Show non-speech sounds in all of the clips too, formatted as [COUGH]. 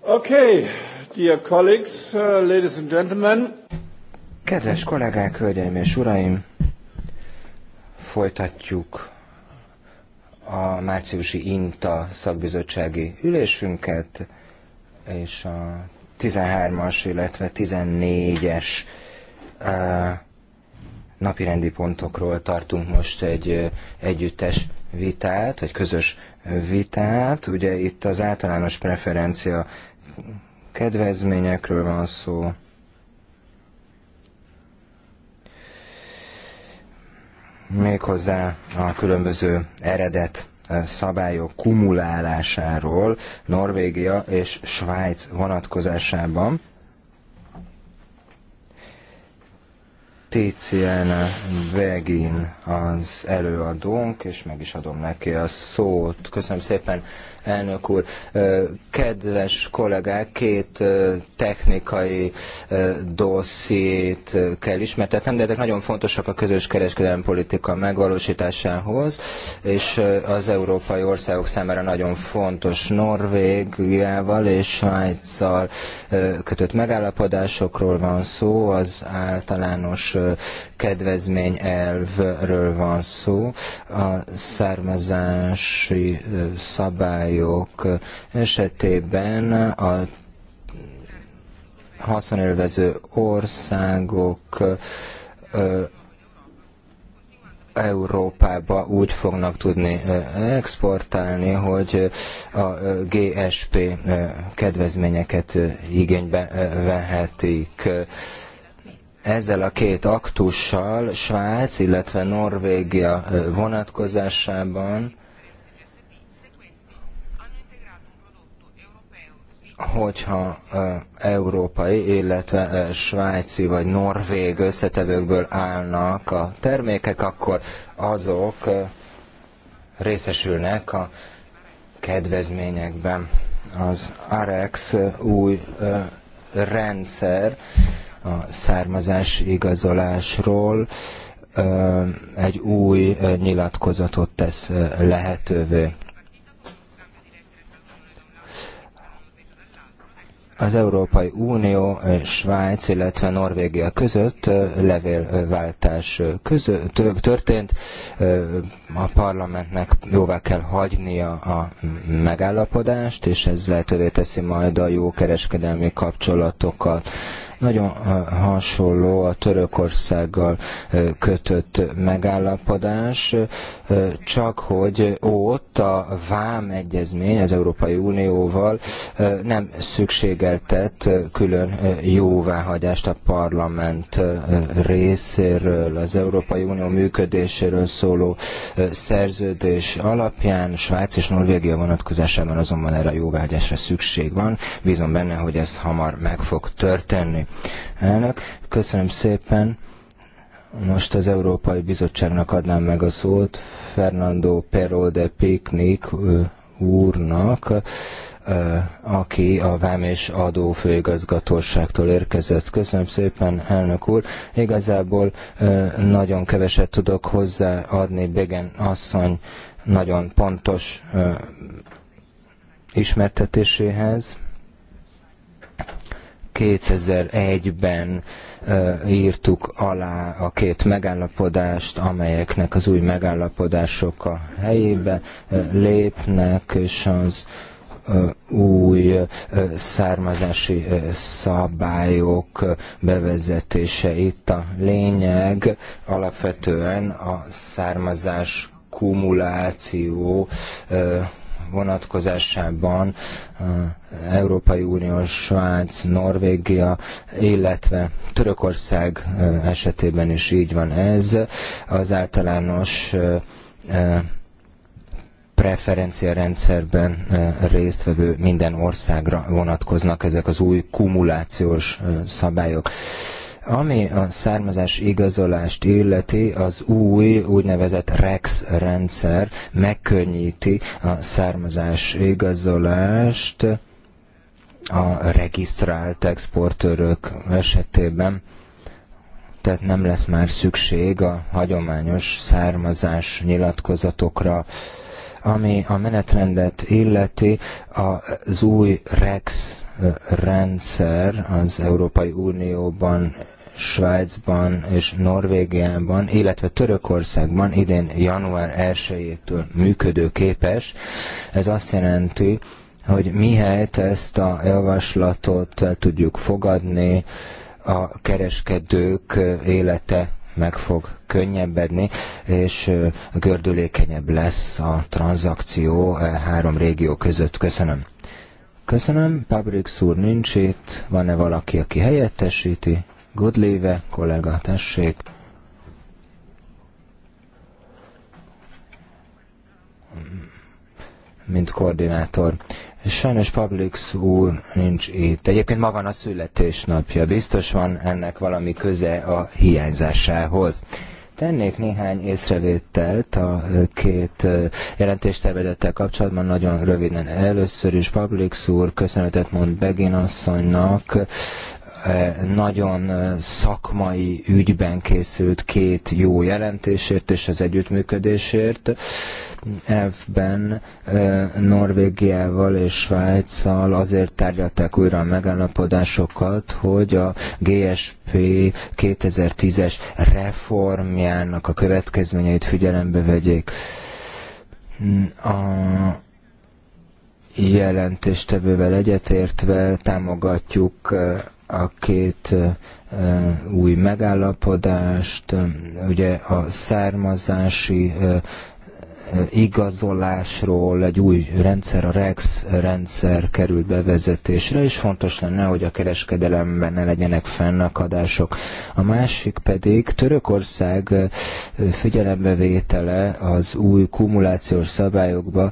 Okay, dear colleagues, uh, ladies and gentlemen. Kedves kollégák, hölgyeim és uraim, folytatjuk a márciusi INTA szakbizottsági ülésünket, és a 13-as, illetve 14-es uh, napirendi pontokról tartunk most egy uh, együttes vitát, vagy közös vitát. Ugye itt az általános preferencia kedvezményekről van szó. Méghozzá a különböző eredet eh, szabályok kumulálásáról Norvégia és Svájc vonatkozásában. TCN Vegin az előadónk, és meg is adom neki a szót. Köszönöm szépen, elnök úr. Kedves kollégák, két technikai dossziét kell ismertetnem, de ezek nagyon fontosak a közös kereskedelmi politika megvalósításához, és az európai országok számára nagyon fontos Norvégiával és Svájccal kötött megállapodásokról van szó, az általános kedvezmény van szó. A származási szabályok esetében a haszonélvező országok Európába úgy fognak tudni exportálni, hogy a GSP kedvezményeket igénybe vehetik ezzel a két aktussal Svájc, illetve Norvégia vonatkozásában hogyha európai, illetve svájci vagy norvég összetevőkből állnak a termékek, akkor azok részesülnek a kedvezményekben. Az AREX új rendszer a származás igazolásról egy új nyilatkozatot tesz lehetővé. az Európai Unió, Svájc, illetve Norvégia között levélváltás között, történt. A parlamentnek jóvá kell hagynia a megállapodást, és ez lehetővé teszi majd a jó kereskedelmi kapcsolatokat. Nagyon hasonló a Törökországgal kötött megállapodás, csak hogy ott a vám egyezmény az Európai Unióval nem szükségeltet külön jóváhagyást a parlament részéről, az Európai Unió működéséről szóló szerződés alapján Svájc és Norvégia vonatkozásában azonban erre a jóváhagyásra szükség van. Bízom benne, hogy ez hamar meg fog történni. Elnök, köszönöm szépen. Most az Európai Bizottságnak adnám meg a szót Fernando Perol de Picnic úrnak, aki a Vám és főigazgatóságtól érkezett. Köszönöm szépen, elnök úr. Igazából nagyon keveset tudok hozzáadni Begen asszony nagyon pontos ismertetéséhez. 2001-ben írtuk alá a két megállapodást, amelyeknek az új megállapodások a helyébe lépnek, és az új származási szabályok bevezetése itt a lényeg, alapvetően a származás kumuláció vonatkozásában eh, Európai Unió, Svájc, Norvégia, illetve Törökország eh, esetében is így van ez. Az általános eh, preferencia rendszerben résztvevő minden országra vonatkoznak ezek az új kumulációs szabályok. Ami a származás igazolást illeti, az új úgynevezett REX rendszer megkönnyíti a származás igazolást a regisztrált exportőrök esetében tehát nem lesz már szükség a hagyományos származás nyilatkozatokra. Ami a menetrendet illeti, az új REX rendszer az Európai Unióban Svájcban és Norvégiában, illetve Törökországban idén január 1-től működőképes. Ez azt jelenti, hogy mihelyt ezt a javaslatot el tudjuk fogadni, a kereskedők élete meg fog könnyebbedni, és gördülékenyebb lesz a tranzakció három régió között. Köszönöm. Köszönöm, Pabrik úr nincs itt, van-e valaki, aki helyettesíti? Godléve kollega, tessék. mint koordinátor. Sajnos Publix úr nincs itt. Egyébként ma van a születésnapja. Biztos van ennek valami köze a hiányzásához. Tennék néhány észrevételt a két jelentéstervezettel kapcsolatban, nagyon röviden. Először is Publix úr köszönetet mond Begin asszonynak nagyon szakmai ügyben készült két jó jelentésért és az együttműködésért. Elfben Norvégiával és Svájccal azért tárgyalták újra a megállapodásokat, hogy a GSP 2010-es reformjának a következményeit figyelembe vegyék. A jelentéstevővel egyetértve támogatjuk a két új megállapodást, ugye a származási igazolásról, egy új rendszer, a REX rendszer került bevezetésre, és fontos lenne, hogy a kereskedelemben ne legyenek fennakadások. A másik pedig Törökország figyelembevétele az új kumulációs szabályokba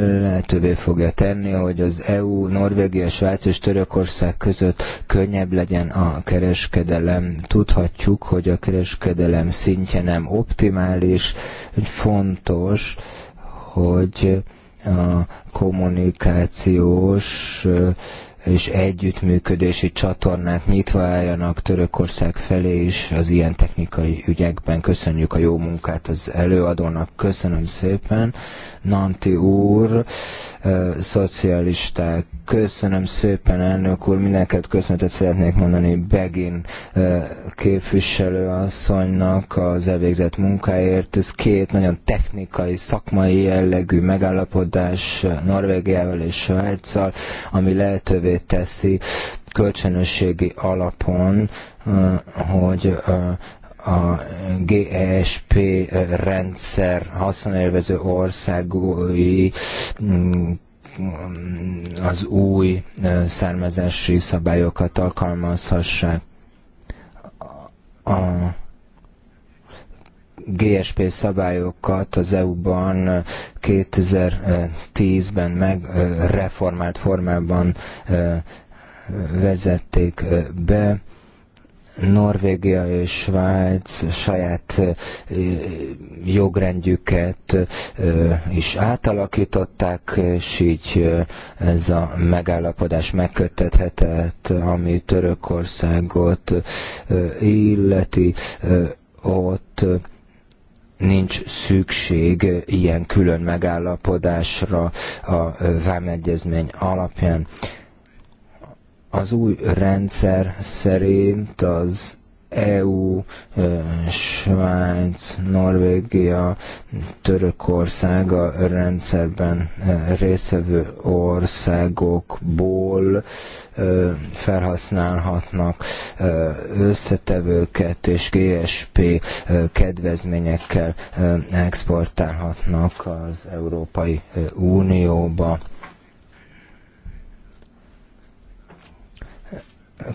lehetővé fogja tenni, hogy az EU, Norvégia, Svájc és Törökország között könnyebb legyen a kereskedelem. Tudhatjuk, hogy a kereskedelem szintje nem optimális, hogy fontos fontos, hogy a kommunikációs és együttműködési csatornák nyitva álljanak Törökország felé is az ilyen technikai ügyekben. Köszönjük a jó munkát az előadónak, köszönöm szépen. Nanti úr, szocialisták Köszönöm szépen, elnök úr. mindenket köszönetet szeretnék mondani Begin képviselő asszonynak az elvégzett munkáért. Ez két nagyon technikai, szakmai jellegű megállapodás Norvégiával és Svájccal, ami lehetővé teszi kölcsönösségi alapon, hogy a GESP rendszer haszonélvező országúi az új származási szabályokat alkalmazhassák. A GSP szabályokat az EU-ban 2010-ben megreformált formában vezették be Norvégia és Svájc saját jogrendjüket is átalakították, és így ez a megállapodás megköttethetett, ami Törökországot illeti, ott nincs szükség ilyen külön megállapodásra a vámegyezmény alapján. Az új rendszer szerint az EU, Svájc, Norvégia, Törökország a rendszerben résztvevő országokból felhasználhatnak összetevőket és GSP kedvezményekkel exportálhatnak az Európai Unióba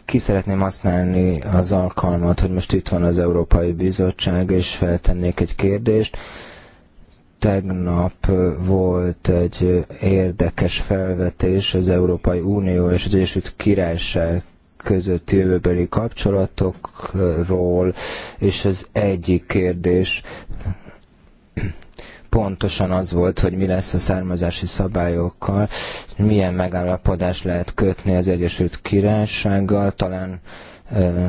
ki szeretném használni az alkalmat, hogy most itt van az Európai Bizottság, és feltennék egy kérdést. Tegnap volt egy érdekes felvetés az Európai Unió és az Egyesült Királyság között jövőbeli kapcsolatokról, és az egyik kérdés pontosan az volt, hogy mi lesz a származási szabályokkal, milyen megállapodást lehet kötni az Egyesült Királysággal, talán ö,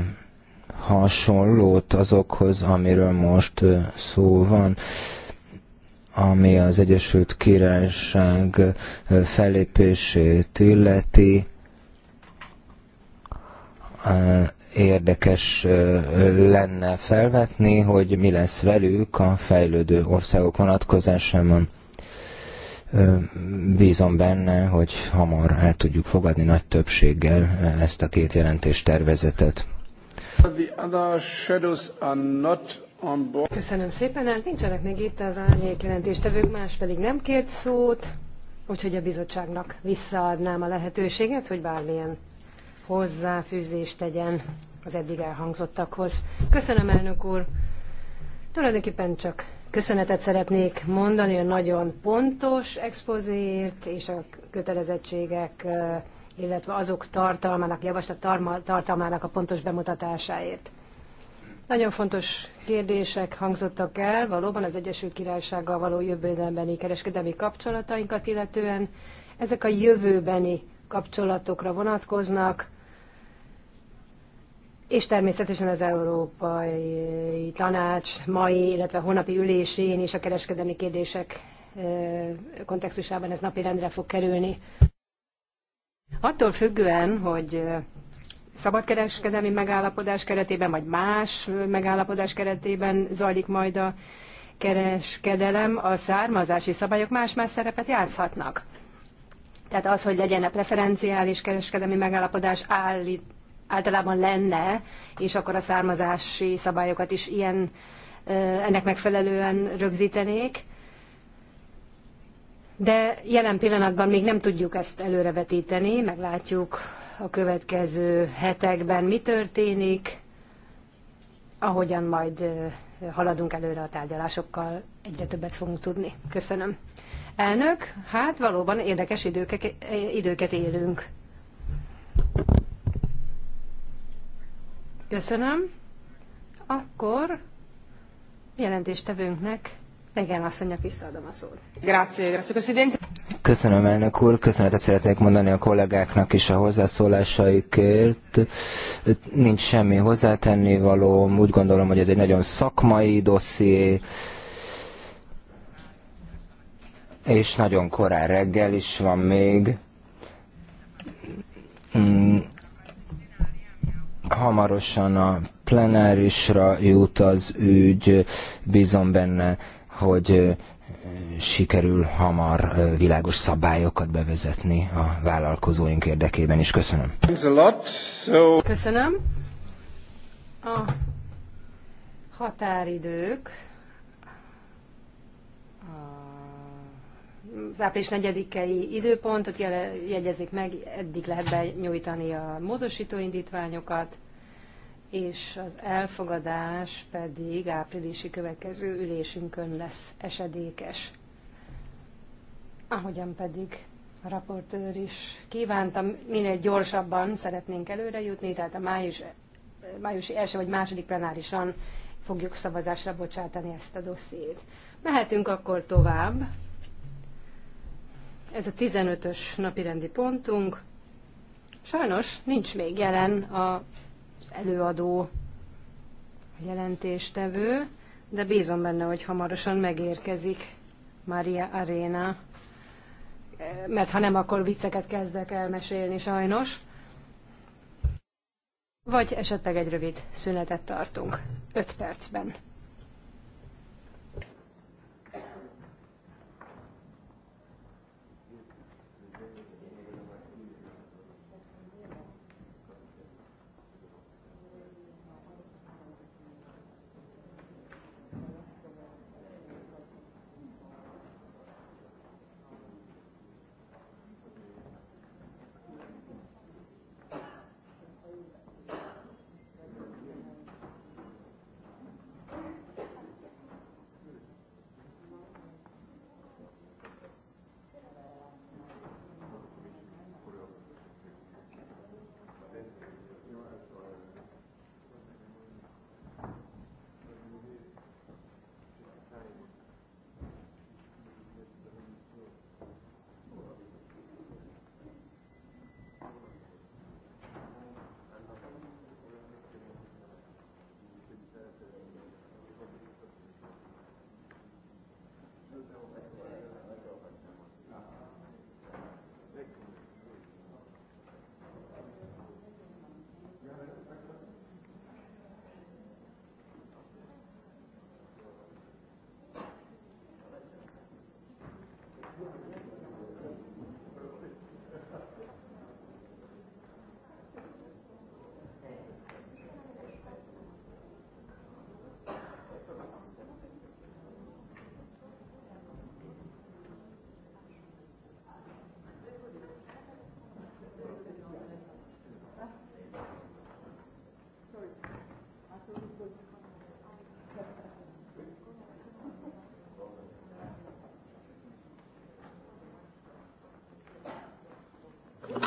hasonlót azokhoz, amiről most ö, szó van ami az Egyesült Királyság fellépését illeti, érdekes lenne felvetni, hogy mi lesz velük a fejlődő országok vonatkozásában. Bízom benne, hogy hamar el tudjuk fogadni nagy többséggel ezt a két jelentés tervezetet. Köszönöm szépen, hát nincsenek még itt az árnyék jelentéstevők, más pedig nem kért szót, úgyhogy a bizottságnak visszaadnám a lehetőséget, hogy bármilyen hozzáfűzést tegyen az eddig elhangzottakhoz. Köszönöm, elnök úr! Tulajdonképpen csak köszönetet szeretnék mondani a nagyon pontos expozéért és a kötelezettségek, illetve azok tartalmának, javaslat tartalmának a pontos bemutatásáért. Nagyon fontos kérdések hangzottak el, valóban az Egyesült Királysággal való jövőbeni kereskedelmi kapcsolatainkat illetően. Ezek a jövőbeni kapcsolatokra vonatkoznak, és természetesen az Európai Tanács mai, illetve hónapi ülésén és a kereskedelmi kérdések kontextusában ez napirendre fog kerülni. Attól függően, hogy szabadkereskedelmi megállapodás keretében, vagy más megállapodás keretében zajlik majd a kereskedelem, a származási szabályok más-más szerepet játszhatnak. Tehát az, hogy legyen a preferenciális kereskedelmi megállapodás állít, általában lenne, és akkor a származási szabályokat is ilyen ennek megfelelően rögzítenék. De jelen pillanatban még nem tudjuk ezt előrevetíteni, meglátjuk a következő hetekben mi történik, ahogyan majd haladunk előre a tárgyalásokkal, egyre többet fogunk tudni. Köszönöm. Elnök, hát valóban érdekes időke, időket élünk. Köszönöm. Akkor jelentéstevőnknek igen, asszonynak visszaadom a szót. Grazie, grazie Presidente. Köszönöm, elnök úr. Köszönetet szeretnék mondani a kollégáknak is a hozzászólásaikért. Nincs semmi hozzátenni való. Úgy gondolom, hogy ez egy nagyon szakmai dosszié és nagyon korán reggel is van még. Mm, Hamarosan a plenárisra jut az ügy, bízom benne, hogy sikerül hamar világos szabályokat bevezetni a vállalkozóink érdekében is. Köszönöm. Köszönöm. A határidők az április 4-i időpontot jegyezik meg, eddig lehet benyújtani a módosító indítványokat, és az elfogadás pedig áprilisi következő ülésünkön lesz esedékes. Ahogyan pedig a raportőr is kívánta, minél gyorsabban szeretnénk előre jutni, tehát a május, májusi első vagy második plenárisan fogjuk szavazásra bocsátani ezt a dossziét. Mehetünk akkor tovább. Ez a 15-ös napirendi pontunk. Sajnos nincs még jelen az előadó, jelentéstevő, de bízom benne, hogy hamarosan megérkezik Maria Arena, mert ha nem, akkor vicceket kezdek el mesélni sajnos. Vagy esetleg egy rövid szünetet tartunk, 5 percben.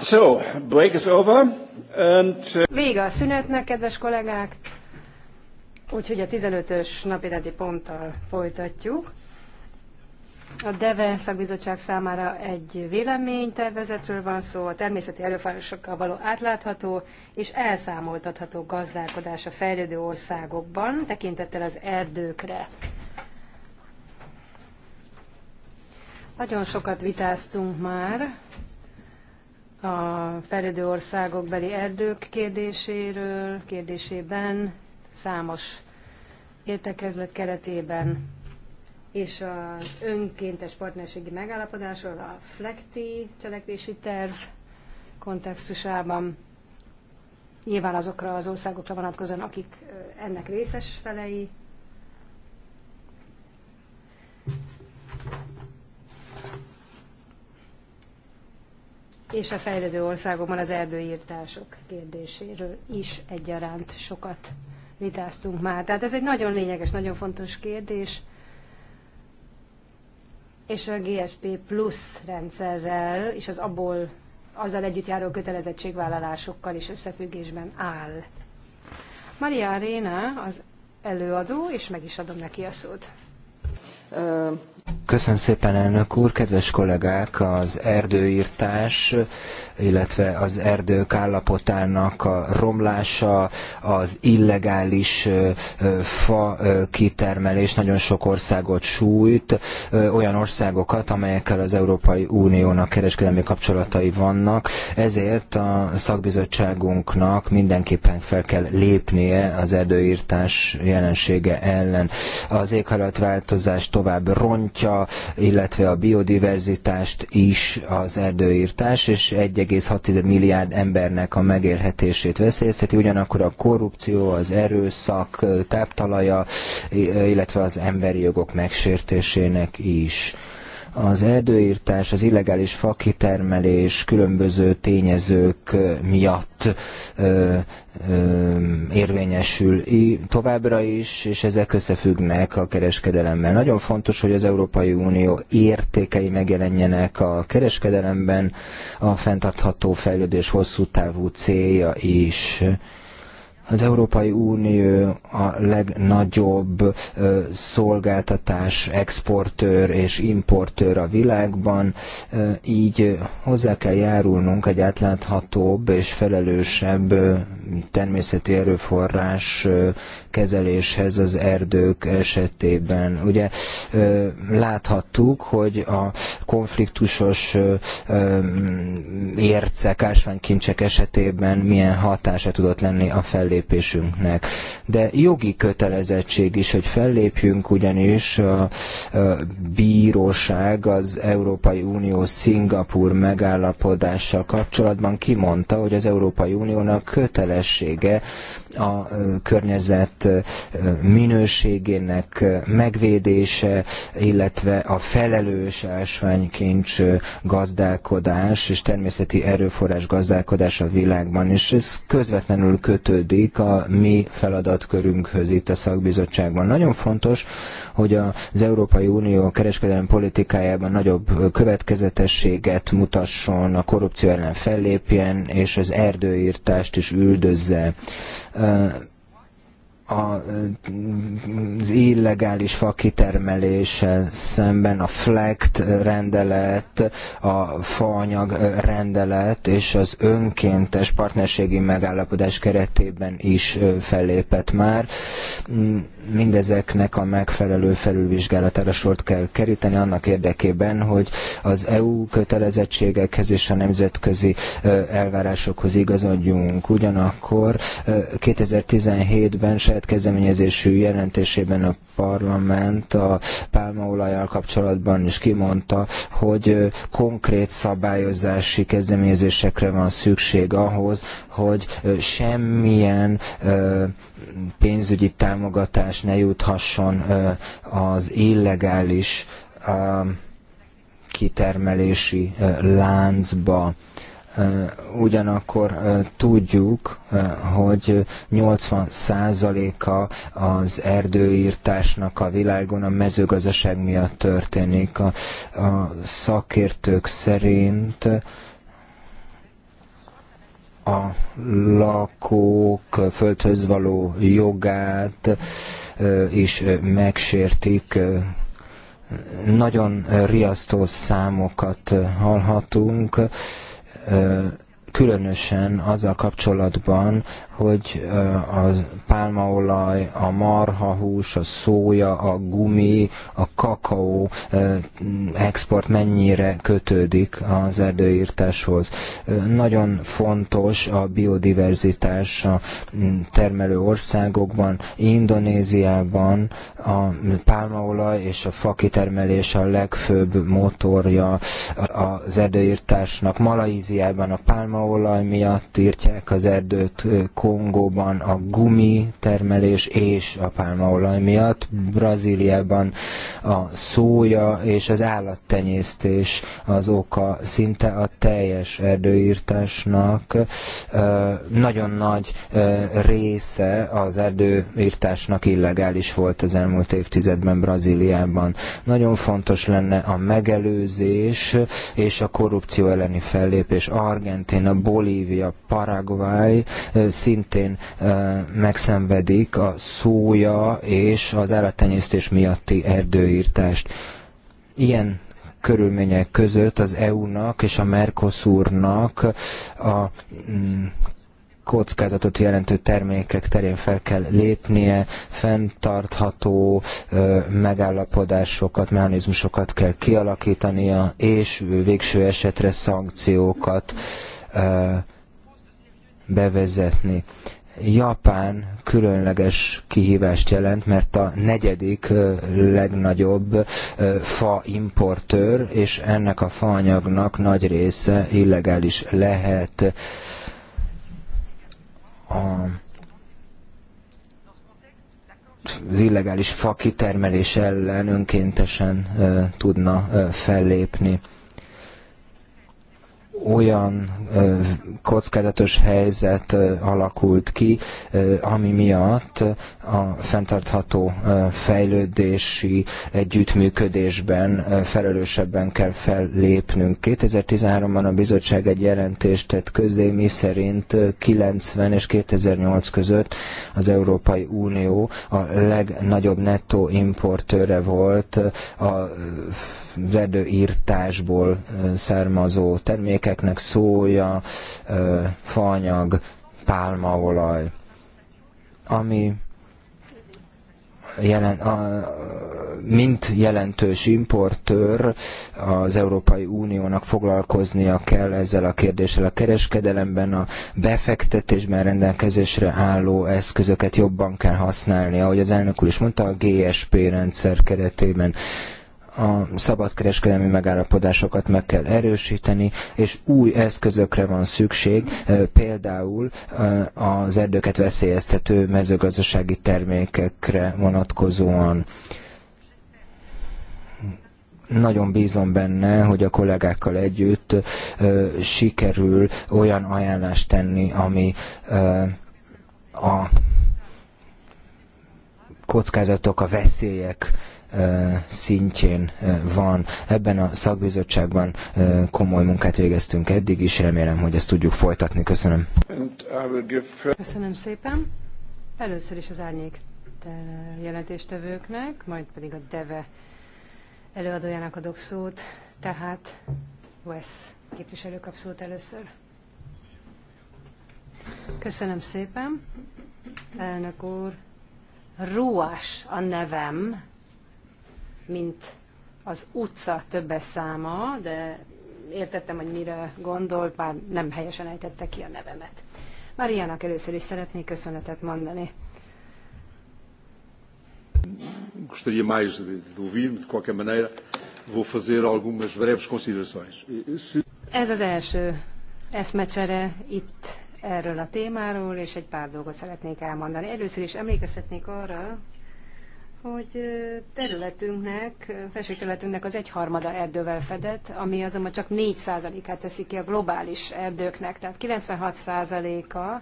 So, break is over. And... Uh, Vége a szünetnek, kedves kollégák. Úgyhogy a 15-ös napirendi ponttal folytatjuk. A DEVE szakbizottság számára egy véleménytervezetről van szó, a természeti erőforrásokkal való átlátható és elszámoltatható gazdálkodás a fejlődő országokban, tekintettel az erdőkre. Nagyon sokat vitáztunk már a fejlődő országokbeli erdők kérdéséről, kérdésében számos értekezlet keretében és az önkéntes partnerségi megállapodásról a FLECTI cselekvési terv kontextusában nyilván azokra az országokra vonatkozóan, akik ennek részes felei, és a fejlődő országokban az erdőírtások kérdéséről is egyaránt sokat vitáztunk már. Tehát ez egy nagyon lényeges, nagyon fontos kérdés, és a GSP plusz rendszerrel és az abból azzal együtt járó kötelezettségvállalásokkal is összefüggésben áll. Maria Arena az előadó, és meg is adom neki a szót. Uh, Köszönöm szépen, elnök úr, kedves kollégák! Az erdőírtás, illetve az erdők állapotának a romlása, az illegális fa kitermelés nagyon sok országot sújt, olyan országokat, amelyekkel az Európai Uniónak kereskedelmi kapcsolatai vannak, ezért a szakbizottságunknak mindenképpen fel kell lépnie az erdőírtás jelensége ellen. Az éghajlatváltozás tovább rontja, rontja, illetve a biodiverzitást is az erdőírtás, és 1,6 milliárd embernek a megélhetését veszélyezteti, ugyanakkor a korrupció, az erőszak táptalaja, illetve az emberi jogok megsértésének is az erdőírtás, az illegális fakitermelés különböző tényezők miatt ö, ö, érvényesül továbbra is, és ezek összefüggnek a kereskedelemmel. Nagyon fontos, hogy az Európai Unió értékei megjelenjenek a kereskedelemben, a fenntartható fejlődés hosszú távú célja is. Az Európai Unió a legnagyobb szolgáltatás exportőr és importőr a világban, így hozzá kell járulnunk egy átláthatóbb és felelősebb természeti erőforrás kezeléshez az erdők esetében. Ugye láthattuk, hogy a konfliktusos ércek, ásványkincsek esetében milyen hatása tudott lenni a felé fellépésünknek. De jogi kötelezettség is, hogy fellépjünk, ugyanis a bíróság az Európai Unió Szingapur megállapodással kapcsolatban kimondta, hogy az Európai Uniónak kötelessége a környezet minőségének megvédése, illetve a felelős ásványkincs gazdálkodás és természeti erőforrás gazdálkodás a világban, és ez közvetlenül kötődik tartozik a mi feladatkörünkhöz itt a szakbizottságban. Nagyon fontos, hogy az Európai Unió kereskedelmi politikájában nagyobb következetességet mutasson, a korrupció ellen fellépjen, és az erdőírtást is üldözze az illegális fakitermeléssel szemben a FLECT rendelet, a faanyag rendelet és az önkéntes partnerségi megállapodás keretében is fellépett már. Mindezeknek a megfelelő felülvizsgálatára sort kell keríteni annak érdekében, hogy az EU kötelezettségekhez és a nemzetközi elvárásokhoz igazodjunk. Ugyanakkor 2017-ben se saját kezdeményezésű jelentésében a parlament a pálmaolajjal kapcsolatban is kimondta, hogy konkrét szabályozási kezdeményezésekre van szükség ahhoz, hogy semmilyen pénzügyi támogatás ne juthasson az illegális kitermelési láncba ugyanakkor tudjuk, hogy 80%-a az erdőírtásnak a világon a mezőgazdaság miatt történik. A, a szakértők szerint a lakók földhöz való jogát is megsértik nagyon riasztó számokat hallhatunk különösen azzal kapcsolatban, hogy a pálmaolaj, a marhahús, a szója, a gumi, a kakaó export mennyire kötődik az erdőírtáshoz. Nagyon fontos a biodiverzitás a termelő országokban, Indonéziában a pálmaolaj és a fakitermelés a legfőbb motorja az erdőírtásnak. Malajziában a pálmaolaj miatt írtják az erdőt Kongóban a gumi termelés és a pálmaolaj miatt, Brazíliában a szója és az állattenyésztés az oka szinte a teljes erdőírtásnak. Nagyon nagy része az erdőírtásnak illegális volt az elmúlt évtizedben Brazíliában. Nagyon fontos lenne a megelőzés és a korrupció elleni fellépés. Argentina, Bolívia, Paraguay szinte szintén megszenvedik a szója és az állattenyésztés miatti erdőírtást. Ilyen körülmények között az EU-nak és a Mercosurnak a mm, kockázatot jelentő termékek terén fel kell lépnie, fenntartható megállapodásokat, mechanizmusokat kell kialakítania, és végső esetre szankciókat bevezetni. Japán különleges kihívást jelent, mert a negyedik legnagyobb fa importőr, és ennek a faanyagnak nagy része illegális lehet. A az illegális fa kitermelés ellen önkéntesen tudna fellépni olyan kockázatos helyzet alakult ki, ami miatt a fenntartható fejlődési együttműködésben felelősebben kell fellépnünk. 2013-ban a bizottság egy jelentést tett közé, mi szerint 90 és 2008 között az Európai Unió a legnagyobb nettó importőre volt a erdőírtásból származó termékeknek szója, faanyag, pálmaolaj, ami jelen, a, mint jelentős importőr az Európai Uniónak foglalkoznia kell ezzel a kérdéssel a kereskedelemben, a befektetésben rendelkezésre álló eszközöket jobban kell használni, ahogy az elnök úr is mondta, a GSP rendszer keretében a szabadkereskedelmi megállapodásokat meg kell erősíteni, és új eszközökre van szükség, például az erdőket veszélyeztető mezőgazdasági termékekre vonatkozóan nagyon bízom benne, hogy a kollégákkal együtt ö, sikerül olyan ajánlást tenni, ami ö, a kockázatok, a veszélyek szintjén van. Ebben a szakbizottságban komoly munkát végeztünk eddig is, remélem, hogy ezt tudjuk folytatni. Köszönöm. Köszönöm szépen. Először is az árnyék jelentéstevőknek, majd pedig a DEVE előadójának adok szót, tehát Wes képviselő kap szót először. Köszönöm szépen, elnök úr. Ruás a nevem, mint az utca többes száma, de értettem, hogy mire gondol, bár nem helyesen ejtette ki a nevemet. Mariának először is szeretnék köszönetet mondani. Gostaria mais de, de ouvir-me, de qualquer maneira vou fazer algumas breves considerações. Ez az első eszmecsere itt erről a témáról, és egy pár dolgot szeretnék elmondani. Először is emlékeztetnék arra, hogy területünknek, felső területünknek az egyharmada erdővel fedett, ami azonban csak 4%-át teszi ki a globális erdőknek, tehát 96%-a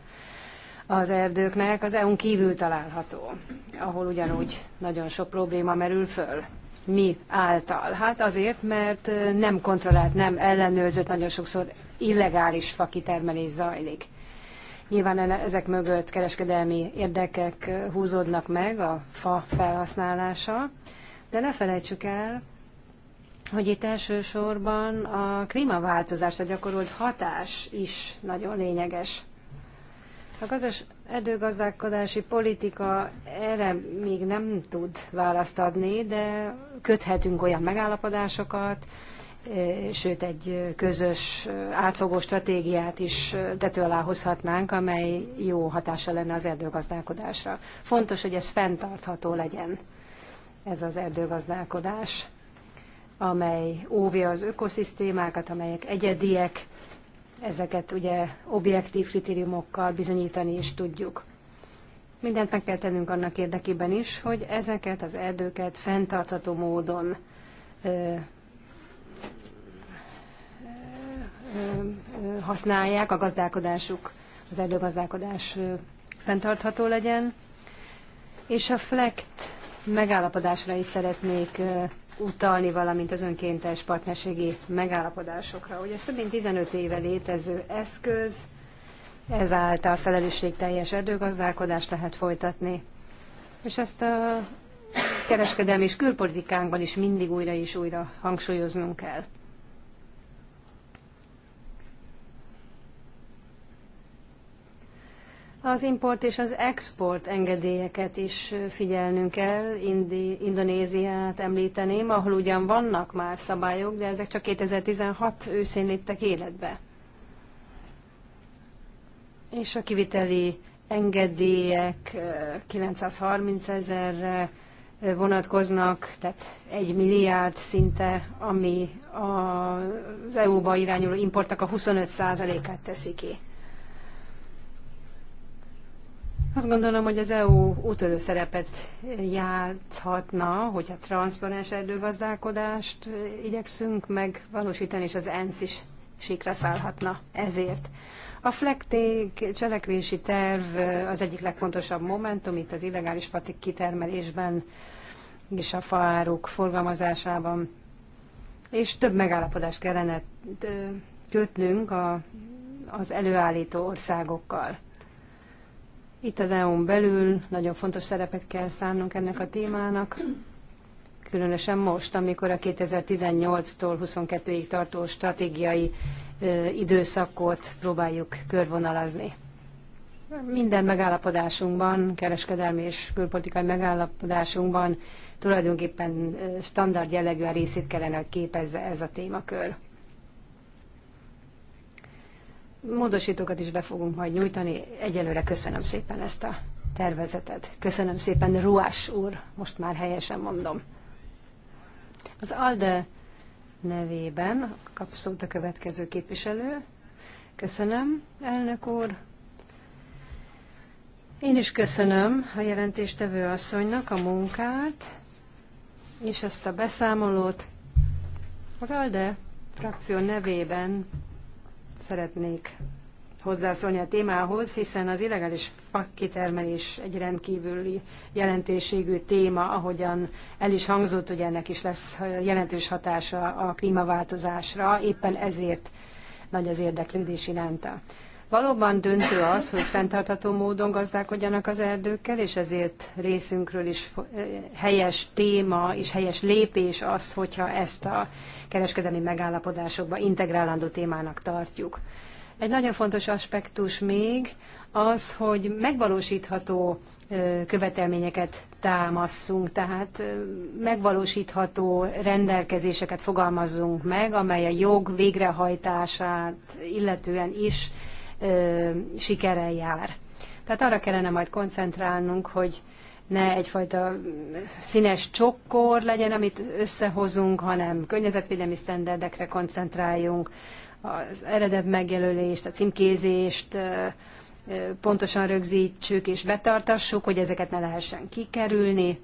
az erdőknek az EU-n kívül található, ahol ugyanúgy nagyon sok probléma merül föl. Mi által? Hát azért, mert nem kontrollált, nem ellenőrzött, nagyon sokszor illegális fakitermelés zajlik. Nyilván ezek mögött kereskedelmi érdekek húzódnak meg, a fa felhasználása, de ne felejtsük el, hogy itt elsősorban a klímaváltozásra gyakorolt hatás is nagyon lényeges. A gazdas erdőgazdálkodási politika erre még nem tud választ adni, de köthetünk olyan megállapodásokat, sőt egy közös átfogó stratégiát is tető alá hozhatnánk, amely jó hatása lenne az erdőgazdálkodásra. Fontos, hogy ez fenntartható legyen, ez az erdőgazdálkodás, amely óvja az ökoszisztémákat, amelyek egyediek, ezeket ugye objektív kritériumokkal bizonyítani is tudjuk. Mindent meg kell tennünk annak érdekében is, hogy ezeket az erdőket fenntartható módon használják, a gazdálkodásuk, az erdőgazdálkodás fenntartható legyen. És a FLECT megállapodásra is szeretnék utalni, valamint az önkéntes partnerségi megállapodásokra. Hogy ez több mint 15 éve létező eszköz, ezáltal felelősségteljes erdőgazdálkodást lehet folytatni. És ezt a kereskedelmi és külpolitikánkban is mindig újra és újra hangsúlyoznunk kell. Az import és az export engedélyeket is figyelnünk kell. Indi, Indonéziát említeném, ahol ugyan vannak már szabályok, de ezek csak 2016 őszén léptek életbe. És a kiviteli engedélyek 930 ezerre vonatkoznak, tehát egy milliárd szinte, ami az EU-ba irányuló importnak a 25%-át teszi ki. Azt gondolom, hogy az EU útörő szerepet játszhatna, hogyha transzparens erdőgazdálkodást igyekszünk megvalósítani, és az ENSZ is sikra szállhatna ezért. A flekték cselekvési terv az egyik legfontosabb momentum itt az illegális fatik kitermelésben és a faáruk forgalmazásában, és több megállapodást kellene kötnünk a, az előállító országokkal. Itt az EU-n belül nagyon fontos szerepet kell szánnunk ennek a témának, különösen most, amikor a 2018-tól 22-ig tartó stratégiai időszakot próbáljuk körvonalazni. Minden megállapodásunkban, kereskedelmi és külpolitikai megállapodásunkban tulajdonképpen standard jellegű a részét kellene, hogy képezze ez a témakör. Módosítókat is be fogunk majd nyújtani. Egyelőre köszönöm szépen ezt a tervezetet. Köszönöm szépen, Ruás úr, most már helyesen mondom. Az ALDE nevében kap szót a következő képviselő. Köszönöm, elnök úr. Én is köszönöm a jelentéstevő asszonynak a munkát és ezt a beszámolót. Az ALDE frakció nevében szeretnék hozzászólni a témához, hiszen az illegális fakitermelés egy rendkívüli jelentőségű téma, ahogyan el is hangzott, hogy ennek is lesz jelentős hatása a klímaváltozásra, éppen ezért nagy az érdeklődés iránta. Valóban döntő az, hogy fenntartható módon gazdálkodjanak az erdőkkel, és ezért részünkről is helyes téma és helyes lépés az, hogyha ezt a kereskedelmi megállapodásokba integrálandó témának tartjuk. Egy nagyon fontos aspektus még az, hogy megvalósítható követelményeket támaszunk, tehát megvalósítható rendelkezéseket fogalmazzunk meg, amely a jog végrehajtását illetően is sikerrel jár. Tehát arra kellene majd koncentrálnunk, hogy ne egyfajta színes csokkor legyen, amit összehozunk, hanem környezetvédelmi sztenderdekre koncentráljunk, az eredet megjelölést, a címkézést pontosan rögzítsük és betartassuk, hogy ezeket ne lehessen kikerülni,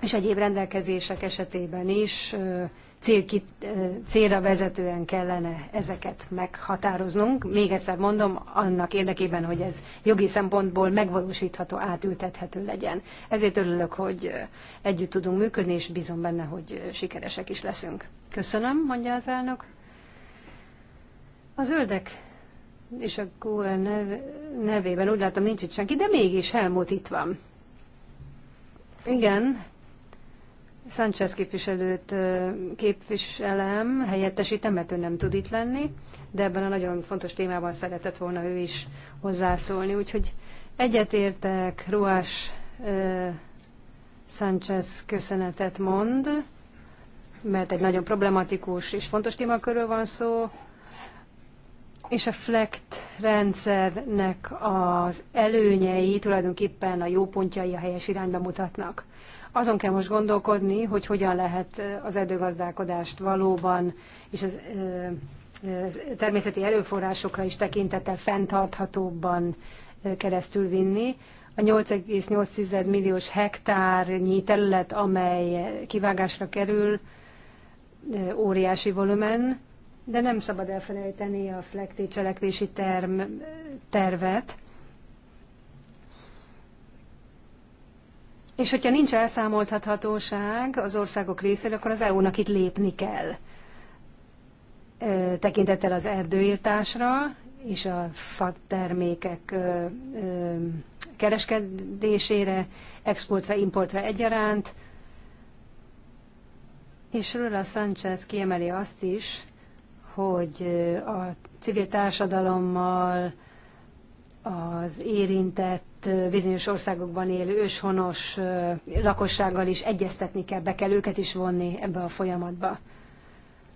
és egyéb rendelkezések esetében is célki, célra vezetően kellene ezeket meghatároznunk. Még egyszer mondom, annak érdekében, hogy ez jogi szempontból megvalósítható, átültethető legyen. Ezért örülök, hogy együtt tudunk működni, és bízom benne, hogy sikeresek is leszünk. Köszönöm, mondja az elnök. A zöldek és a QN nev, nevében úgy látom nincs itt senki, de mégis Helmut itt van. Igen, Sánchez képviselőt képviselem, helyettesítem, mert ő nem tud itt lenni, de ebben a nagyon fontos témában szeretett volna ő is hozzászólni. Úgyhogy egyetértek, Ruás Sánchez köszönetet mond, mert egy nagyon problematikus és fontos körül van szó, és a FLECT rendszernek az előnyei tulajdonképpen a jó pontjai a helyes irányba mutatnak. Azon kell most gondolkodni, hogy hogyan lehet eh, az erdőgazdálkodást valóban, és eh, eh, az természeti erőforrásokra is tekintettel fenntarthatóbban keresztül vinni. A 8,8 milliós hektárnyi terület, amely kivágásra kerül, óriási volumen, de nem szabad elfelejteni a flekti cselekvési term, tervet, És hogyha nincs elszámoltathatóság az országok részéről, akkor az EU-nak itt lépni kell. Tekintettel az erdőírtásra és a fa termékek kereskedésére, exportra, importra egyaránt. És Rula Sanchez kiemeli azt is, hogy a civil társadalommal, az érintett bizonyos országokban élő őshonos lakossággal is egyeztetni kell, be kell őket is vonni ebbe a folyamatba.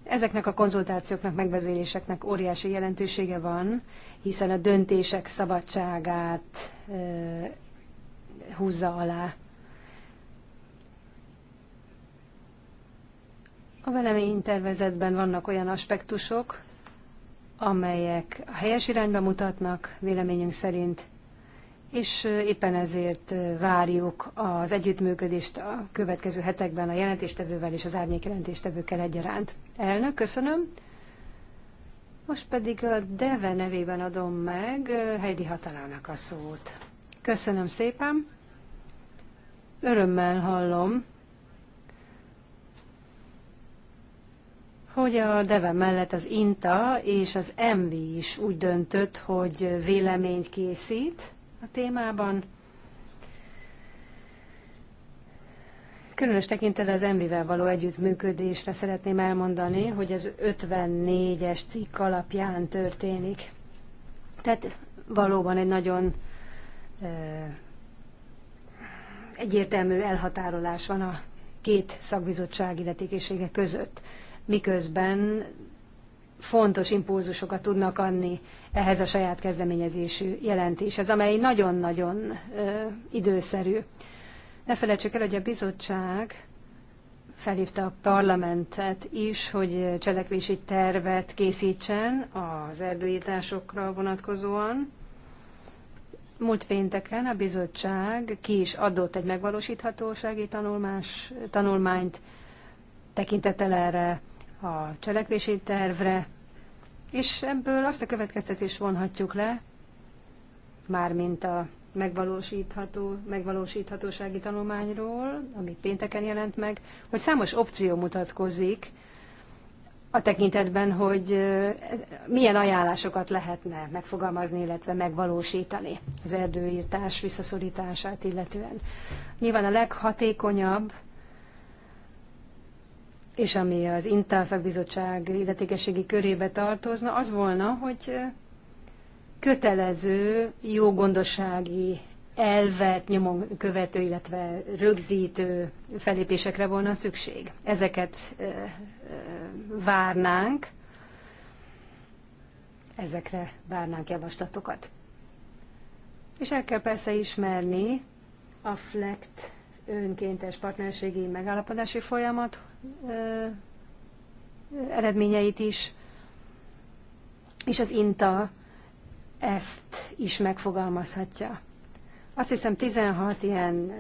Ezeknek a konzultációknak, megbeszéléseknek óriási jelentősége van, hiszen a döntések szabadságát húzza alá. A veleménytervezetben vannak olyan aspektusok, amelyek a helyes irányba mutatnak, véleményünk szerint, és éppen ezért várjuk az együttműködést a következő hetekben a jelentéstevővel és az árnyék jelentéstevőkkel egyaránt. Elnök, köszönöm. Most pedig a Deve nevében adom meg Heidi Hatalának a szót. Köszönöm szépen. Örömmel hallom, hogy a DEVE mellett az INTA és az MV is úgy döntött, hogy véleményt készít a témában. Különös tekintettel az mv vel való együttműködésre szeretném elmondani, hogy ez 54-es cikk alapján történik. Tehát valóban egy nagyon ö, egyértelmű elhatárolás van a két szakbizottság illetékészsége között miközben fontos impulzusokat tudnak adni ehhez a saját kezdeményezésű jelentéshez, amely nagyon-nagyon időszerű. Ne felejtsük el, hogy a bizottság felhívta a parlamentet is, hogy cselekvési tervet készítsen az erdőításokra vonatkozóan. Múlt pénteken a bizottság ki is adott egy megvalósíthatósági tanulmás, tanulmányt, tekintettel erre a cselekvési tervre, és ebből azt a következtetést vonhatjuk le, mármint a megvalósítható, megvalósíthatósági tanulmányról, ami pénteken jelent meg, hogy számos opció mutatkozik a tekintetben, hogy milyen ajánlásokat lehetne megfogalmazni, illetve megvalósítani az erdőírtás visszaszorítását illetően. Nyilván a leghatékonyabb és ami az INTA szakbizottság illetékességi körébe tartozna, az volna, hogy kötelező jó gondossági elvet nyomon követő, illetve rögzítő felépésekre volna szükség. Ezeket várnánk, ezekre várnánk javaslatokat. És el kell persze ismerni a FLECT önkéntes partnerségi megállapodási folyamat, eredményeit is, és az INTA ezt is megfogalmazhatja. Azt hiszem 16 ilyen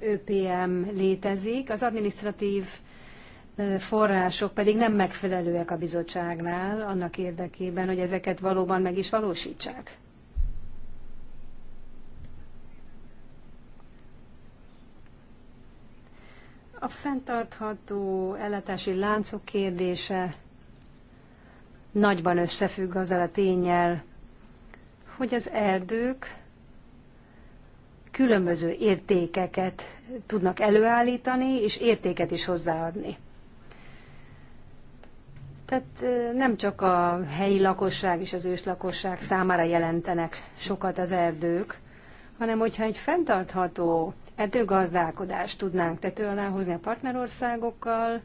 ÖPM létezik, az administratív források pedig nem megfelelőek a bizottságnál annak érdekében, hogy ezeket valóban meg is valósítsák. A fenntartható ellátási láncok kérdése nagyban összefügg azzal a tényel, hogy az erdők különböző értékeket tudnak előállítani, és értéket is hozzáadni. Tehát nem csak a helyi lakosság és az őslakosság számára jelentenek sokat az erdők, hanem hogyha egy fenntartható erdőgazdálkodást tudnánk tető hozni a partnerországokkal,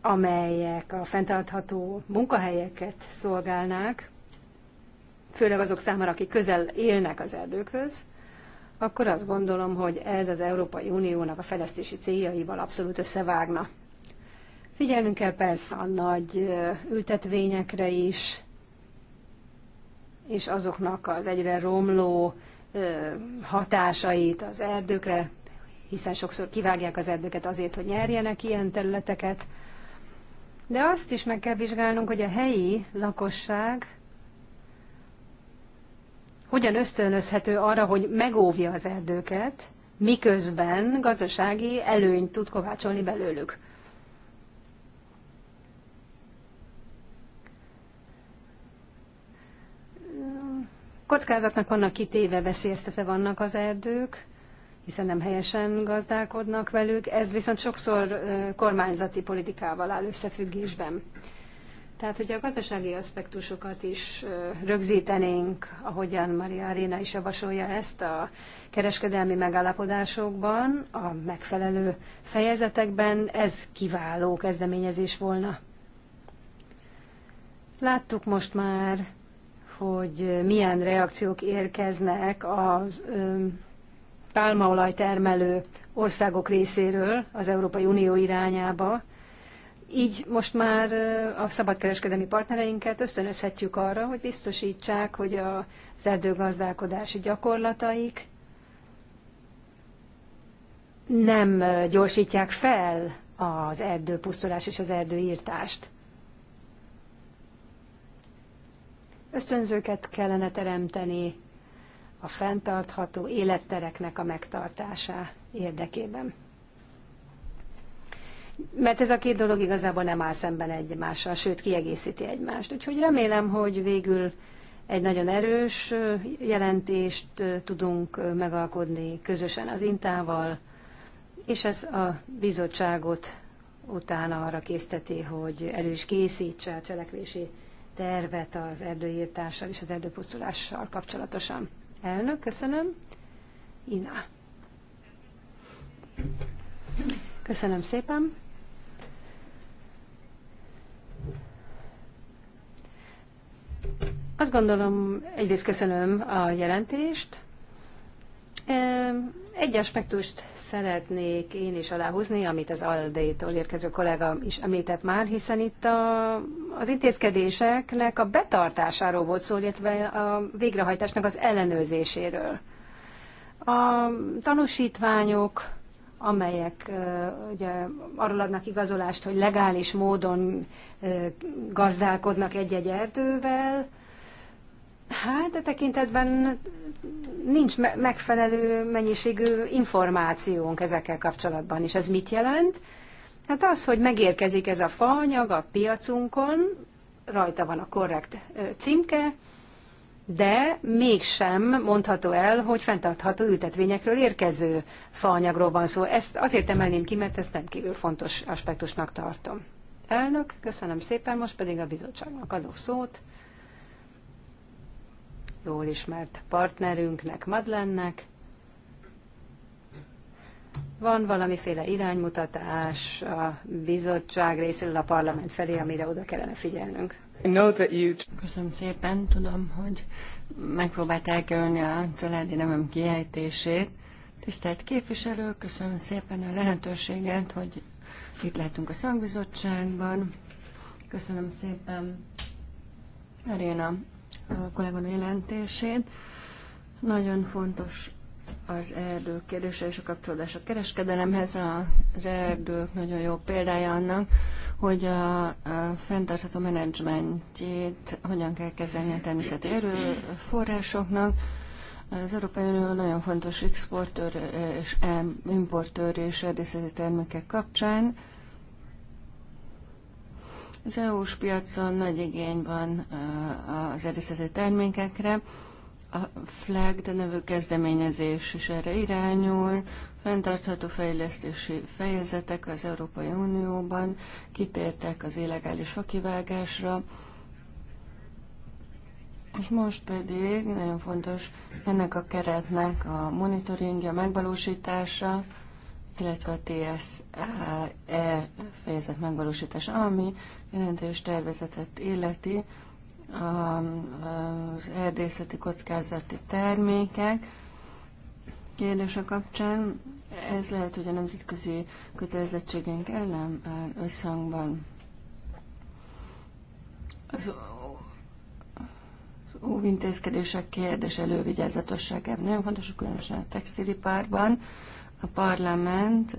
amelyek a fenntartható munkahelyeket szolgálnák, főleg azok számára, akik közel élnek az erdőkhöz, akkor azt gondolom, hogy ez az Európai Uniónak a fejlesztési céljaival abszolút összevágna. Figyelnünk kell persze a nagy ültetvényekre is, és azoknak az egyre romló hatásait az erdőkre, hiszen sokszor kivágják az erdőket azért, hogy nyerjenek ilyen területeket. De azt is meg kell vizsgálnunk, hogy a helyi lakosság hogyan ösztönözhető arra, hogy megóvja az erdőket, miközben gazdasági előnyt tud kovácsolni belőlük. kockázatnak vannak kitéve, veszélyeztetve vannak az erdők, hiszen nem helyesen gazdálkodnak velük, ez viszont sokszor kormányzati politikával áll összefüggésben. Tehát, hogyha a gazdasági aspektusokat is rögzítenénk, ahogyan Maria Arena is javasolja ezt a kereskedelmi megállapodásokban, a megfelelő fejezetekben, ez kiváló kezdeményezés volna. Láttuk most már hogy milyen reakciók érkeznek a pálmaolaj termelő országok részéről az Európai Unió irányába. Így most már a szabadkereskedelmi partnereinket ösztönözhetjük arra, hogy biztosítsák, hogy az erdőgazdálkodási gyakorlataik nem gyorsítják fel az erdőpusztulást és az erdőírtást. ösztönzőket kellene teremteni a fenntartható élettereknek a megtartása érdekében. Mert ez a két dolog igazából nem áll szemben egymással, sőt kiegészíti egymást. Úgyhogy remélem, hogy végül egy nagyon erős jelentést tudunk megalkodni közösen az Intával, és ez a bizottságot utána arra készteti, hogy elő is készítse a cselekvési tervet az erdőírtással és az erdőpusztulással kapcsolatosan. Elnök, köszönöm. Iná. Köszönöm szépen. Azt gondolom, egyrészt köszönöm a jelentést. Egy aspektust szeretnék én is aláhúzni, amit az Aldétól érkező kollega is említett már, hiszen itt a, az intézkedéseknek a betartásáról volt szó, illetve a végrehajtásnak az ellenőrzéséről. A tanúsítványok, amelyek ugye, arról adnak igazolást, hogy legális módon gazdálkodnak egy-egy erdővel, Hát, de tekintetben nincs megfelelő mennyiségű információnk ezekkel kapcsolatban, és ez mit jelent? Hát az, hogy megérkezik ez a faanyag a piacunkon, rajta van a korrekt címke, de mégsem mondható el, hogy fenntartható ültetvényekről érkező faanyagról van szó. Ezt azért emelném ki, mert ezt rendkívül fontos aspektusnak tartom. Elnök, köszönöm szépen, most pedig a bizottságnak adok szót jól ismert partnerünknek, Madlennek. Van valamiféle iránymutatás a bizottság részéről a parlament felé, amire oda kellene figyelnünk? Köszönöm szépen, tudom, hogy megpróbált elkerülni a családi nemem kiejtését. Tisztelt képviselő, köszönöm szépen a lehetőséget, hogy itt lehetünk a szakbizottságban. Köszönöm szépen, Aréna a kolléganő jelentését. Nagyon fontos az erdők kérdése és a kapcsolódás a kereskedelemhez. Az erdők nagyon jó példája annak, hogy a, a fenntartható menedzsmentjét hogyan kell kezelni a természeti erőforrásoknak. Az Európai Unió nagyon fontos exportőr és importőr és erdészeti termékek kapcsán. Az EU-s piacon nagy igény van az erészeti termékekre. A FLAG, a nevű kezdeményezés is erre irányul. Fentartható fejlesztési fejezetek az Európai Unióban kitértek az illegális fakivágásra. És most pedig nagyon fontos ennek a keretnek a monitoringja, megvalósítása illetve a TSE fejezet megvalósítása, ami jelentős tervezetet illeti az erdészeti kockázati termékek kérdése kapcsán. Ez lehet, hogy a nemzetközi kötelezettségénk ellen áll összhangban. Az óvintézkedések kérdés elővigyázatosságában nagyon fontos, különösen a textilipárban a parlament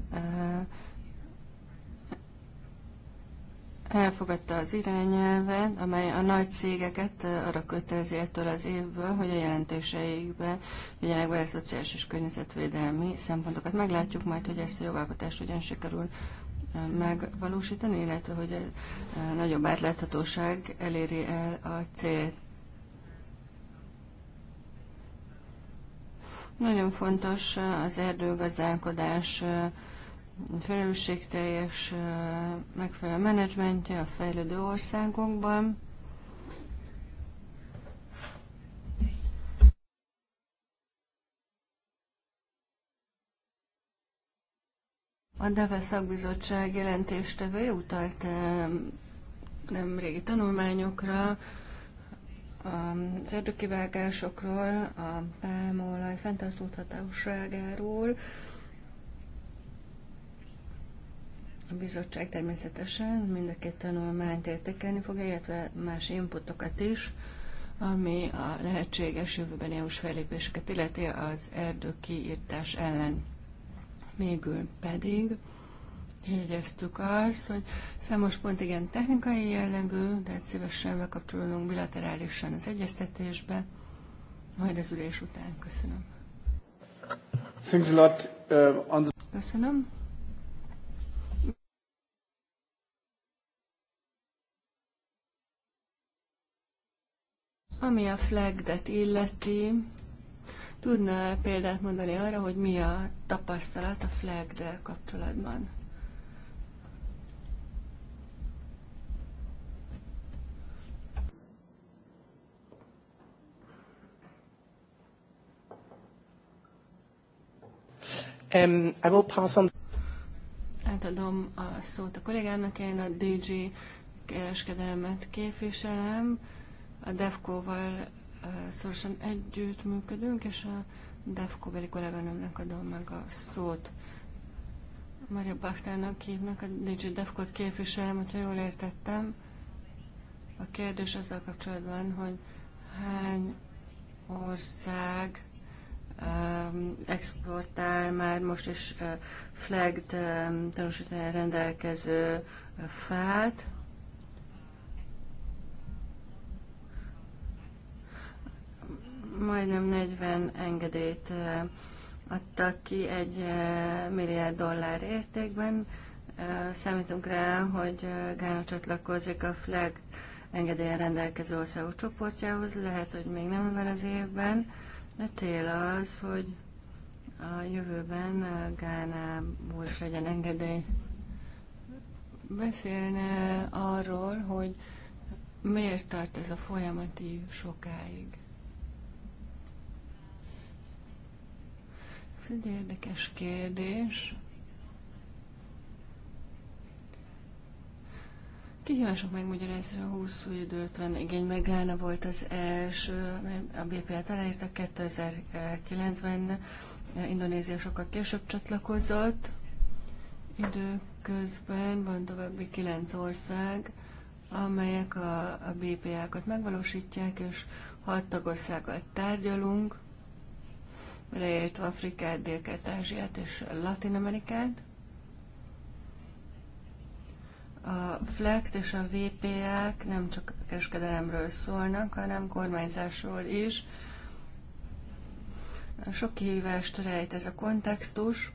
elfogadta az irányelvet, amely a nagy cégeket arra kötelezi ettől az évből, hogy a jelentőseikbe vigyenek bele szociális és környezetvédelmi szempontokat. Meglátjuk majd, hogy ezt a jogalkotást hogyan sikerül megvalósítani, illetve hogy a nagyobb átláthatóság eléri el a célt. Nagyon fontos az erdőgazdálkodás felelősségteljes megfelelő menedzsmentje a fejlődő országokban. A DEVE szakbizottság jelentéstevője utalt nem régi tanulmányokra, az erdőkivágásokról, a pálmaolaj fenntartóthatóságáról. A bizottság természetesen mind a két tanulmányt értékelni fogja, illetve más inputokat is, ami a lehetséges jövőben EU-s fellépéseket illeti az erdőkiírtás ellen. Mégül pedig jegyeztük azt, hogy számos pont igen technikai jellegű, de szívesen bekapcsolódunk bilaterálisan az egyeztetésbe, majd az ülés után. Köszönöm. Thanks a lot, uh, on the... Köszönöm. Ami a flagdet illeti, tudna példát mondani arra, hogy mi a tapasztalat a flagdel kapcsolatban? Um, I will pass on. Átadom a szót a kollégának, én a DG kereskedelmet képviselem, a DEFCO-val uh, szorosan együtt működünk és a DEFCO beli kolléganőmnek adom meg a szót. Maria Bachtának hívnak, a DG DEFCO-t képviselem, hogyha jól értettem. A kérdés azzal kapcsolatban, hogy hány ország exportál már most is flagged tanúsítvány rendelkező fát. Majdnem 40 engedélyt adtak ki egy milliárd dollár értékben. Számítunk rá, hogy Gána csatlakozik a flag engedélyen rendelkező országú csoportjához, lehet, hogy még nem ebben az évben a cél az, hogy a jövőben Gánából is legyen engedély. Beszélne arról, hogy miért tart ez a folyamat így sokáig. Ez egy érdekes kérdés. Kihívások a 20 időt van, igen, meg volt az első, a BPL-t aláírta 2009-ben, Indonézia sokkal később csatlakozott, időközben van további kilenc ország, amelyek a, a BPA-kat megvalósítják, és hat tagországgal tárgyalunk, beleértve Afrikát, dél ázsiát és Latin-Amerikát. A FLECT és a VPA-k e nem csak kereskedelemről szólnak, hanem kormányzásról is. Sok kihívást rejt ez a kontextus.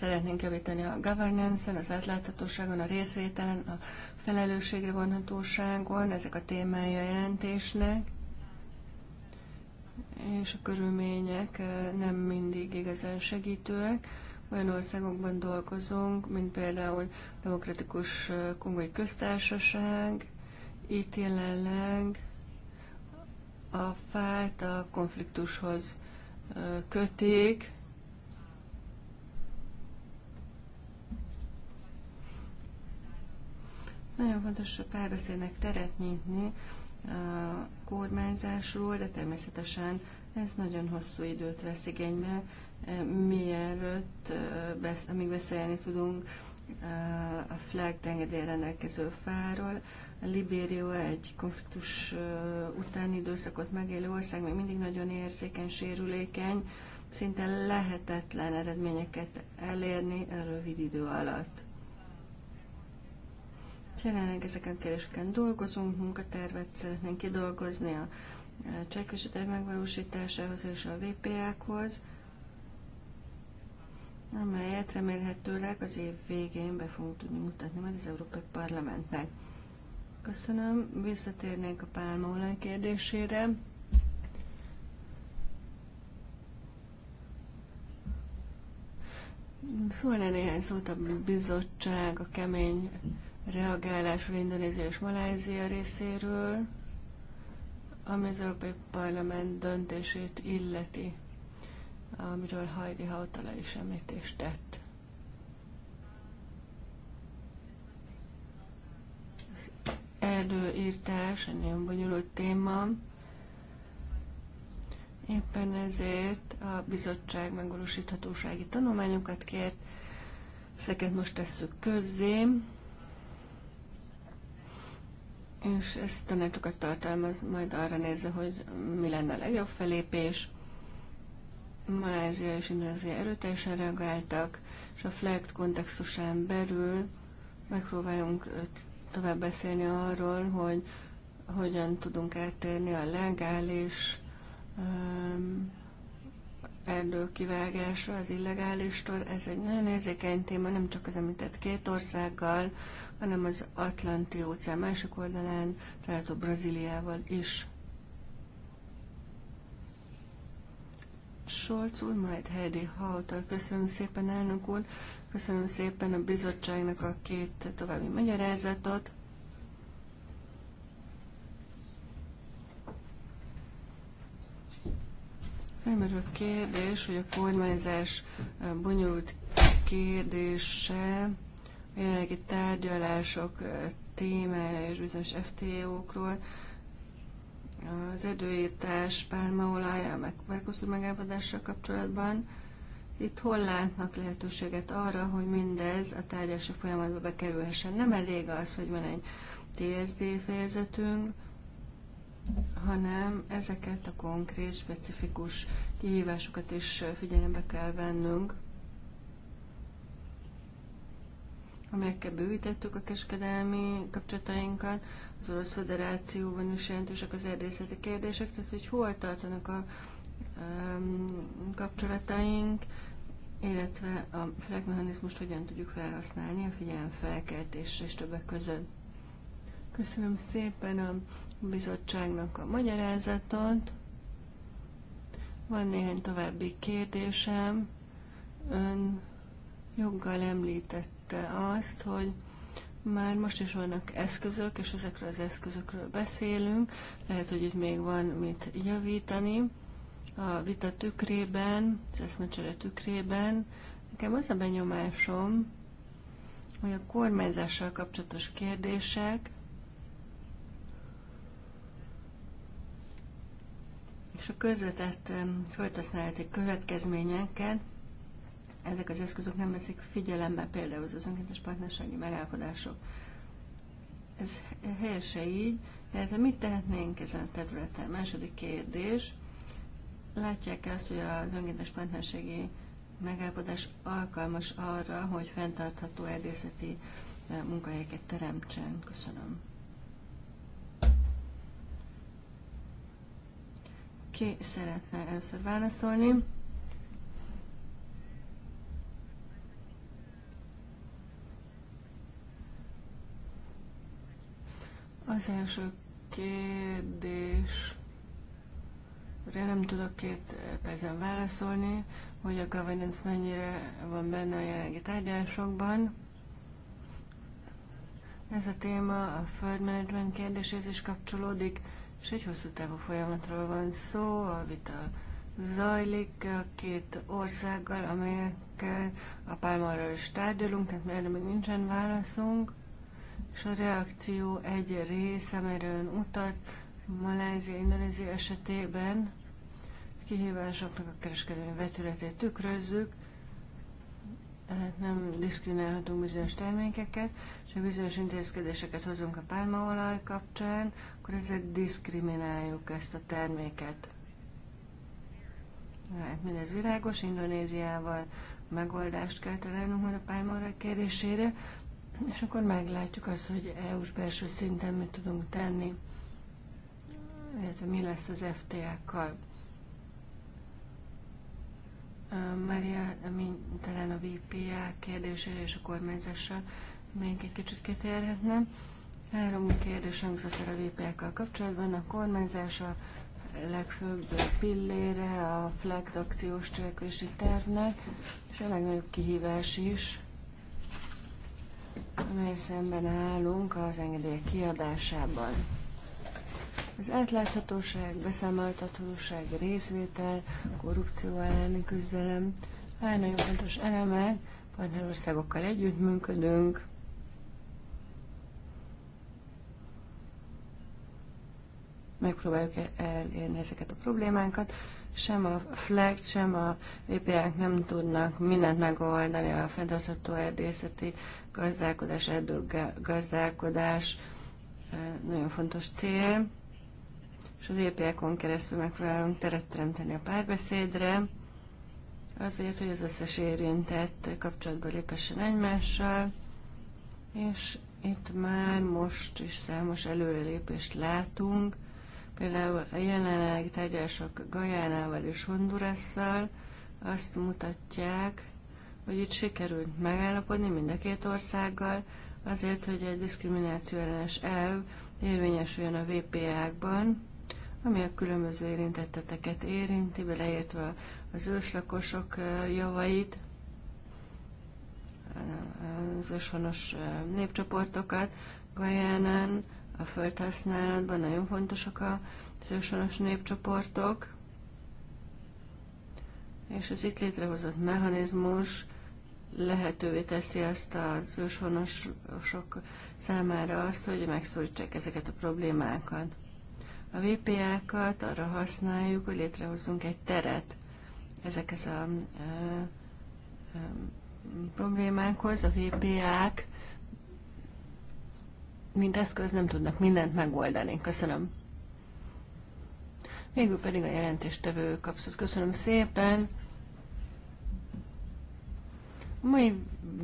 Szeretnénk javítani a governance-en, az átláthatóságon, a részvételen, a felelősségre vonhatóságon, ezek a témája a jelentésnek és a körülmények eh, nem mindig igazán segítőek olyan országokban dolgozunk, mint például Demokratikus Kongói Köztársaság, itt jelenleg a fát a konfliktushoz kötik, Nagyon fontos a párbeszédnek teret nyitni a kormányzásról, de természetesen ez nagyon hosszú időt vesz igénybe, mielőtt, besz, amíg beszélni tudunk a flag tengedélyen rendelkező fáról. A Libéria egy konfliktus utáni időszakot megélő ország, még mindig nagyon érzékeny, sérülékeny, szinte lehetetlen eredményeket elérni a rövid idő alatt. Jelenleg ezeken a kérdéseken dolgozunk, munkatervet szeretnénk kidolgozni a csekkösetek megvalósításához és a VPA-khoz, amelyet remélhetőleg az év végén be fogunk tudni mutatni majd az Európai Parlamentnek. Köszönöm, visszatérnénk a pálmaolaj kérdésére. Szólna néhány szót a bizottság a kemény reagálásról Indonézia és Malázia részéről ami az Európai Parlament döntését illeti, amiről Heidi Hautala is említést tett. Az erdőírtás egy nagyon bonyolult téma, Éppen ezért a bizottság megvalósíthatósági tanulmányokat kért, ezeket most tesszük közzé. És ez tanácsokat tartalmaz, majd arra nézze, hogy mi lenne a legjobb felépés. Malázia és Indonézia erőteljesen reagáltak, és a FLECT kontextusán belül megpróbálunk tovább beszélni arról, hogy hogyan tudunk áttérni a legális um, erdőkivágásra, az illegálistól. Ez egy nagyon érzékeny téma, nem csak az említett két országgal, hanem az Atlanti óceán másik oldalán található Brazíliával is. Solc úr, majd Heidi Hautal. Köszönöm szépen, elnök úr. Köszönöm szépen a bizottságnak a két további magyarázatot. Felmerül a kérdés, hogy a kormányzás eh, bonyolult kérdése jelenlegi tárgyalások témája és bizonyos FTO-król, az erdőírtás pálmaolaj, meg Mercosur megállapodással kapcsolatban. Itt hol látnak lehetőséget arra, hogy mindez a tárgyalási folyamatba bekerülhessen? Nem elég az, hogy van egy TSD fejezetünk, hanem ezeket a konkrét, specifikus kihívásokat is figyelembe kell vennünk. amelyekkel bővítettük a kereskedelmi kapcsolatainkat. Az Orosz Föderációban is jelentősek az erdészeti kérdések, tehát hogy hol tartanak a um, kapcsolataink, illetve a felekmechanizmust hogyan tudjuk felhasználni a figyelemfelkeltésre és többek között. Köszönöm szépen a bizottságnak a magyarázatot. Van néhány további kérdésem. Ön joggal említett említette azt, hogy már most is vannak eszközök, és ezekről az eszközökről beszélünk. Lehet, hogy itt még van mit javítani. A vita tükrében, az eszmecsere tükrében, nekem az a benyomásom, hogy a kormányzással kapcsolatos kérdések és a közvetett földhasználati következményeket ezek az eszközök nem veszik figyelembe például az önkéntes partnersági megállapodások. Ez helyese így, tehát mit tehetnénk ezen a területen? Második kérdés. látják ezt azt, hogy az önkéntes partnerségi megállapodás alkalmas arra, hogy fenntartható erdészeti eh, munkahelyeket teremtsen? Köszönöm. Ki szeretne először válaszolni? Az első kérdés én nem tudok két percen válaszolni, hogy a governance mennyire van benne a jelenlegi tárgyalásokban. Ez a téma a földmenedzsment kérdéséhez is kapcsolódik, és egy hosszú távú folyamatról van szó, a vita zajlik a két országgal, amelyekkel a pálmarról is tárgyalunk, tehát erre még nincsen válaszunk és a reakció egy része, amelyre ön utalt, Malázia, Indonézia esetében kihívásoknak a kereskedelmi vetületét tükrözzük, tehát nem diszkriminálhatunk bizonyos termékeket, és ha bizonyos intézkedéseket hozunk a pálmaolaj kapcsán, akkor ezek diszkrimináljuk ezt a terméket. Hát mindez világos, Indonéziával megoldást kell találnunk majd a pálmaolaj kérésére, és akkor meglátjuk azt, hogy EU-s belső szinten mit tudunk tenni, illetve mi lesz az FTA-kkal. Mária, talán a VPA kérdésére és a kormányzással még egy kicsit kitérhetne. Három kérdés hangzott el a VPA-kkal kapcsolatban. A kormányzás a legfőbb pillére a flag akciós cselekvési tervnek, és a legnagyobb kihívás is amely szemben állunk az engedélyek kiadásában. Az átláthatóság, beszámoltatóság, részvétel, korrupció elleni küzdelem, hány nagyon fontos elemek, partnerországokkal együttműködünk, megpróbáljuk elérni ezeket a problémánkat. Sem a FLEX, sem a VPA-k nem tudnak mindent megoldani, a fenntartható erdészeti gazdálkodás, erdőgazdálkodás nagyon fontos cél, és a VPA-kon keresztül megpróbálunk teret teremteni a párbeszédre, azért, hogy az összes érintett kapcsolatba lépessen egymással, és itt már most is számos előrelépést látunk, Például a jelenlegi tárgyalások Gajánával és Hondurasszal azt mutatják, hogy itt sikerült megállapodni mind a két országgal, azért, hogy egy diszkrimináció ellenes elv érvényesüljön a VPA-kban, ami a különböző érintetteteket érinti, beleértve az őslakosok javait, az őshonos népcsoportokat Gajánán, a földhasználatban, nagyon fontosak a szősoros népcsoportok, és az itt létrehozott mechanizmus lehetővé teszi azt a szősorosok számára azt, hogy megszólítsák ezeket a problémákat. A VPA-kat arra használjuk, hogy létrehozzunk egy teret ezekhez a, a, a problémákhoz. A VPA-k mint eszköz nem tudnak mindent megoldani. Köszönöm. Végül pedig a jelentéstevő kapszott. Köszönöm szépen. A mai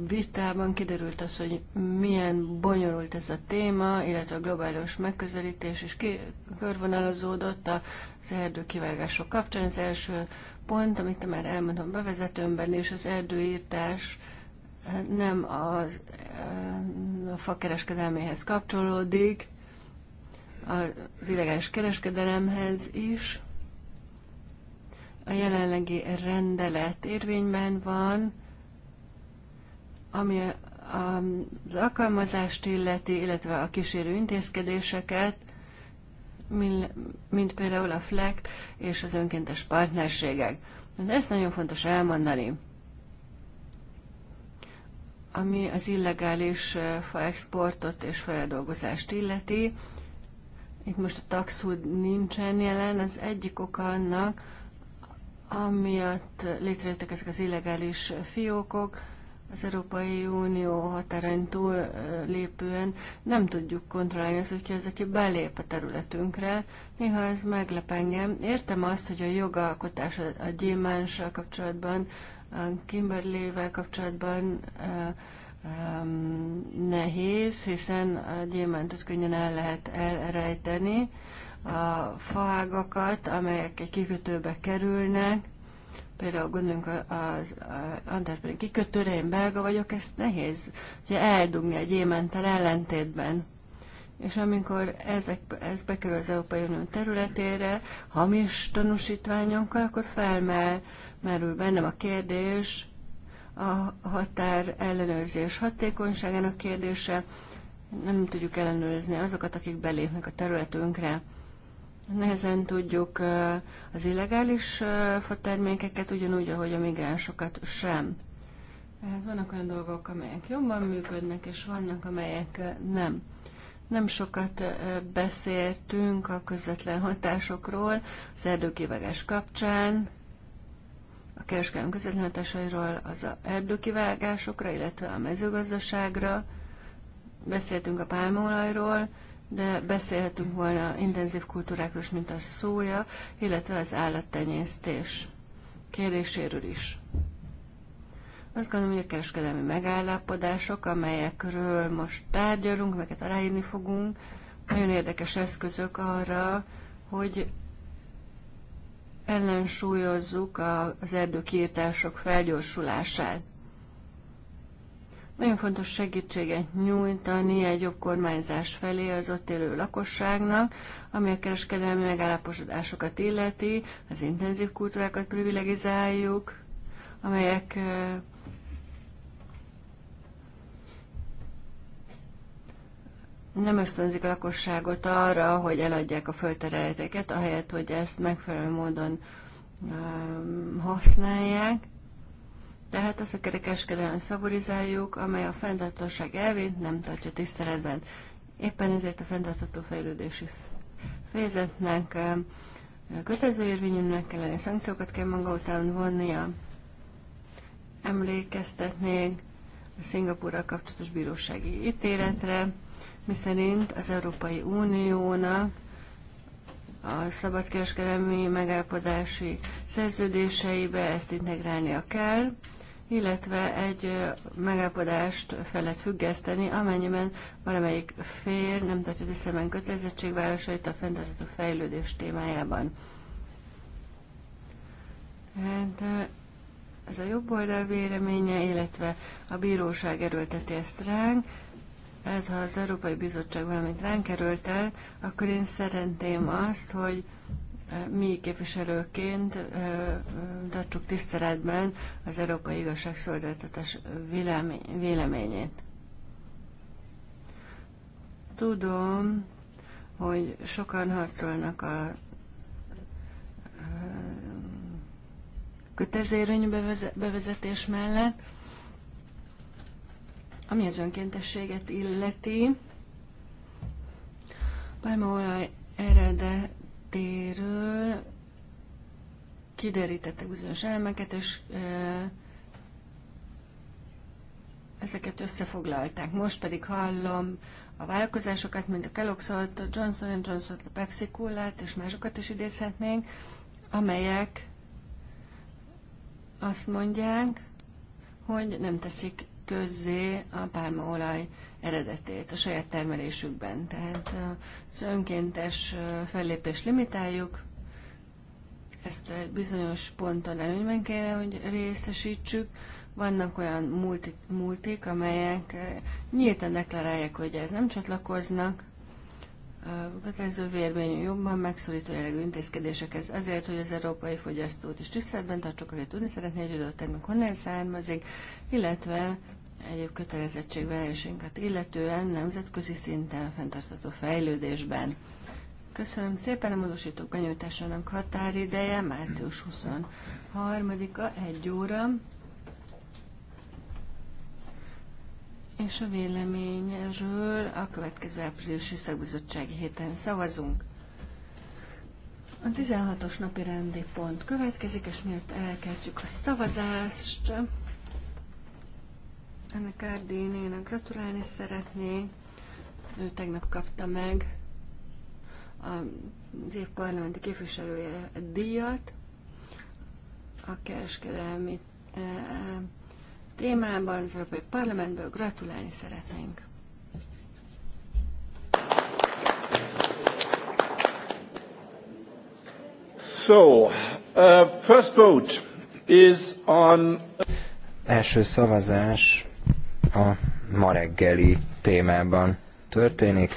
vitában kiderült az, hogy milyen bonyolult ez a téma, illetve a globális megközelítés is körvonalazódott az erdőkivágások kapcsán. Az első pont, amit már elmondtam bevezetőmben, és az erdőírtás nem a, a fakereskedelméhez kapcsolódik, az illegális kereskedelemhez is. A jelenlegi rendelet érvényben van, ami az alkalmazást illeti, illetve a kísérő intézkedéseket, mint például a FLEC és az önkéntes partnerségek. De ezt nagyon fontos elmondani ami az illegális faexportot és feldolgozást illeti. Itt most a taxud nincsen jelen, az egyik oka annak, amiatt létrejöttek ezek az illegális fiókok, az Európai Unió határain túl lépően nem tudjuk kontrollálni az, hogyha ez, aki belép a területünkre. Néha ez meglep engem. Értem azt, hogy a jogalkotás a gyémánssal kapcsolatban Kimberlével kapcsolatban nehéz, hiszen a gyémántot könnyen el lehet elrejteni. A faágakat, amelyek egy kikötőbe kerülnek, például gondoljunk az Antwerpen kikötőre, én belga vagyok, ezt nehéz ugye eldugni a gyémántal ellentétben. És amikor ezek, ez bekerül az Európai Unió területére, hamis tanúsítványokkal, akkor felmel merül bennem a kérdés, a határ ellenőrzés hatékonyságának kérdése. Nem tudjuk ellenőrizni azokat, akik belépnek a területünkre. Nehezen tudjuk az illegális fatermékeket, ugyanúgy, ahogy a migránsokat sem. Tehát vannak olyan dolgok, amelyek jobban működnek, és vannak, amelyek nem. Nem sokat beszéltünk a közvetlen hatásokról az erdőkivágás kapcsán, kereskedelem közvetlen hatásairól, az a erdőkivágásokra, illetve a mezőgazdaságra. Beszéltünk a pálmaolajról, de beszélhetünk volna intenzív kultúrákról, mint a szója, illetve az állattenyésztés kérdéséről is. Azt gondolom, hogy a kereskedelmi megállapodások, amelyekről most tárgyalunk, melyeket aláírni fogunk, nagyon érdekes eszközök arra, hogy ellensúlyozzuk az erdőkiirtások felgyorsulását. Nagyon fontos segítséget nyújtani egy jobb kormányzás felé az ott élő lakosságnak, ami a kereskedelmi megállapodásokat illeti, az intenzív kultúrákat privilegizáljuk, amelyek nem ösztönzik a lakosságot arra, hogy eladják a földterületeket, ahelyett, hogy ezt megfelelő módon um, használják. Tehát azt a kerekeskedelmet favorizáljuk, amely a fenntartóság elvét nem tartja tiszteletben. Éppen ezért a fenntartható fejlődési fejezetnek um, kötelező érvényűnek kellene szankciókat kell maga után vonnia. Emlékeztetnék a Szingapúrral kapcsolatos bírósági ítéletre. Mm miszerint az Európai Uniónak a szabadkereskedelmi megállapodási szerződéseibe ezt integrálnia kell, illetve egy megállapodást felett függeszteni, amennyiben valamelyik fél nem tartja tisztelben kötelezettségvállalásait a fenntartható fejlődés témájában. Hát, ez a jobb oldal véleménye, illetve a bíróság erőlteti ezt ránk, tehát ha az Európai Bizottság valamit ránk került el, akkor én szeretném azt, hogy e, mi képviselőként e, e, tartsuk tiszteletben az Európai Igazságszolgáltatás véleményét. Tudom, hogy sokan harcolnak a kötezérvény bevezetés mellett, ami az önkéntességet illeti, pálmaolaj eredetéről kiderítettek bizonyos elemeket, és ezeket összefoglalták. Most pedig hallom a vállalkozásokat, mint a kellogg szolt a Johnson Johnson-t, a pepsi t és másokat is idézhetnénk, amelyek azt mondják, hogy nem teszik közzé a pálmaolaj eredetét a saját termelésükben. Tehát az önkéntes fellépés limitáljuk, ezt egy bizonyos ponton előnyben kéne, hogy részesítsük. Vannak olyan multik amelyek nyíltan deklarálják, hogy ez nem csatlakoznak, kötelező vérben, jobban megszorító jellegű intézkedésekhez azért, hogy az európai fogyasztót is tiszteletben tartsuk, akit tudni szeretné, hogy adott honnan származik, illetve egyéb kötelezettségvállalásunkat illetően nemzetközi szinten fenntartható fejlődésben. Köszönöm szépen, a módosítók benyújtásának határideje március 23-a, 1 óra. És a véleményről a következő áprilisi szakbizottsági héten szavazunk. A 16-os napi rendi pont következik, és miért elkezdjük a szavazást, ennek Kárdénének gratulálni szeretnék. Ő tegnap kapta meg az év parlamenti képviselője díjat, a kereskedelmi eh, témában, az Európai Parlamentből gratulálni szeretnénk. So, uh, first vote is on... Első szavazás a ma reggeli témában történik.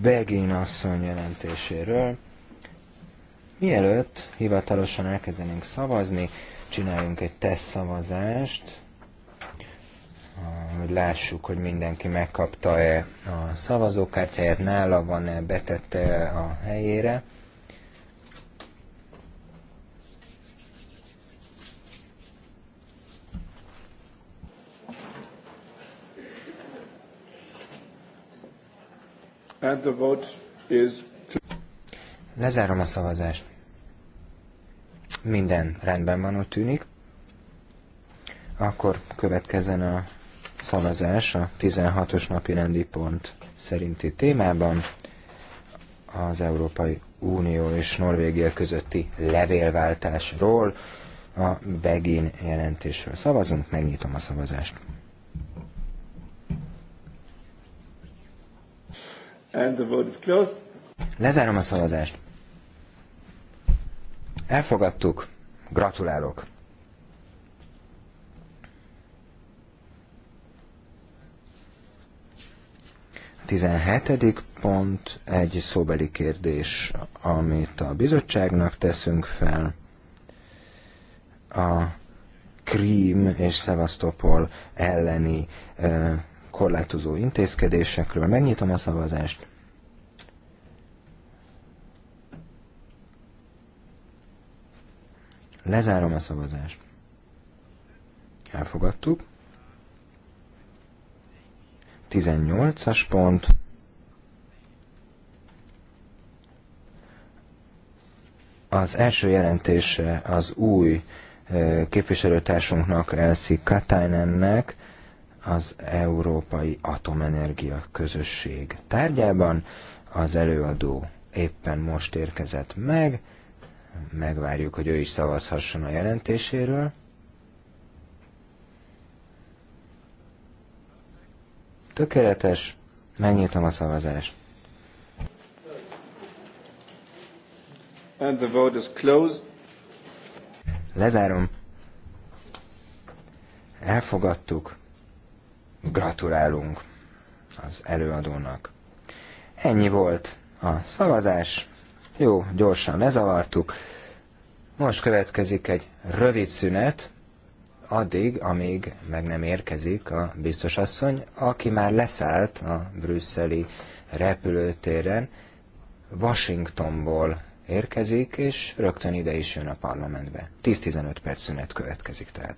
Begin asszony jelentéséről. Mielőtt hivatalosan elkezdenénk szavazni, csináljunk egy tesztszavazást, hogy lássuk, hogy mindenki megkapta-e a szavazókártyáját, nála van-e, betette a helyére. And the vote is... Lezárom a szavazást. Minden rendben van, úgy tűnik. Akkor következzen a szavazás a 16-os napi rendi pont szerinti témában az Európai Unió és Norvégia közötti levélváltásról, a Begin jelentésről szavazunk, megnyitom a szavazást. And the vote is closed. Lezárom a szavazást. Elfogadtuk. Gratulálok. A 17. pont egy szóbeli kérdés, amit a bizottságnak teszünk fel. A Krím és Szevasztopol elleni korlátozó intézkedésekről. Megnyitom a szavazást. Lezárom a szavazást. Elfogadtuk. 18-as pont. Az első jelentése az új képviselőtársunknak, Elsie Katainennek, az Európai Atomenergia Közösség tárgyában. Az előadó éppen most érkezett meg, megvárjuk, hogy ő is szavazhasson a jelentéséről. Tökéletes, megnyitom a szavazást. And the vote is closed. Lezárom. Elfogadtuk. Gratulálunk az előadónak. Ennyi volt a szavazás. Jó, gyorsan lezavartuk. Most következik egy rövid szünet, addig, amíg meg nem érkezik a biztosasszony, aki már leszállt a brüsszeli repülőtéren, Washingtonból érkezik, és rögtön ide is jön a parlamentbe. 10-15 perc szünet következik tehát.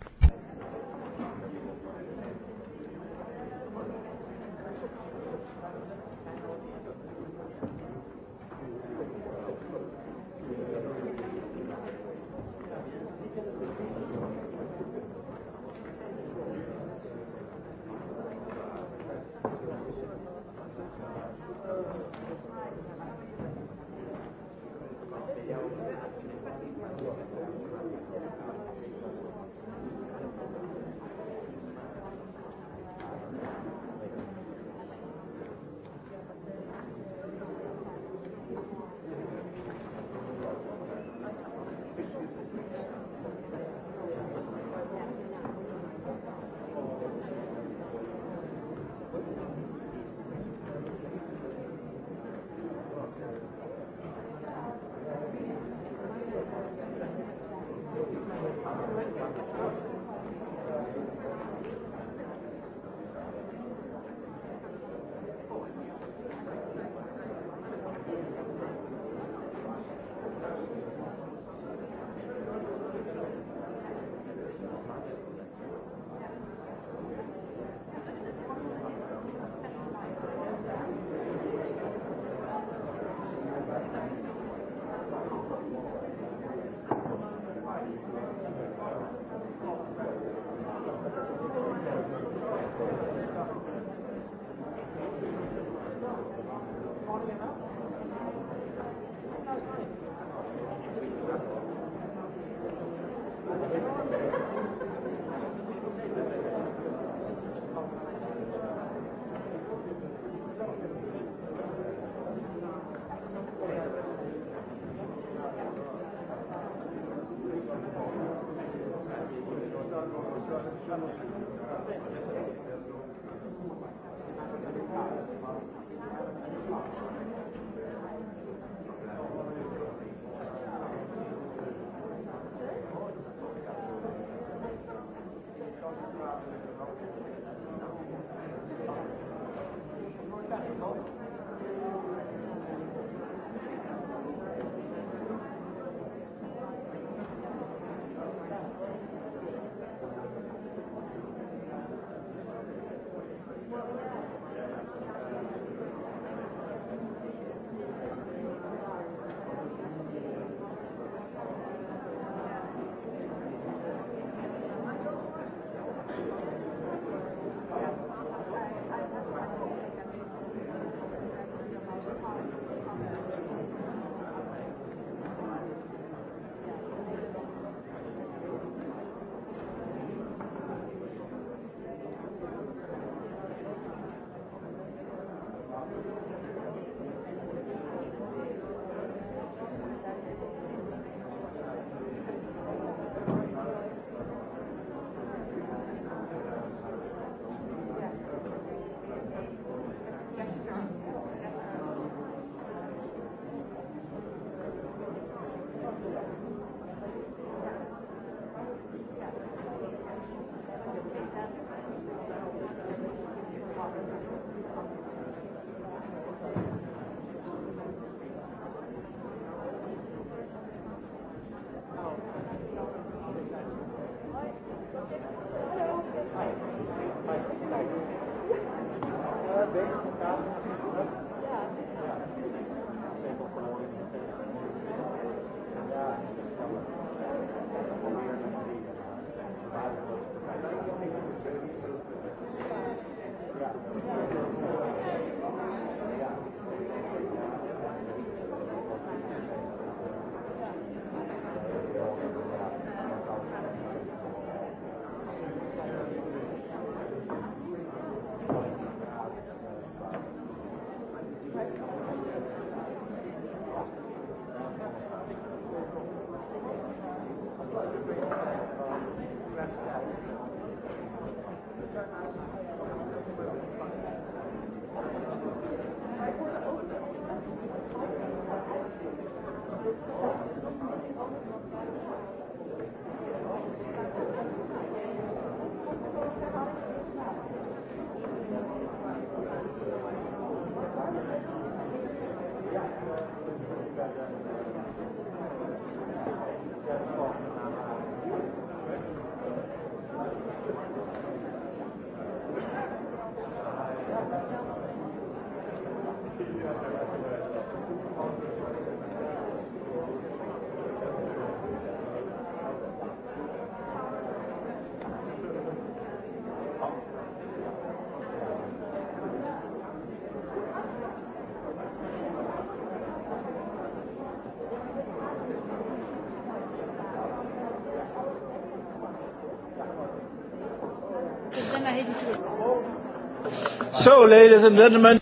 So, ladies and gentlemen.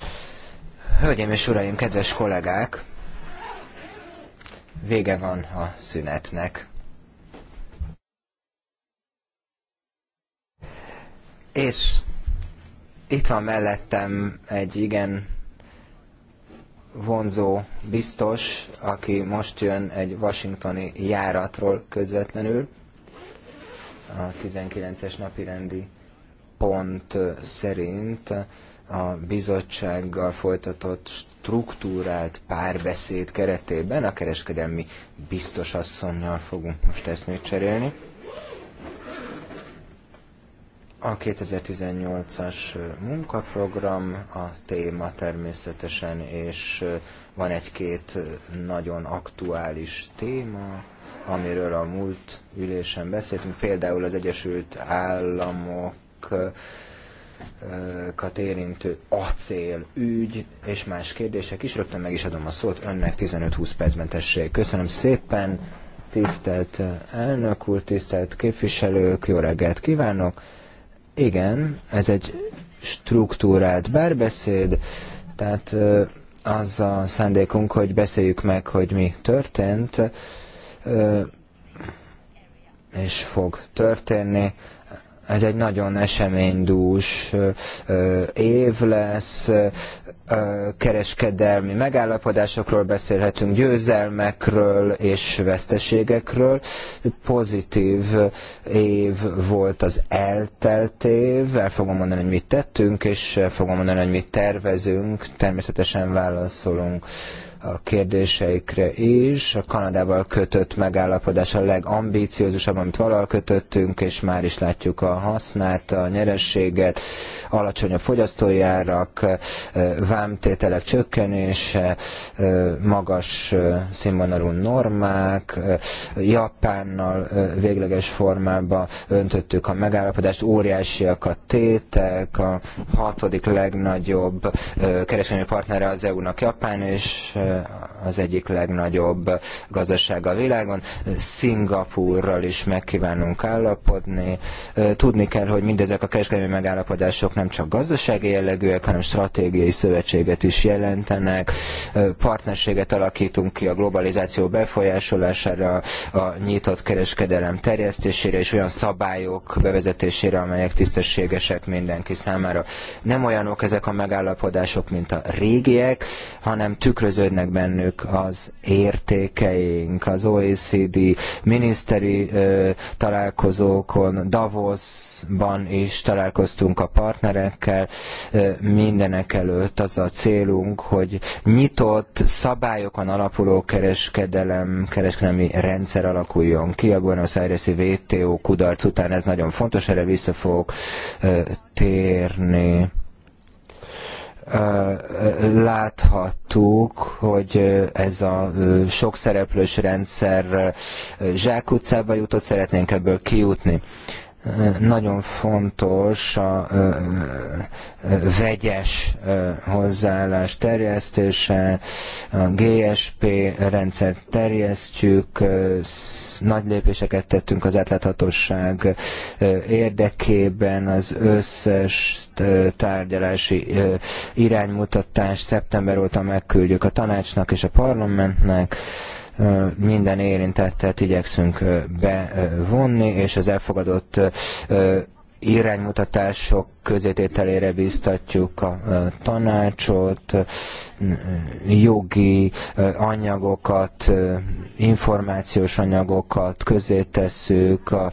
Hölgyeim és uraim, kedves kollégák! Vége van a szünetnek. És itt van mellettem egy igen vonzó biztos, aki most jön egy washingtoni járatról közvetlenül a 19-es napi rendi pont szerint a bizottsággal folytatott struktúrált párbeszéd keretében a kereskedelmi biztos asszonynal fogunk most eszmét cserélni. A 2018-as munkaprogram a téma természetesen, és van egy-két nagyon aktuális téma, amiről a múlt ülésen beszéltünk, például az Egyesült Államok kat érintő acél ügy és más kérdések is. Rögtön meg is adom a szót önnek 15-20 percben tessék. Köszönöm szépen, tisztelt eh, elnök úr, tisztelt képviselők, jó reggelt kívánok. Igen, ez egy struktúrált bárbeszéd, tehát eh, az a szándékunk, hogy beszéljük meg, hogy mi történt, eh, és fog történni ez egy nagyon eseménydús év lesz, kereskedelmi megállapodásokról beszélhetünk, győzelmekről és veszteségekről. Pozitív év volt az eltelt év, el fogom mondani, hogy mit tettünk, és fogom mondani, hogy mit tervezünk, természetesen válaszolunk a kérdéseikre is. A Kanadával kötött megállapodás a legambíciózusabb, amit valahol kötöttünk, és már is látjuk a hasznát, a nyerességet, alacsonyabb fogyasztói árak, vámtételek csökkenése, magas színvonalú normák, Japánnal végleges formában öntöttük a megállapodást, óriásiak a tétek, a hatodik legnagyobb kereskedelmi partnere az EU-nak Japán, és az egyik legnagyobb gazdaság a világon. Szingapúrral is megkívánunk állapodni. Tudni kell, hogy mindezek a kereskedelmi megállapodások nem csak gazdasági jellegűek, hanem stratégiai szövetséget is jelentenek. Partnerséget alakítunk ki a globalizáció befolyásolására, a nyitott kereskedelem terjesztésére és olyan szabályok bevezetésére, amelyek tisztességesek mindenki számára. Nem olyanok ezek a megállapodások, mint a régiek, hanem tükröződnek nincsenek bennük az értékeink. Az OECD miniszteri találkozókon, Davosban is találkoztunk a partnerekkel. Mindenek előtt az a célunk, hogy nyitott szabályokon alapuló kereskedelem, kereskedelmi rendszer alakuljon ki. A Buenos Aires-i WTO kudarc után ez nagyon fontos, erre vissza fogok térni láthattuk, hogy ez a sok szereplős rendszer zsákutcába jutott, szeretnénk ebből kijutni nagyon fontos a vegyes hozzáállás terjesztése, a GSP rendszer terjesztjük, nagy lépéseket tettünk az átláthatóság érdekében, az összes tárgyalási iránymutatást szeptember óta megküldjük a tanácsnak és a parlamentnek, minden érintettet igyekszünk bevonni, és az elfogadott iránymutatások közétételére biztatjuk a tanácsot, jogi anyagokat, információs anyagokat közétesszük, a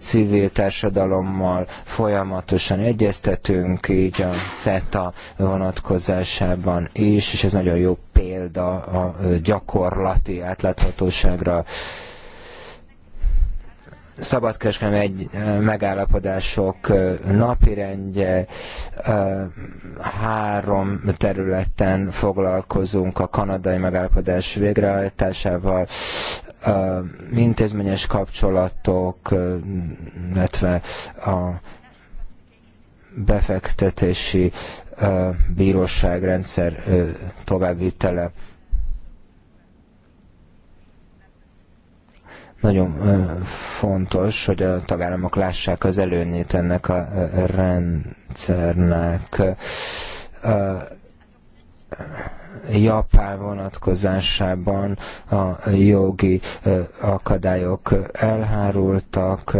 civil társadalommal folyamatosan egyeztetünk, így a CETA vonatkozásában is, és ez nagyon jó példa a gyakorlati átláthatóságra szabadkereskedelmi egy megállapodások napirendje, három területen foglalkozunk a kanadai megállapodás végrehajtásával, intézményes kapcsolatok, illetve a befektetési bíróságrendszer továbbvitele. Nagyon fontos, hogy a tagállamok lássák az előnyét ennek a rendszernek. Japán vonatkozásában a jogi akadályok elhárultak,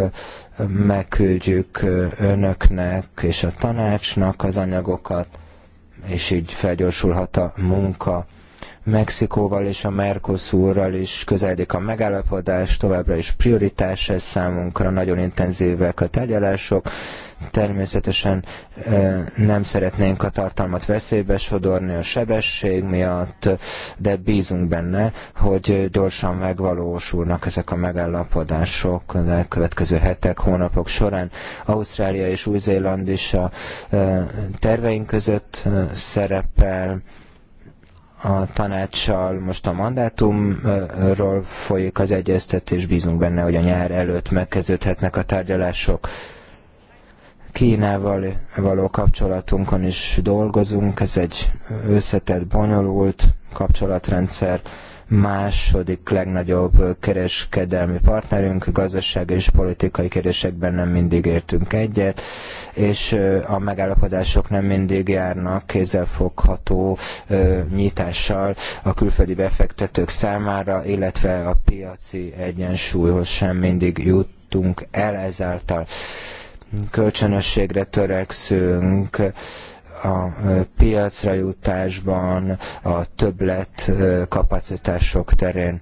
megküldjük önöknek és a tanácsnak az anyagokat, és így felgyorsulhat a munka. Mexikóval és a Mercosurral is közeledik a megállapodás, továbbra is prioritás ez számunkra, nagyon intenzívek a tárgyalások. Természetesen nem szeretnénk a tartalmat veszélybe sodorni a sebesség miatt, de bízunk benne, hogy gyorsan megvalósulnak ezek a megállapodások a következő hetek, hónapok során. Ausztrália és Új-Zéland is a terveink között szerepel a tanácssal most a mandátumról folyik az egyeztetés, bízunk benne, hogy a nyár előtt megkezdődhetnek a tárgyalások. Kínával való kapcsolatunkon is dolgozunk, ez egy összetett, bonyolult kapcsolatrendszer, második legnagyobb kereskedelmi partnerünk, gazdasági és politikai kérdésekben nem mindig értünk egyet, és a megállapodások nem mindig járnak kézzelfogható nyitással a külföldi befektetők számára, illetve a piaci egyensúlyhoz sem mindig jutunk el ezáltal. Kölcsönösségre törekszünk, a piacra jutásban, a többlet kapacitások terén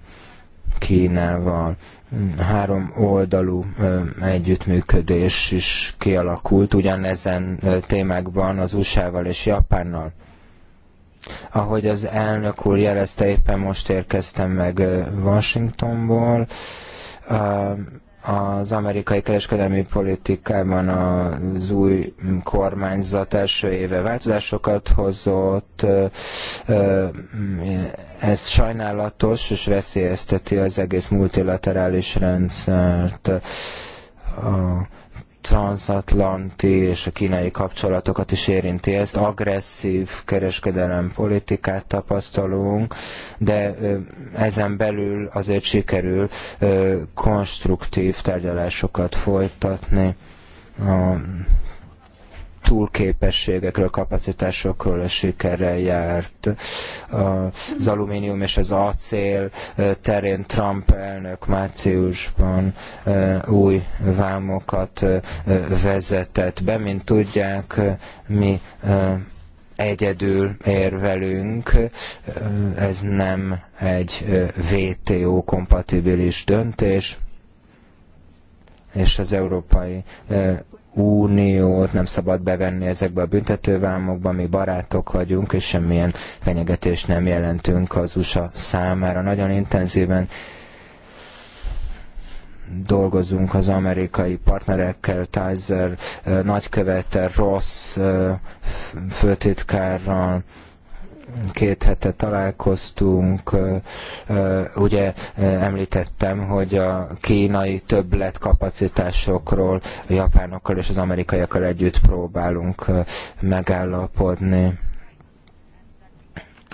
Kínával három oldalú együttműködés is kialakult ugyanezen témákban az USA-val és Japánnal. Ahogy az elnök úr jelezte, éppen most érkeztem meg Washingtonból, az amerikai kereskedelmi politikában az új kormányzat első éve változásokat hozott. Ez sajnálatos, és veszélyezteti az egész multilaterális rendszert. A transatlanti és a kínai kapcsolatokat is érinti. Ezt agresszív kereskedelem politikát tapasztalunk, de ezen belül azért sikerül konstruktív tárgyalásokat folytatni a túlképességekről, kapacitásokról a sikerrel járt. Az alumínium és az acél terén Trump elnök márciusban új vámokat vezetett be, mint tudják, mi egyedül érvelünk, ez nem egy VTO kompatibilis döntés, és az Európai Uniót nem szabad bevenni ezekbe a büntetővámokba, mi barátok vagyunk, és semmilyen fenyegetést nem jelentünk az USA számára. Nagyon intenzíven dolgozunk az amerikai partnerekkel, Tizer eh, nagykövete, Ross eh, főtitkárral, két hete találkoztunk, ugye említettem, hogy a kínai többletkapacitásokról a japánokkal és az amerikaiakkal együtt próbálunk megállapodni.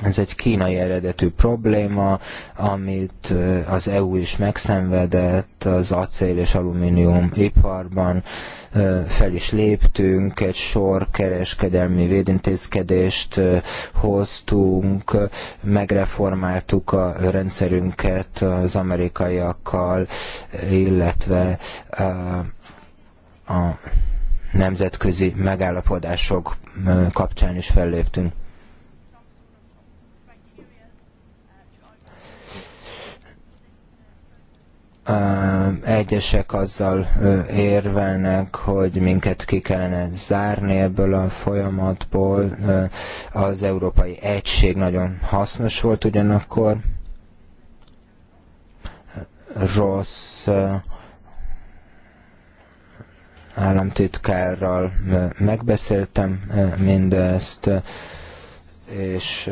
Ez egy kínai eredetű probléma, amit az EU is megszenvedett az acél és alumínium iparban. Fel is léptünk, egy sor kereskedelmi védintézkedést hoztunk, megreformáltuk a rendszerünket az amerikaiakkal, illetve a nemzetközi megállapodások kapcsán is felléptünk. egyesek azzal érvelnek, hogy minket ki kellene zárni ebből a folyamatból. Az európai egység nagyon hasznos volt ugyanakkor. Rossz államtitkárral megbeszéltem mindezt, és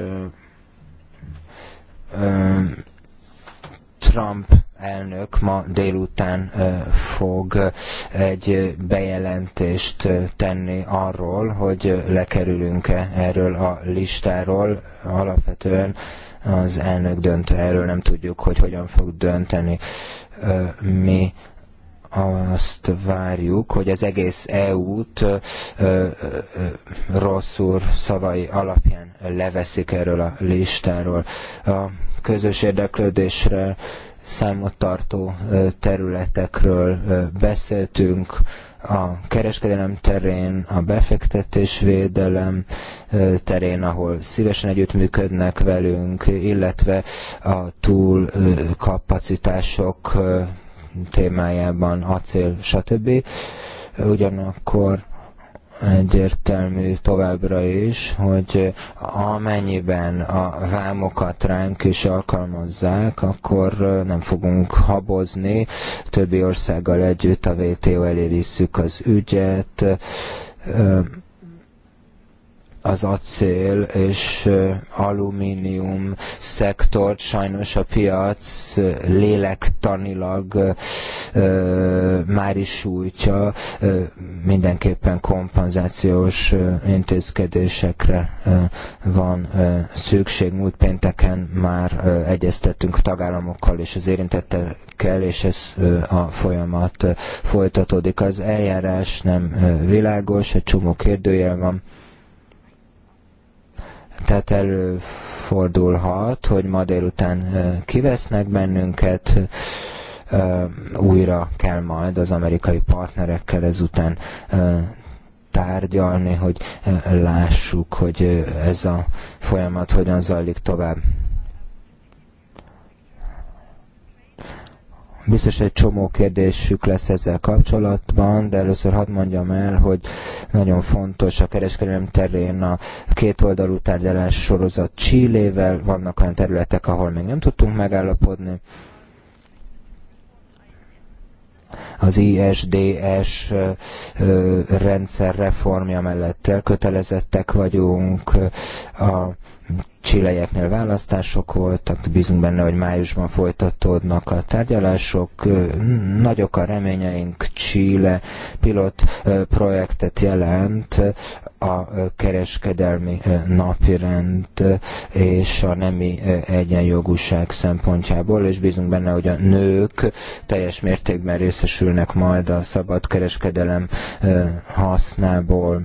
Trump elnök ma délután fog egy bejelentést tenni arról, hogy lekerülünk-e erről a listáról. Alapvetően az elnök dönt erről, nem tudjuk, hogy hogyan fog dönteni. Mi azt várjuk, hogy az egész EU-t rossz úr szavai alapján leveszik erről a listáról. A közös érdeklődésre számottartó területekről beszéltünk, a kereskedelem terén, a befektetésvédelem terén, ahol szívesen együttműködnek velünk, illetve a túlkapacitások témájában, acél, stb. Ugyanakkor egyértelmű továbbra is, hogy amennyiben a vámokat ránk is alkalmazzák, akkor nem fogunk habozni, többi országgal együtt a WTO elé visszük az ügyet, az acél és alumínium szektort sajnos a piac lélektanilag már is sújtja, mindenképpen kompenzációs intézkedésekre van szükség. Múlt pénteken már egyeztettünk tagállamokkal és az érintettekkel, és ez a folyamat folytatódik. Az eljárás nem világos, egy csomó kérdőjel van tehát előfordulhat, hogy ma délután kivesznek bennünket, újra kell majd az amerikai partnerekkel ezután tárgyalni, hogy lássuk, hogy ez a folyamat hogyan zajlik tovább. Biztos egy csomó kérdésük lesz ezzel kapcsolatban, de először hadd mondjam el, hogy nagyon fontos a kereskedelem terén a kétoldalú tárgyalás sorozat Csillével, vannak olyan területek, ahol még nem tudtunk megállapodni. Az ISDS rendszer reformja mellett elkötelezettek vagyunk, a csileieknél választások voltak, bízunk benne, hogy májusban folytatódnak a tárgyalások. Nagyok a reményeink, Chile pilot projektet jelent a kereskedelmi napirend és a nemi egyenjogúság szempontjából, és bízunk benne, hogy a nők teljes mértékben részesülnek majd a szabad kereskedelem hasznából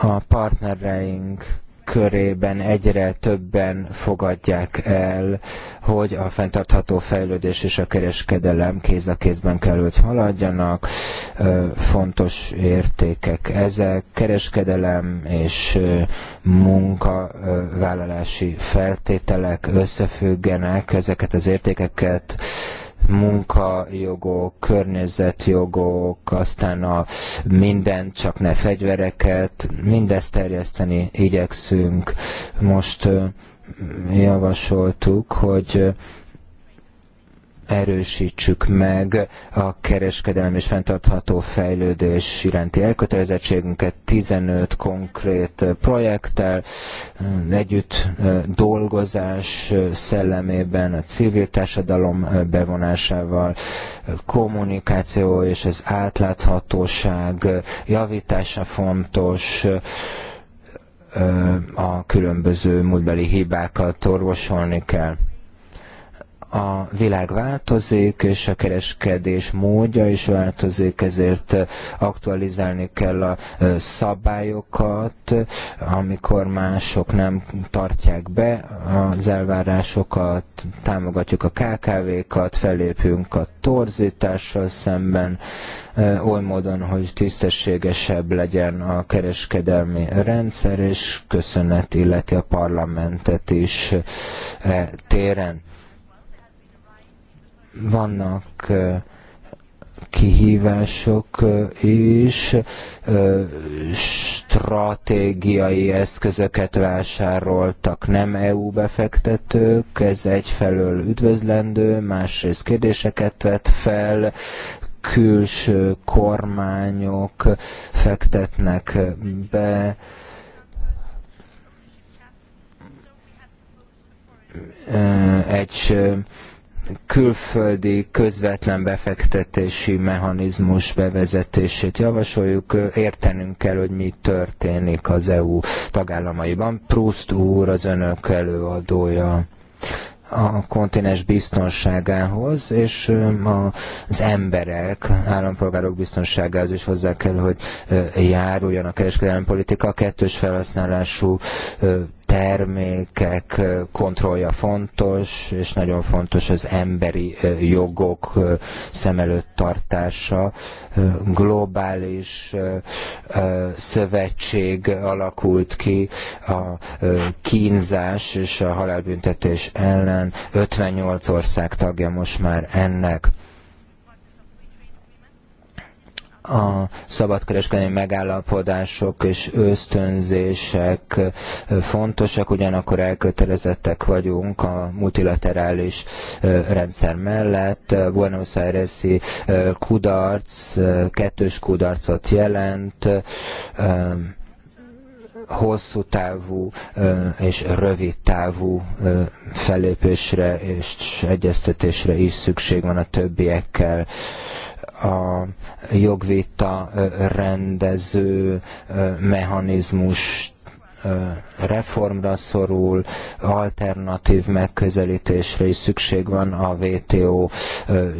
a partnereink körében egyre többen fogadják el, hogy a fenntartható fejlődés és a kereskedelem kéz a kézben kell, hogy haladjanak. Fontos értékek ezek, kereskedelem és munkavállalási feltételek összefüggenek, ezeket az értékeket munkajogok, környezetjogok, aztán a minden, csak ne fegyvereket, mindezt terjeszteni igyekszünk. Most javasoltuk, hogy erősítsük meg a kereskedelem és fenntartható fejlődés iránti elkötelezettségünket 15 konkrét projekttel, együtt dolgozás szellemében, a civil társadalom bevonásával, kommunikáció és az átláthatóság javítása fontos, a különböző múltbeli hibákat orvosolni kell a világ változik, és a kereskedés módja is változik, ezért aktualizálni kell a szabályokat, amikor mások nem tartják be az elvárásokat, támogatjuk a KKV-kat, felépünk a torzítással szemben, oly módon, hogy tisztességesebb legyen a kereskedelmi rendszer, és köszönet illeti a parlamentet is e téren vannak kihívások is, stratégiai eszközöket vásároltak nem EU befektetők, ez egyfelől üdvözlendő, másrészt kérdéseket vett fel, külső kormányok fektetnek be, egy külföldi közvetlen befektetési mechanizmus bevezetését javasoljuk. Értenünk kell, hogy mi történik az EU tagállamaiban. Proust úr az önök előadója a kontinens biztonságához, és az emberek, állampolgárok biztonságához is hozzá kell, hogy járuljon a kereskedelmi politika. A kettős felhasználású termékek kontrollja fontos, és nagyon fontos az emberi jogok szem előtt tartása. Globális szövetség alakult ki a kínzás és a halálbüntetés ellen. 58 ország tagja most már ennek a szabadkereskedelmi megállapodások és ösztönzések fontosak, ugyanakkor elkötelezettek vagyunk a multilaterális rendszer mellett. Buenos Aires-i kudarc, kettős kudarcot jelent, hosszú távú és rövid távú fellépésre és egyeztetésre is szükség van a többiekkel a jogvita rendező mechanizmust reformra szorul, alternatív megközelítésre is szükség van a WTO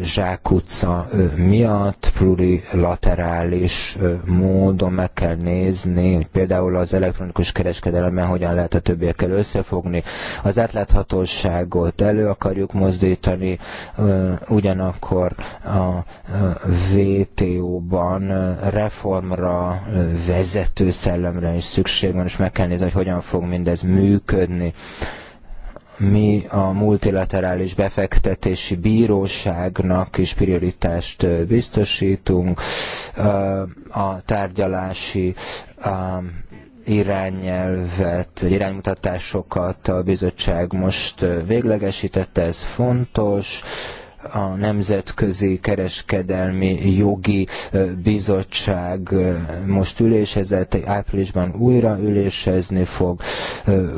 zsákutca miatt, plurilaterális módon meg kell nézni, hogy például az elektronikus kereskedelemben hogyan lehet a többiekkel összefogni, az átláthatóságot elő akarjuk mozdítani, ugyanakkor a WTO-ban reformra, vezető szellemre is szükség van, és meg kell megnézni, hogy hogyan fog mindez működni. Mi a multilaterális befektetési bíróságnak is prioritást biztosítunk, a tárgyalási irányelvet, vagy iránymutatásokat a bizottság most véglegesítette, ez fontos, a Nemzetközi Kereskedelmi Jogi Bizottság most ülésezett, áprilisban újra ülésezni fog.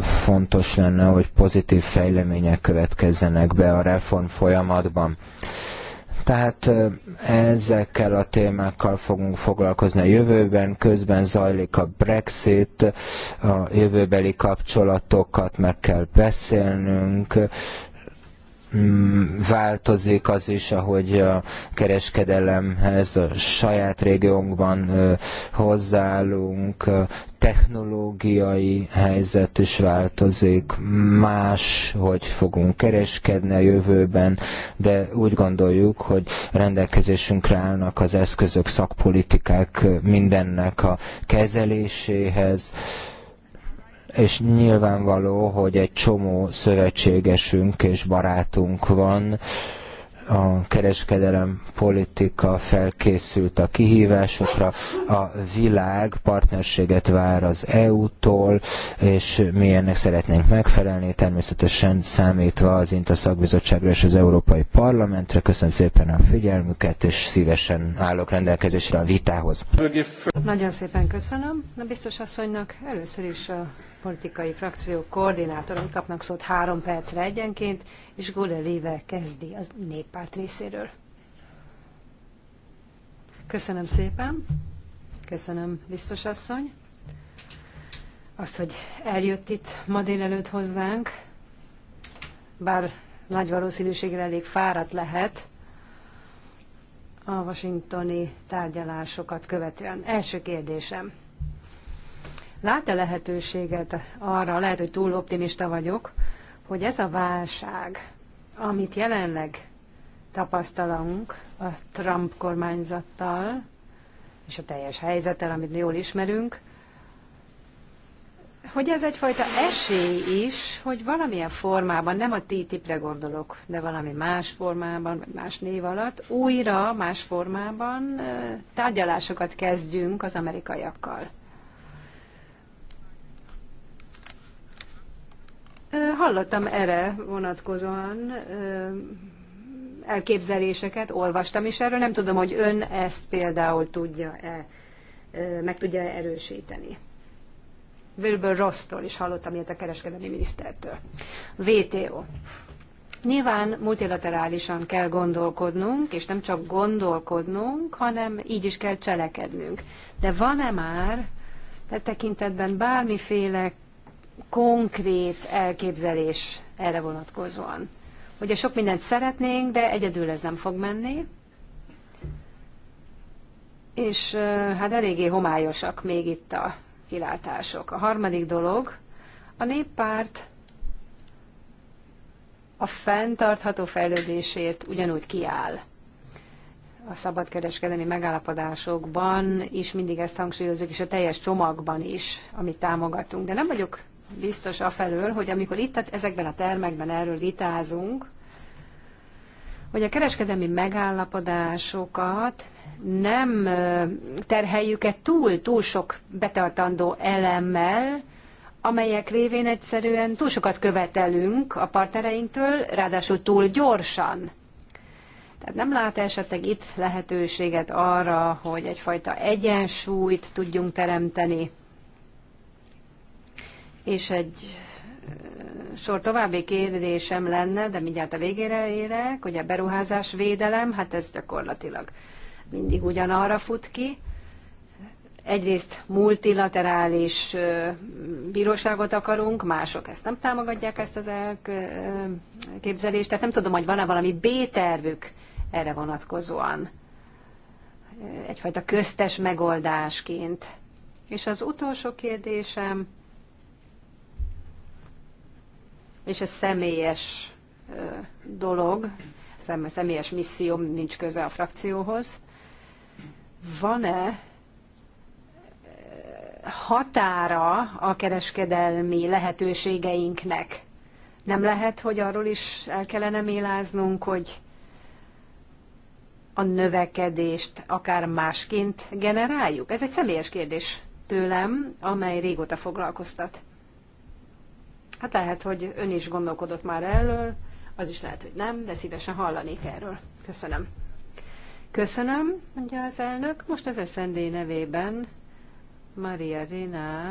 Fontos lenne, hogy pozitív fejlemények következzenek be a reform folyamatban. Tehát ezekkel a témákkal fogunk foglalkozni a jövőben, közben zajlik a Brexit, a jövőbeli kapcsolatokat meg kell beszélnünk, Mm, változik az is, ahogy a kereskedelemhez a saját régiónkban hozzáállunk, technológiai helyzet is változik, más, hogy fogunk kereskedni a jövőben, de úgy gondoljuk, hogy rendelkezésünkre állnak az eszközök, szakpolitikák mindennek a kezeléséhez, és nyilvánvaló, hogy egy csomó szövetségesünk és barátunk van, a kereskedelem politika felkészült a kihívásokra, a világ partnerséget vár az EU-tól, és mi ennek szeretnénk megfelelni, természetesen számítva az INTA szakbizottságra és az Európai Parlamentre. Köszönöm szépen a figyelmüket, és szívesen állok rendelkezésre a vitához. Nagyon szépen köszönöm. Na biztos asszonynak először is a politikai frakciók koordinátorai kapnak szót három percre egyenként, és Gule Léve kezdi az néppárt részéről. Köszönöm szépen, köszönöm biztos asszony, Az, hogy eljött itt ma délelőtt hozzánk, bár nagy valószínűséggel elég fáradt lehet a washingtoni tárgyalásokat követően. Első kérdésem. Lát-e lehetőséget arra, lehet, hogy túl optimista vagyok, hogy ez a válság, amit jelenleg tapasztalunk a Trump kormányzattal, és a teljes helyzettel, amit jól ismerünk, hogy ez egyfajta esély is, hogy valamilyen formában, nem a TTIP-re gondolok, de valami más formában, vagy más név alatt, újra más formában eh, tárgyalásokat kezdjünk az amerikaiakkal. Hallottam erre vonatkozóan elképzeléseket, olvastam is erről, nem tudom, hogy ön ezt például tudja-e, meg tudja -e erősíteni. Wilbur Rossztól is hallottam ilyet a kereskedelmi minisztertől. VTO. Nyilván multilaterálisan kell gondolkodnunk, és nem csak gondolkodnunk, hanem így is kell cselekednünk. De van-e már e tekintetben bármiféle konkrét elképzelés erre vonatkozóan. Ugye sok mindent szeretnénk, de egyedül ez nem fog menni. És hát eléggé homályosak még itt a kilátások. A harmadik dolog, a néppárt a fenntartható fejlődésért ugyanúgy kiáll. A szabadkereskedelmi megállapodásokban is mindig ezt hangsúlyozzuk, és a teljes csomagban is, amit támogatunk. De nem vagyok biztos afelől, hogy amikor itt ezekben a termekben erről vitázunk, hogy a kereskedelmi megállapodásokat nem terheljük-e túl, túl sok betartandó elemmel, amelyek révén egyszerűen túl sokat követelünk a partnereinktől, ráadásul túl gyorsan. Tehát nem lát esetleg itt lehetőséget arra, hogy egyfajta egyensúlyt tudjunk teremteni és egy sor további kérdésem lenne, de mindjárt a végére érek, hogy a beruházás védelem, hát ez gyakorlatilag mindig ugyanarra fut ki. Egyrészt multilaterális bíróságot akarunk, mások ezt nem támogatják, ezt az elképzelést, tehát nem tudom, hogy van-e valami B-tervük erre vonatkozóan, egyfajta köztes megoldásként. És az utolsó kérdésem, és ez személyes dolog, személyes misszió, nincs köze a frakcióhoz. Van-e határa a kereskedelmi lehetőségeinknek? Nem lehet, hogy arról is el kellene méláznunk, hogy a növekedést akár másként generáljuk? Ez egy személyes kérdés tőlem, amely régóta foglalkoztat. Hát lehet, hogy ön is gondolkodott már erről, az is lehet, hogy nem, de szívesen hallanék erről. Köszönöm. Köszönöm, mondja az elnök. Most az SND nevében Maria Rina,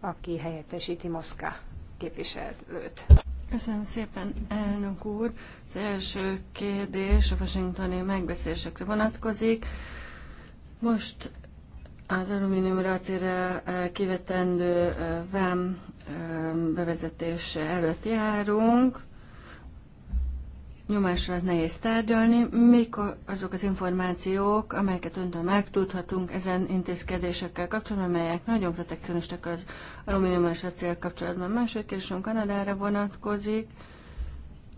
aki helyettesíti Moszka képviselőt. Köszönöm szépen, elnök úr. Az első kérdés a washingtoni megbeszélésekre vonatkozik. Most az alumínium acélra kivetendő vám bevezetés előtt járunk. Nyomásra nehéz tárgyalni. Mik azok az információk, amelyeket öntől megtudhatunk ezen intézkedésekkel kapcsolatban, amelyek nagyon protekcionistak az alumínium és acél kapcsolatban. Második kérdésünk Kanadára vonatkozik.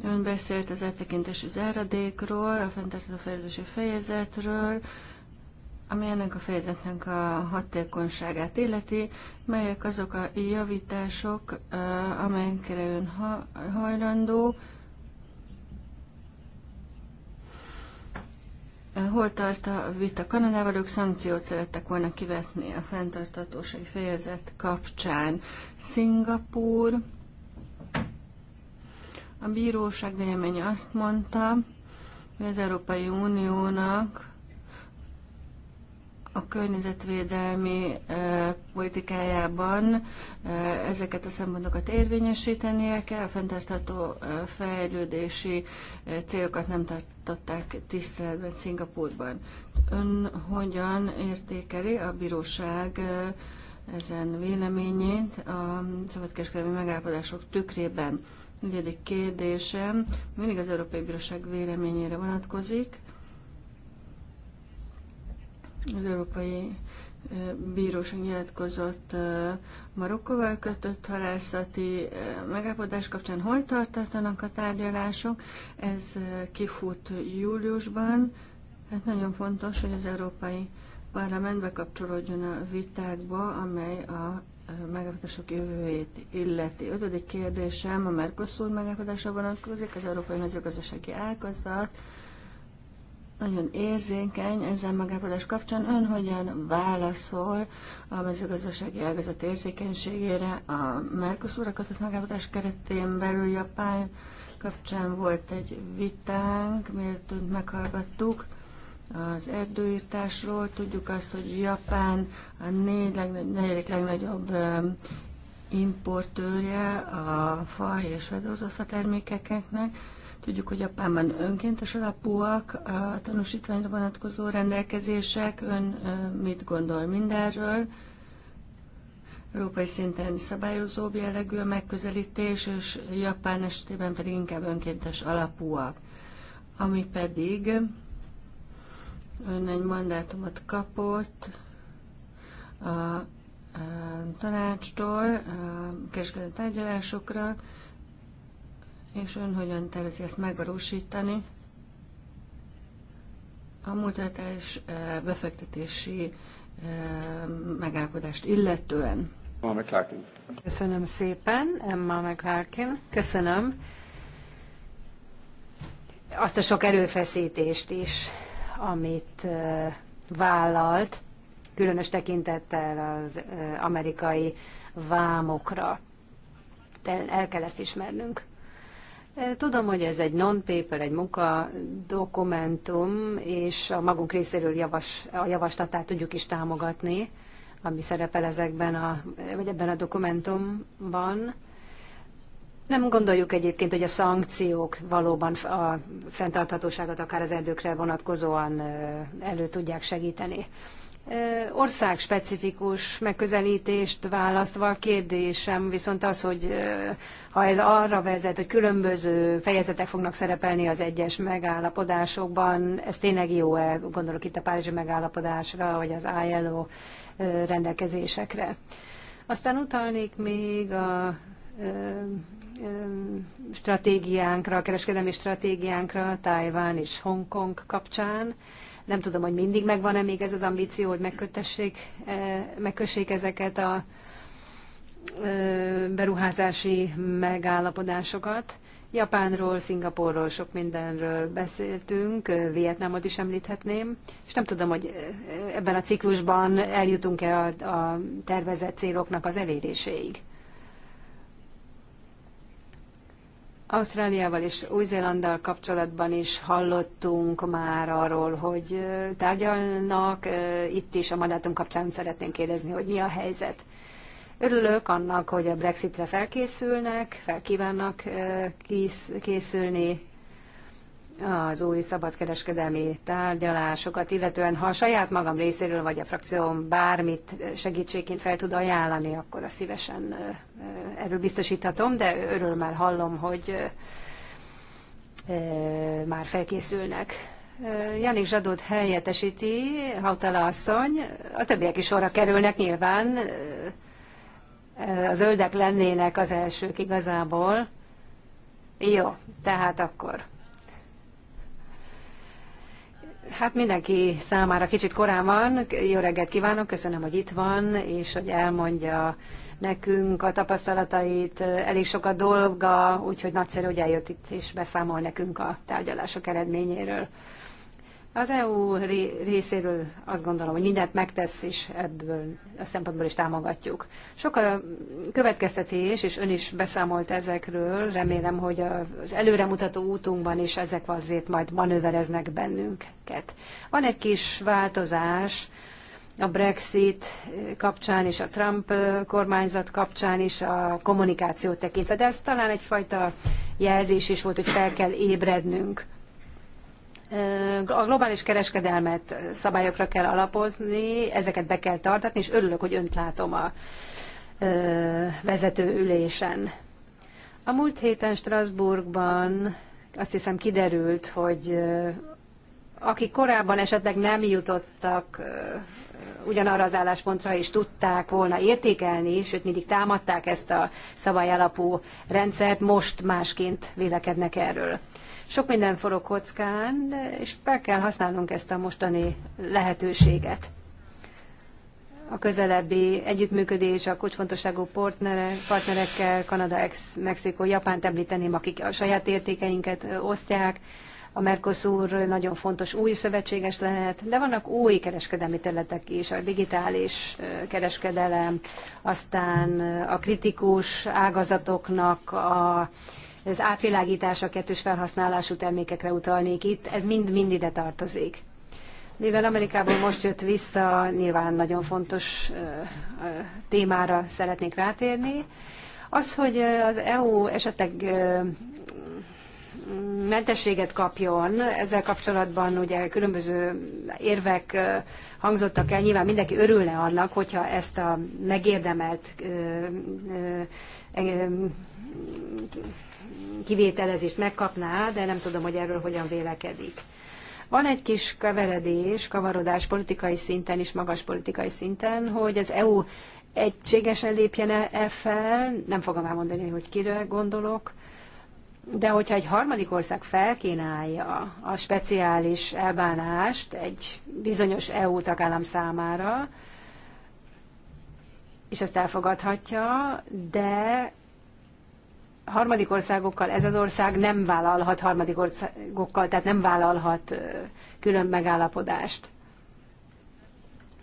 Ön beszélt az áttekintési záradékról, a fenntartható fejlődési fejezetről, ami ennek a fejezetnek a hatékonyságát illeti, melyek azok a javítások, amelyekre ön hajlandó, Hol tart a vita Kanadával? Ők szankciót szerettek volna kivetni a fenntartatósai fejezet kapcsán. Szingapúr, a bíróság véleménye azt mondta, hogy az Európai Uniónak a környezetvédelmi politikájában ezeket a szempontokat érvényesítenie kell, a fenntartható fejlődési célokat nem tartották tiszteletben Szingapurban. Ön hogyan értékeli a bíróság ezen véleményét a szabadkereskedelmi megállapodások tükrében? Negyedik kérdésem mindig az Európai Bíróság véleményére vonatkozik az Európai Bíróság nyilatkozott Marokkóval kötött halászati megállapodás kapcsán. Hol tartanak a tárgyalások? Ez kifut júliusban. Hát nagyon fontos, hogy az Európai Parlament bekapcsolódjon a vitákba, amely a megállapodások jövőjét illeti. Ötödik kérdésem a Mercosur megállapodásra vonatkozik, az Európai Mezőgazdasági Ágazat nagyon érzékeny ezzel megállapodás kapcsán. Ön hogyan válaszol a mezőgazdasági ágazat érzékenységére a Mercosur kötött megállapodás keretén belül Japán kapcsán volt egy vitánk, miért önt meghallgattuk az erdőírtásról. Tudjuk azt, hogy Japán a négy legnagy, negyedik legnagyobb importőrje a fa és fa termékeknek Tudjuk, hogy Japánban önkéntes alapúak a tanúsítványra vonatkozó rendelkezések. Ön mit gondol mindenről? Európai szinten szabályozóbb jellegű a megközelítés, és Japán esetében pedig inkább önkéntes alapúak. Ami pedig ön egy mandátumot kapott a, a tanácstól, a kereskedelmi tárgyalásokra, és ön hogyan tervezi ezt megvalósítani. A mutatás befektetési megállapodást illetően. Köszönöm szépen, Emma McLarkin. Köszönöm azt a sok erőfeszítést is, amit vállalt, különös tekintettel az amerikai vámokra. el kell ezt ismernünk. Tudom, hogy ez egy non-paper, egy munkadokumentum, és a magunk részéről javas, a javaslatát tudjuk is támogatni, ami szerepel ezekben a, vagy ebben a dokumentumban. Nem gondoljuk egyébként, hogy a szankciók valóban a fenntarthatóságot akár az erdőkre vonatkozóan elő tudják segíteni országspecifikus megközelítést választva a kérdésem, viszont az, hogy ha ez arra vezet, hogy különböző fejezetek fognak szerepelni az egyes megállapodásokban, ez tényleg jó-e, gondolok itt a Párizsi megállapodásra, vagy az ILO rendelkezésekre. Aztán utalnék még a stratégiánkra, a kereskedelmi stratégiánkra Tájván és Hongkong kapcsán. Nem tudom, hogy mindig megvan-e még ez az ambíció, hogy megkötessék, eh, megkössék ezeket a eh, beruházási megállapodásokat. Japánról, Szingapurról, sok mindenről beszéltünk, eh, Vietnámot is említhetném, és nem tudom, hogy ebben a ciklusban eljutunk-e a, a tervezett céloknak az eléréséig. Ausztráliával és Új-Zélanddal kapcsolatban is hallottunk már arról, hogy tárgyalnak. Itt is a mandátum kapcsán szeretnénk kérdezni, hogy mi a helyzet. Örülök annak, hogy a Brexitre felkészülnek, felkívánnak készülni, az új szabadkereskedelmi tárgyalásokat, illetően ha a saját magam részéről vagy a frakcióm bármit segítségként fel tud ajánlani, akkor a szívesen erről biztosíthatom, de örömmel hallom, hogy már felkészülnek. Janik Zsadót helyettesíti, Hautala asszony, a többiek is sorra kerülnek nyilván, az zöldek lennének az elsők igazából. Jó, tehát akkor Hát mindenki számára kicsit korán van. Jó reggelt kívánok, köszönöm, hogy itt van, és hogy elmondja nekünk a tapasztalatait. Elég sok a dolga, úgyhogy nagyszerű, hogy eljött itt és beszámol nekünk a tárgyalások eredményéről. Az EU részéről azt gondolom, hogy mindent megtesz, és ebből a szempontból is támogatjuk. Sok a következtetés, és ön is beszámolt ezekről, remélem, hogy az előremutató útunkban is ezek azért majd manővereznek bennünket. Van egy kis változás a Brexit kapcsán és a Trump kormányzat kapcsán is a kommunikáció tekintve, de ez talán egyfajta jelzés is volt, hogy fel kell ébrednünk a globális kereskedelmet szabályokra kell alapozni, ezeket be kell tartatni, és örülök, hogy önt látom a vezető ülésen. A múlt héten Strasbourgban azt hiszem kiderült, hogy akik korábban esetleg nem jutottak ugyanarra az álláspontra és tudták volna értékelni, sőt mindig támadták ezt a szabályalapú rendszert, most másként vélekednek erről. Sok minden forog kockán, és fel kell használnunk ezt a mostani lehetőséget. A közelebbi együttműködés a kulcsfontosságú partnerekkel, Kanada, Mexikó, Japánt említeném, akik a saját értékeinket osztják, a Mercosur nagyon fontos új szövetséges lehet, de vannak új kereskedelmi területek is, a digitális kereskedelem, aztán a kritikus ágazatoknak a az átvilágítása, kettős felhasználású termékekre utalnék itt, ez mind-mind ide tartozik. Mivel Amerikából most jött vissza, nyilván nagyon fontos témára szeretnék rátérni. Az, hogy az EU esetleg mentességet kapjon. Ezzel kapcsolatban ugye különböző érvek hangzottak el. Nyilván mindenki örülne annak, hogyha ezt a megérdemelt e, kivételezést megkapná, de nem tudom, hogy erről hogyan vélekedik. Van egy kis keveredés, kavarodás politikai szinten és magas politikai szinten, hogy az EU egységesen lépjen -e fel, nem fogom elmondani, hogy kire gondolok, de hogyha egy harmadik ország felkínálja a speciális elbánást egy bizonyos EU tagállam számára, és ezt elfogadhatja, de harmadik országokkal ez az ország nem vállalhat harmadik országokkal, tehát nem vállalhat külön megállapodást.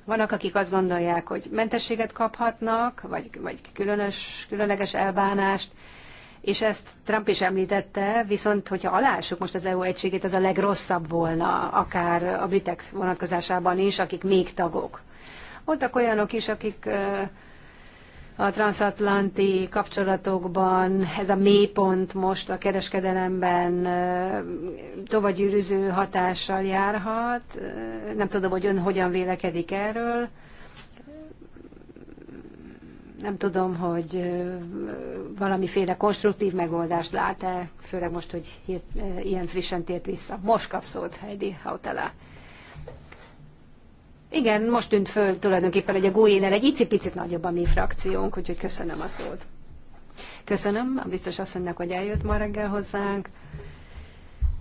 Vannak, akik azt gondolják, hogy mentességet kaphatnak, vagy, vagy különös, különleges elbánást, és ezt Trump is említette, viszont hogyha alássuk most az EU egységét, az a legrosszabb volna, akár a britek vonatkozásában is, akik még tagok. Voltak olyanok is, akik a transatlanti kapcsolatokban, ez a mélypont most a kereskedelemben tovagyűrűző hatással járhat. Nem tudom, hogy ön hogyan vélekedik erről nem tudom, hogy valamiféle konstruktív megoldást lát-e, főleg most, hogy ilyen frissen tért vissza. Most kap szót, Heidi Hautala. Igen, most tűnt föl tulajdonképpen, hogy a Góénel egy icipicit nagyobb a mi frakciónk, úgyhogy köszönöm a szót. Köszönöm a biztos asszonynak, hogy eljött ma reggel hozzánk.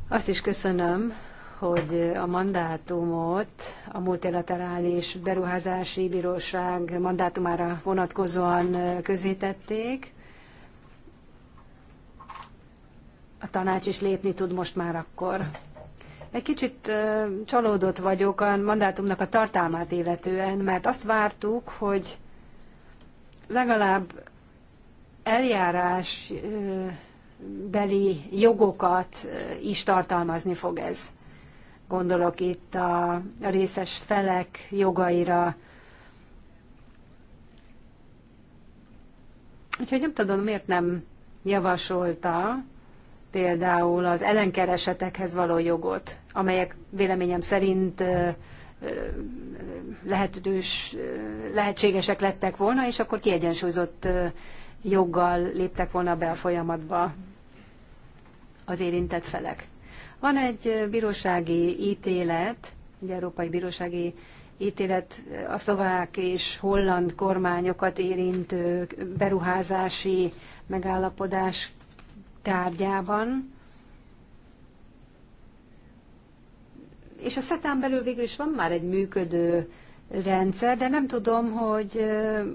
Azt is köszönöm, hogy a mandátumot a multilaterális beruházási bíróság mandátumára vonatkozóan közítették. A tanács is lépni tud most már akkor. Egy kicsit csalódott vagyok a mandátumnak a tartalmát illetően, mert azt vártuk, hogy legalább eljárás beli jogokat is tartalmazni fog ez gondolok itt a, részes felek jogaira. Úgyhogy nem tudom, miért nem javasolta például az ellenkeresetekhez való jogot, amelyek véleményem szerint lehetős, lehetségesek lettek volna, és akkor kiegyensúlyozott joggal léptek volna be a folyamatba az érintett felek. Van egy bírósági ítélet, egy európai bírósági ítélet a szlovák és holland kormányokat érintő beruházási megállapodás tárgyában. És a szetán belül végül is van már egy működő rendszer, de nem tudom, hogy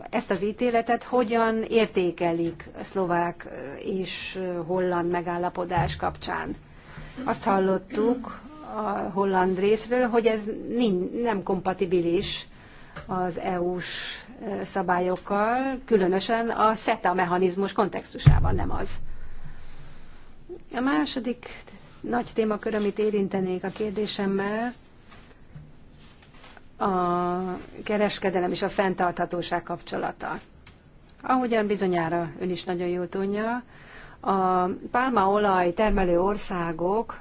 ezt az ítéletet hogyan értékelik a szlovák és holland megállapodás kapcsán. Azt hallottuk a holland részről, hogy ez nem kompatibilis az EU-s e, szabályokkal, különösen a SETA mechanizmus kontextusában nem az. A második nagy témakör, amit érintenék a kérdésemmel, a kereskedelem és a fenntarthatóság kapcsolata. Ahogyan bizonyára ön is nagyon jól tudja, a pálmaolaj termelő országok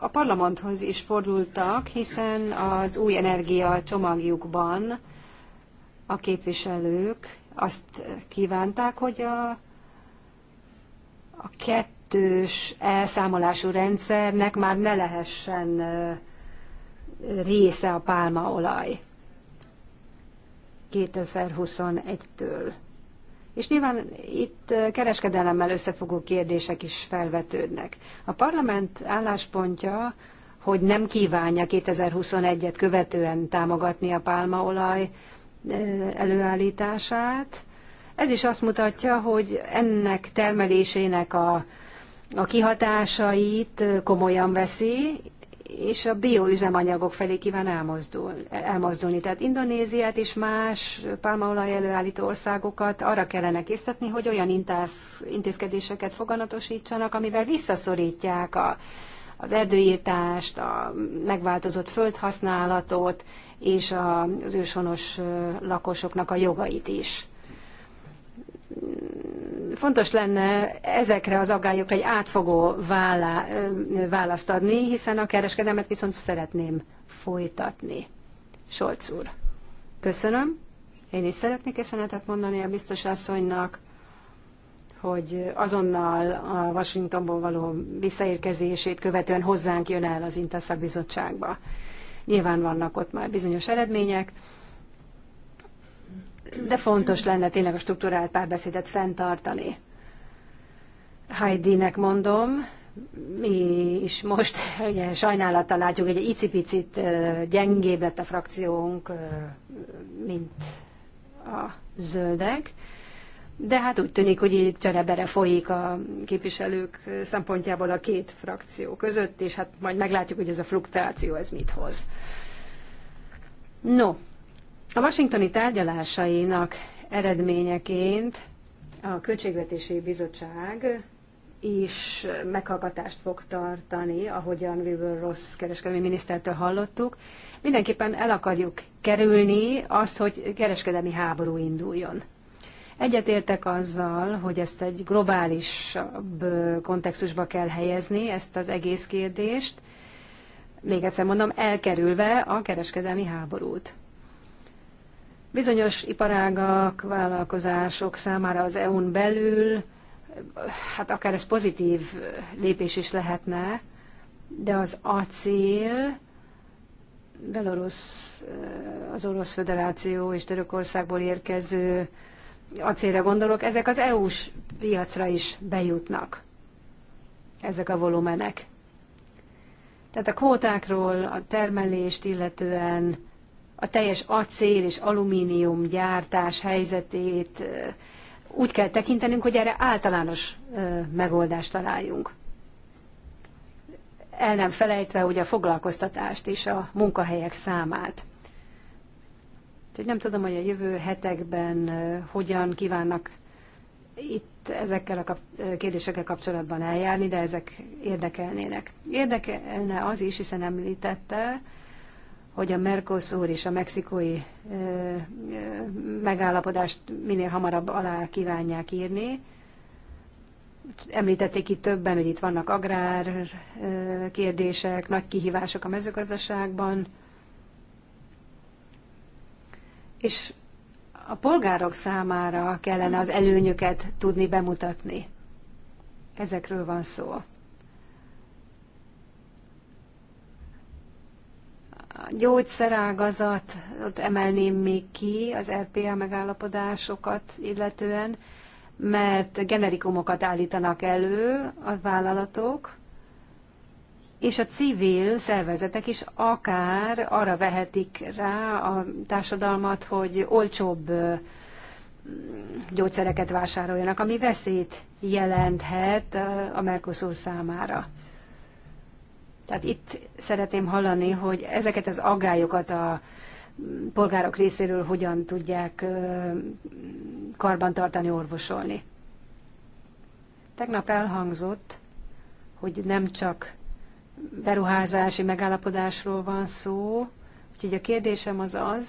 a parlamenthoz is fordultak, hiszen az új energia csomagjukban a képviselők azt kívánták, hogy a, a kettős elszámolású rendszernek már ne lehessen része a pálmaolaj. 2021-től. És nyilván itt kereskedelemmel összefogó kérdések is felvetődnek. A parlament álláspontja, hogy nem kívánja 2021-et követően támogatni a pálmaolaj előállítását. Ez is azt mutatja, hogy ennek termelésének a, a kihatásait komolyan veszi, és a bioüzemanyagok felé kíván elmozdul, elmozdulni. Tehát Indonéziát és más pálmaolaj előállító országokat arra kellene készíteni, hogy olyan intáz, intézkedéseket foganatosítsanak, amivel visszaszorítják a, az erdőírtást, a megváltozott földhasználatot és a, az őshonos lakosoknak a jogait is fontos lenne ezekre az agályokra egy átfogó választ adni, hiszen a kereskedelmet viszont szeretném folytatni. Solc úr. Köszönöm. Én is szeretnék köszönetet mondani a biztos asszonynak, hogy azonnal a Washingtonból való visszaérkezését követően hozzánk jön el az Intaszak bizottságba. Nyilván vannak ott már bizonyos eredmények, de fontos lenne tényleg a struktúrált párbeszédet fenntartani. Heidi-nek mondom, mi is most [LAUGHS] ugye, sajnálattal látjuk, hogy egy icipicit gyengébb lett a frakciónk, mint a zöldek, de hát úgy tűnik, hogy itt cserebere folyik a képviselők szempontjából a két frakció között, és hát majd meglátjuk, hogy ez a fluktuáció ez mit hoz. No, a washingtoni tárgyalásainak eredményeként a Költségvetési Bizottság is meghallgatást fog tartani, ahogyan Wilbur Ross kereskedelmi minisztertől hallottuk. Mindenképpen el akarjuk kerülni azt, hogy kereskedelmi háború induljon. Egyetértek azzal, hogy ezt egy globális kontextusba kell helyezni, ezt az egész kérdést, még egyszer mondom, elkerülve a kereskedelmi háborút. Bizonyos iparágak, vállalkozások számára az EU-n belül, hát akár ez pozitív lépés is lehetne, de az acél, Belarus, az Orosz Föderáció és Törökországból érkező acélra gondolok, ezek az EU-s piacra is bejutnak, ezek a volumenek. Tehát a kvótákról, a termelést illetően a teljes acél és alumínium gyártás helyzetét úgy kell tekintenünk, hogy erre általános megoldást találjunk. El nem felejtve ugye a foglalkoztatást és a munkahelyek számát. Úgyhogy nem tudom, hogy a jövő hetekben hogyan kívánnak itt ezekkel a kérdésekkel kapcsolatban eljárni, de ezek érdekelnének. Érdekelne az is, hiszen említette, hogy a Mercosur és a mexikói ö, ö, megállapodást minél hamarabb alá kívánják írni. Említették itt többen, hogy itt vannak agrár ö, kérdések, nagy kihívások a mezőgazdaságban. És a polgárok számára kellene az előnyöket tudni bemutatni. Ezekről van szó. A gyógyszerágazat, ott emelném még ki az RPA megállapodásokat illetően, mert generikumokat állítanak elő a vállalatok, és a civil szervezetek is akár arra vehetik rá a társadalmat, hogy olcsóbb gyógyszereket vásároljanak, ami veszélyt jelenthet a Mercosur számára. Tehát itt szeretném hallani, hogy ezeket az aggályokat a polgárok részéről hogyan tudják karbantartani, orvosolni. Tegnap elhangzott, hogy nem csak beruházási megállapodásról van szó, úgyhogy a kérdésem az az,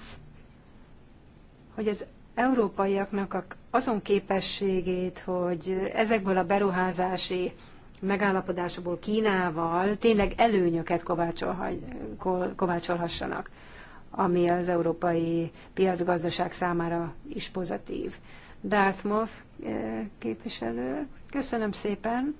hogy az európaiaknak azon képességét, hogy ezekből a beruházási megállapodásból Kínával tényleg előnyöket kovácsolhassanak, ami az európai piacgazdaság számára is pozitív. Dartmouth eh, képviselő, köszönöm szépen.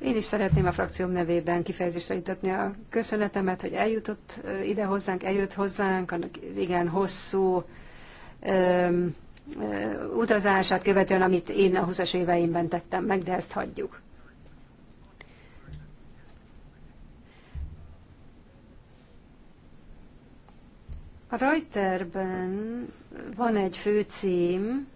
Én is szeretném a frakcióm nevében kifejezésre jutatni a köszönetemet, hogy eljutott eh, ide hozzánk, eljött hozzánk, annak igen hosszú öm, utazását követően, amit én a 20-as éveimben tettem meg, de ezt hagyjuk. A Reuterben van egy főcím,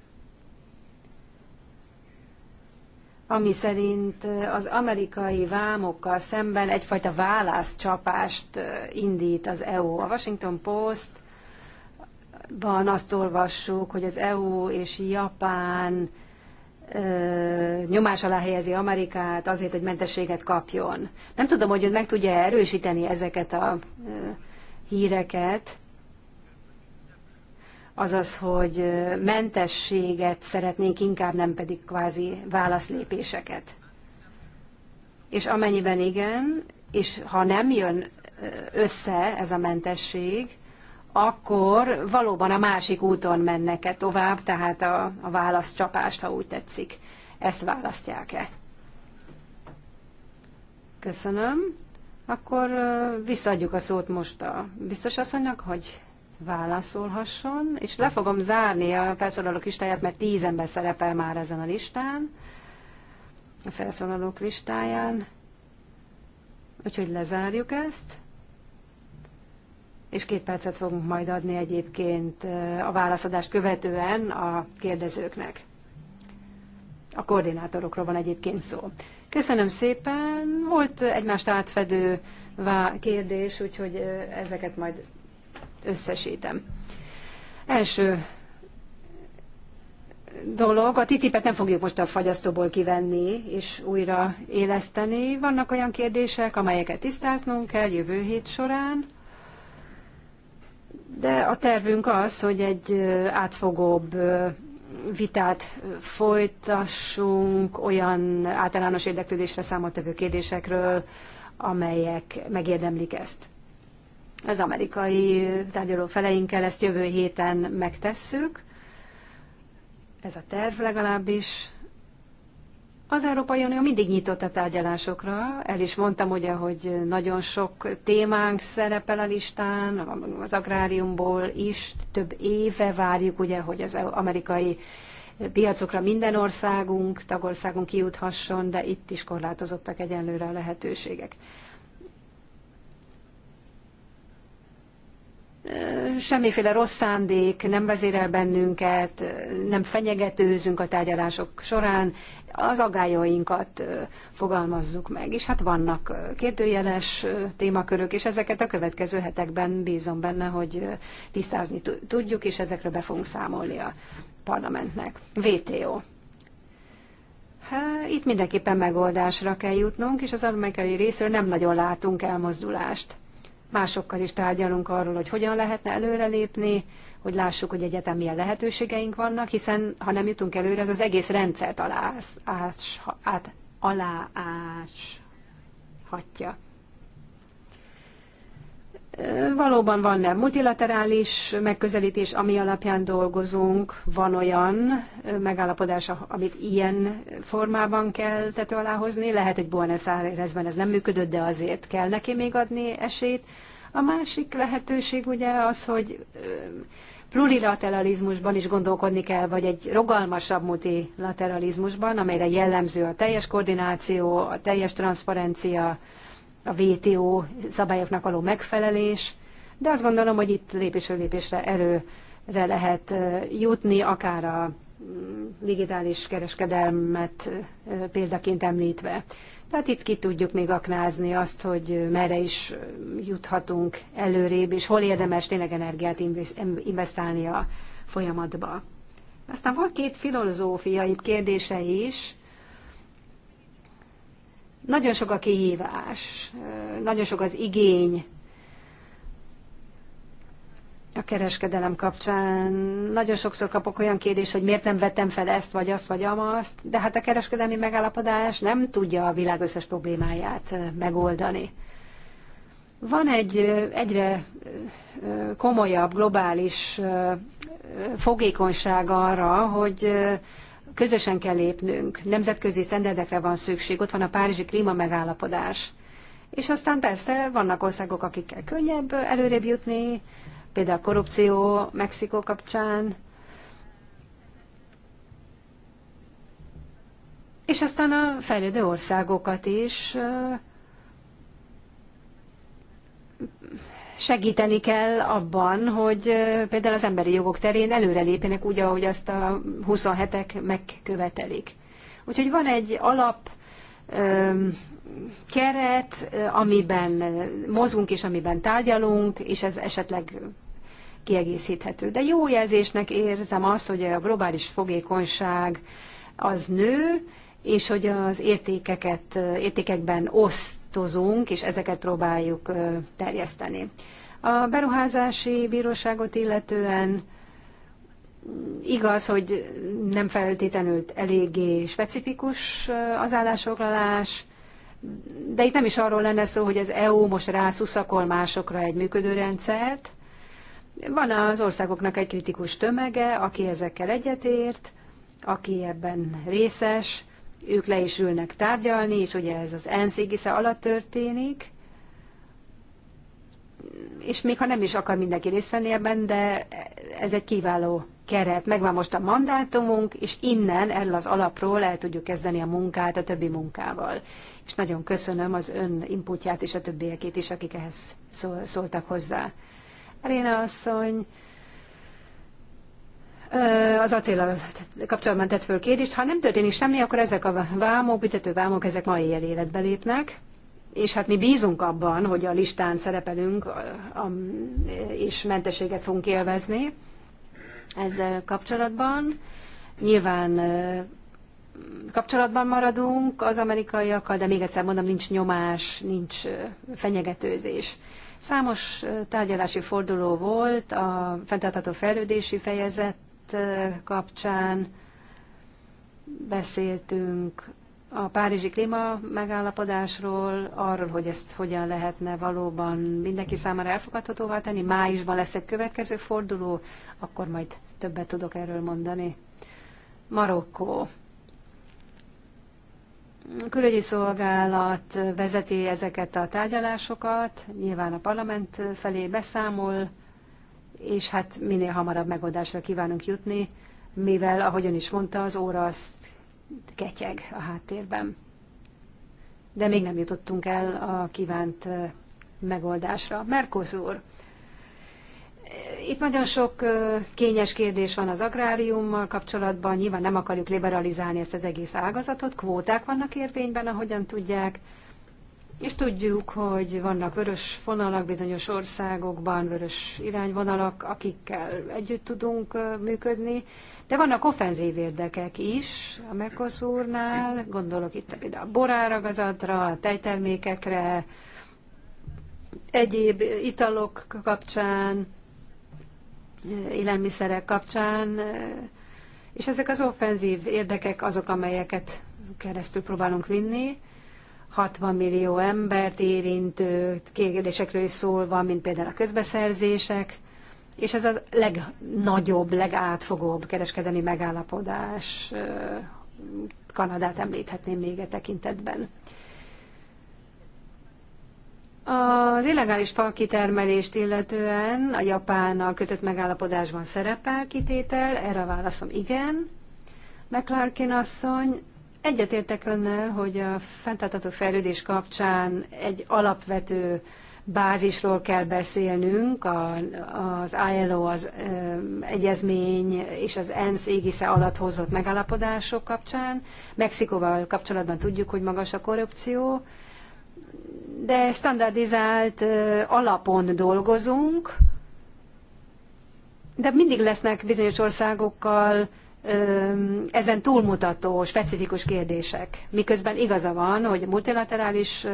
ami szerint az amerikai vámokkal szemben egyfajta válaszcsapást indít az EU. A Washington Post van azt olvassuk, hogy az EU és Japán ö, nyomás alá helyezi Amerikát azért, hogy mentességet kapjon. Nem tudom, hogy ön meg tudja erősíteni ezeket a ö, híreket, azaz, hogy mentességet szeretnénk inkább, nem pedig kvázi válaszlépéseket. És amennyiben igen, és ha nem jön össze ez a mentesség, akkor valóban a másik úton mennek-e tovább, tehát a, a válaszcsapást, ha úgy tetszik, ezt választják-e. Köszönöm. Akkor visszaadjuk a szót most a biztos asszonynak, hogy válaszolhasson, és le fogom zárni a felszólalók listáját, mert tíz ember szerepel már ezen a listán, a felszólalók listáján. Úgyhogy lezárjuk ezt és két percet fogunk majd adni egyébként a válaszadást követően a kérdezőknek. A koordinátorokról van egyébként szó. Köszönöm szépen. Volt egymást átfedő kérdés, úgyhogy ezeket majd összesítem. Első dolog, a titipet nem fogjuk most a fagyasztóból kivenni és újra éleszteni. Vannak olyan kérdések, amelyeket tisztáznunk kell jövő hét során de a tervünk az, hogy egy átfogóbb vitát folytassunk olyan általános érdeklődésre számottevő kérdésekről, amelyek megérdemlik ezt. Az amerikai tárgyaló feleinkkel ezt jövő héten megtesszük. Ez a terv legalábbis. Az Európai Unió mindig nyitott a tárgyalásokra, el is mondtam ugye, hogy nagyon sok témánk szerepel a listán, az agráriumból is több éve várjuk ugye, hogy az amerikai piacokra minden országunk, tagországunk kijuthasson, de itt is korlátozottak egyenlőre a lehetőségek. semmiféle rossz szándék nem vezérel bennünket, nem fenyegetőzünk a tárgyalások során, az agályainkat fogalmazzuk meg, és hát vannak kérdőjeles témakörök, és ezeket a következő hetekben bízom benne, hogy tisztázni tudjuk, és ezekről be fogunk számolni a parlamentnek. VTO. Hát, itt mindenképpen megoldásra kell jutnunk, és az amerikai részről nem nagyon látunk elmozdulást Másokkal is tárgyalunk arról, hogy hogyan lehetne előrelépni, hogy lássuk, hogy egyetem milyen lehetőségeink vannak, hiszen ha nem jutunk előre, az az egész rendszert alá, ás, át, hatja. Valóban van nem multilaterális megközelítés, ami alapján dolgozunk, van olyan megállapodás, amit ilyen formában kell tető alá hozni. Lehet, hogy Buenos Airesben ez nem működött, de azért kell neki még adni esélyt. A másik lehetőség ugye az, hogy plurilateralizmusban is gondolkodni kell, vagy egy rogalmasabb multilateralizmusban, amelyre jellemző a teljes koordináció, a teljes transzparencia, a WTO szabályoknak való megfelelés, de azt gondolom, hogy itt lépésről lépésre erőre lehet jutni, akár a mm, digitális kereskedelmet példaként említve. Tehát itt ki tudjuk még aknázni azt, hogy merre is juthatunk előrébb, és hol érdemes tényleg energiát investálni a folyamatba. Aztán volt két filozófiai kérdése is, nagyon sok a kihívás, nagyon sok az igény a kereskedelem kapcsán. Nagyon sokszor kapok olyan kérdést, hogy miért nem vettem fel ezt, vagy azt, vagy amazt, de hát a kereskedelmi megállapodás nem tudja a világ összes problémáját eh, megoldani. Van egy eh, egyre eh, komolyabb globális fogékonyság arra, hogy Közösen kell lépnünk, nemzetközi szendedekre van szükség, ott van a Párizsi klíma megállapodás. És aztán persze vannak országok, akikkel könnyebb előrébb jutni, például a korrupció Mexikó kapcsán. És aztán a fejlődő országokat is segíteni kell abban, hogy például az emberi jogok terén előrelépjenek úgy, ahogy azt a 27-ek megkövetelik. Úgyhogy van egy alap keret, amiben mozgunk és amiben tárgyalunk, és ez esetleg kiegészíthető. De jó jelzésnek érzem azt, hogy a globális fogékonyság az nő, és hogy az értékeket, értékekben oszt tartozunk, és ezeket próbáljuk terjeszteni. A beruházási bíróságot illetően mm, igaz, hogy nem feltétlenül eléggé specifikus az állásfoglalás, de itt nem is arról lenne szó, hogy az EU most rászuszakol másokra egy működő rendszert. Van az országoknak egy kritikus tömege, aki ezekkel egyetért, aki ebben részes, ők le is ülnek tárgyalni, és ugye ez az ENSZ égisze alatt történik, és még ha nem is akar mindenki részt venni ebben, de ez egy kiváló keret. Megvan most a mandátumunk, és innen, erről az alapról el tudjuk kezdeni a munkát a többi munkával. És nagyon köszönöm az ön inputját és a többiekét is, akik ehhez szóltak hozzá. Aréna asszony, az acéllal kapcsolatban tett föl kérdést. Ha nem történik semmi, akkor ezek a vámok, büntető vámok, ezek ma éjjel életbe lépnek, és hát mi bízunk abban, hogy a listán szerepelünk, és mentességet fogunk élvezni ezzel kapcsolatban. Nyilván kapcsolatban maradunk az amerikaiakkal, de még egyszer mondom, nincs nyomás, nincs fenyegetőzés. Számos tárgyalási forduló volt a fenntartható fejlődési fejezet projekt kapcsán beszéltünk a Párizsi Klíma megállapodásról, arról, hogy ezt hogyan lehetne valóban mindenki számára elfogadhatóvá tenni. Májusban lesz egy következő forduló, akkor majd többet tudok erről mondani. Marokkó. A külügyi szolgálat vezeti ezeket a tárgyalásokat, nyilván a parlament felé beszámol, és hát minél hamarabb megoldásra kívánunk jutni, mivel, ahogyan is mondta, az óra azt ketyeg a háttérben. De még nem jutottunk el a kívánt megoldásra. Merkozúr. Itt nagyon sok kényes kérdés van az agráriummal kapcsolatban. Nyilván nem akarjuk liberalizálni ezt az egész ágazatot. Kvóták vannak érvényben, ahogyan tudják. És tudjuk, hogy vannak vörös vonalak bizonyos országokban, vörös irányvonalak, akikkel együtt tudunk működni, de vannak offenzív érdekek is a Mercosurnál, gondolok itt például a borárakazatra, a tejtermékekre, egyéb italok kapcsán, élelmiszerek kapcsán, és ezek az offenzív érdekek azok, amelyeket keresztül próbálunk vinni, 60 millió embert érintő kérdésekről is szólva, mint például a közbeszerzések, és ez a legnagyobb, legátfogóbb kereskedelmi megállapodás. Kanadát említhetném még e tekintetben. Az illegális fakitermelést illetően a Japánnal kötött megállapodásban szerepel kitétel, erre válaszom igen. McClarkin asszony, Egyetértek önnel, hogy a fenntartható fejlődés kapcsán egy alapvető bázisról kell beszélnünk, a, az ILO, az ö, egyezmény és az ENSZ égisze alatt hozott megállapodások kapcsán. Mexikóval kapcsolatban tudjuk, hogy magas a korrupció, de standardizált ö, alapon dolgozunk, de mindig lesznek bizonyos országokkal ezen túlmutató, specifikus kérdések. Miközben igaza van, hogy a multilaterális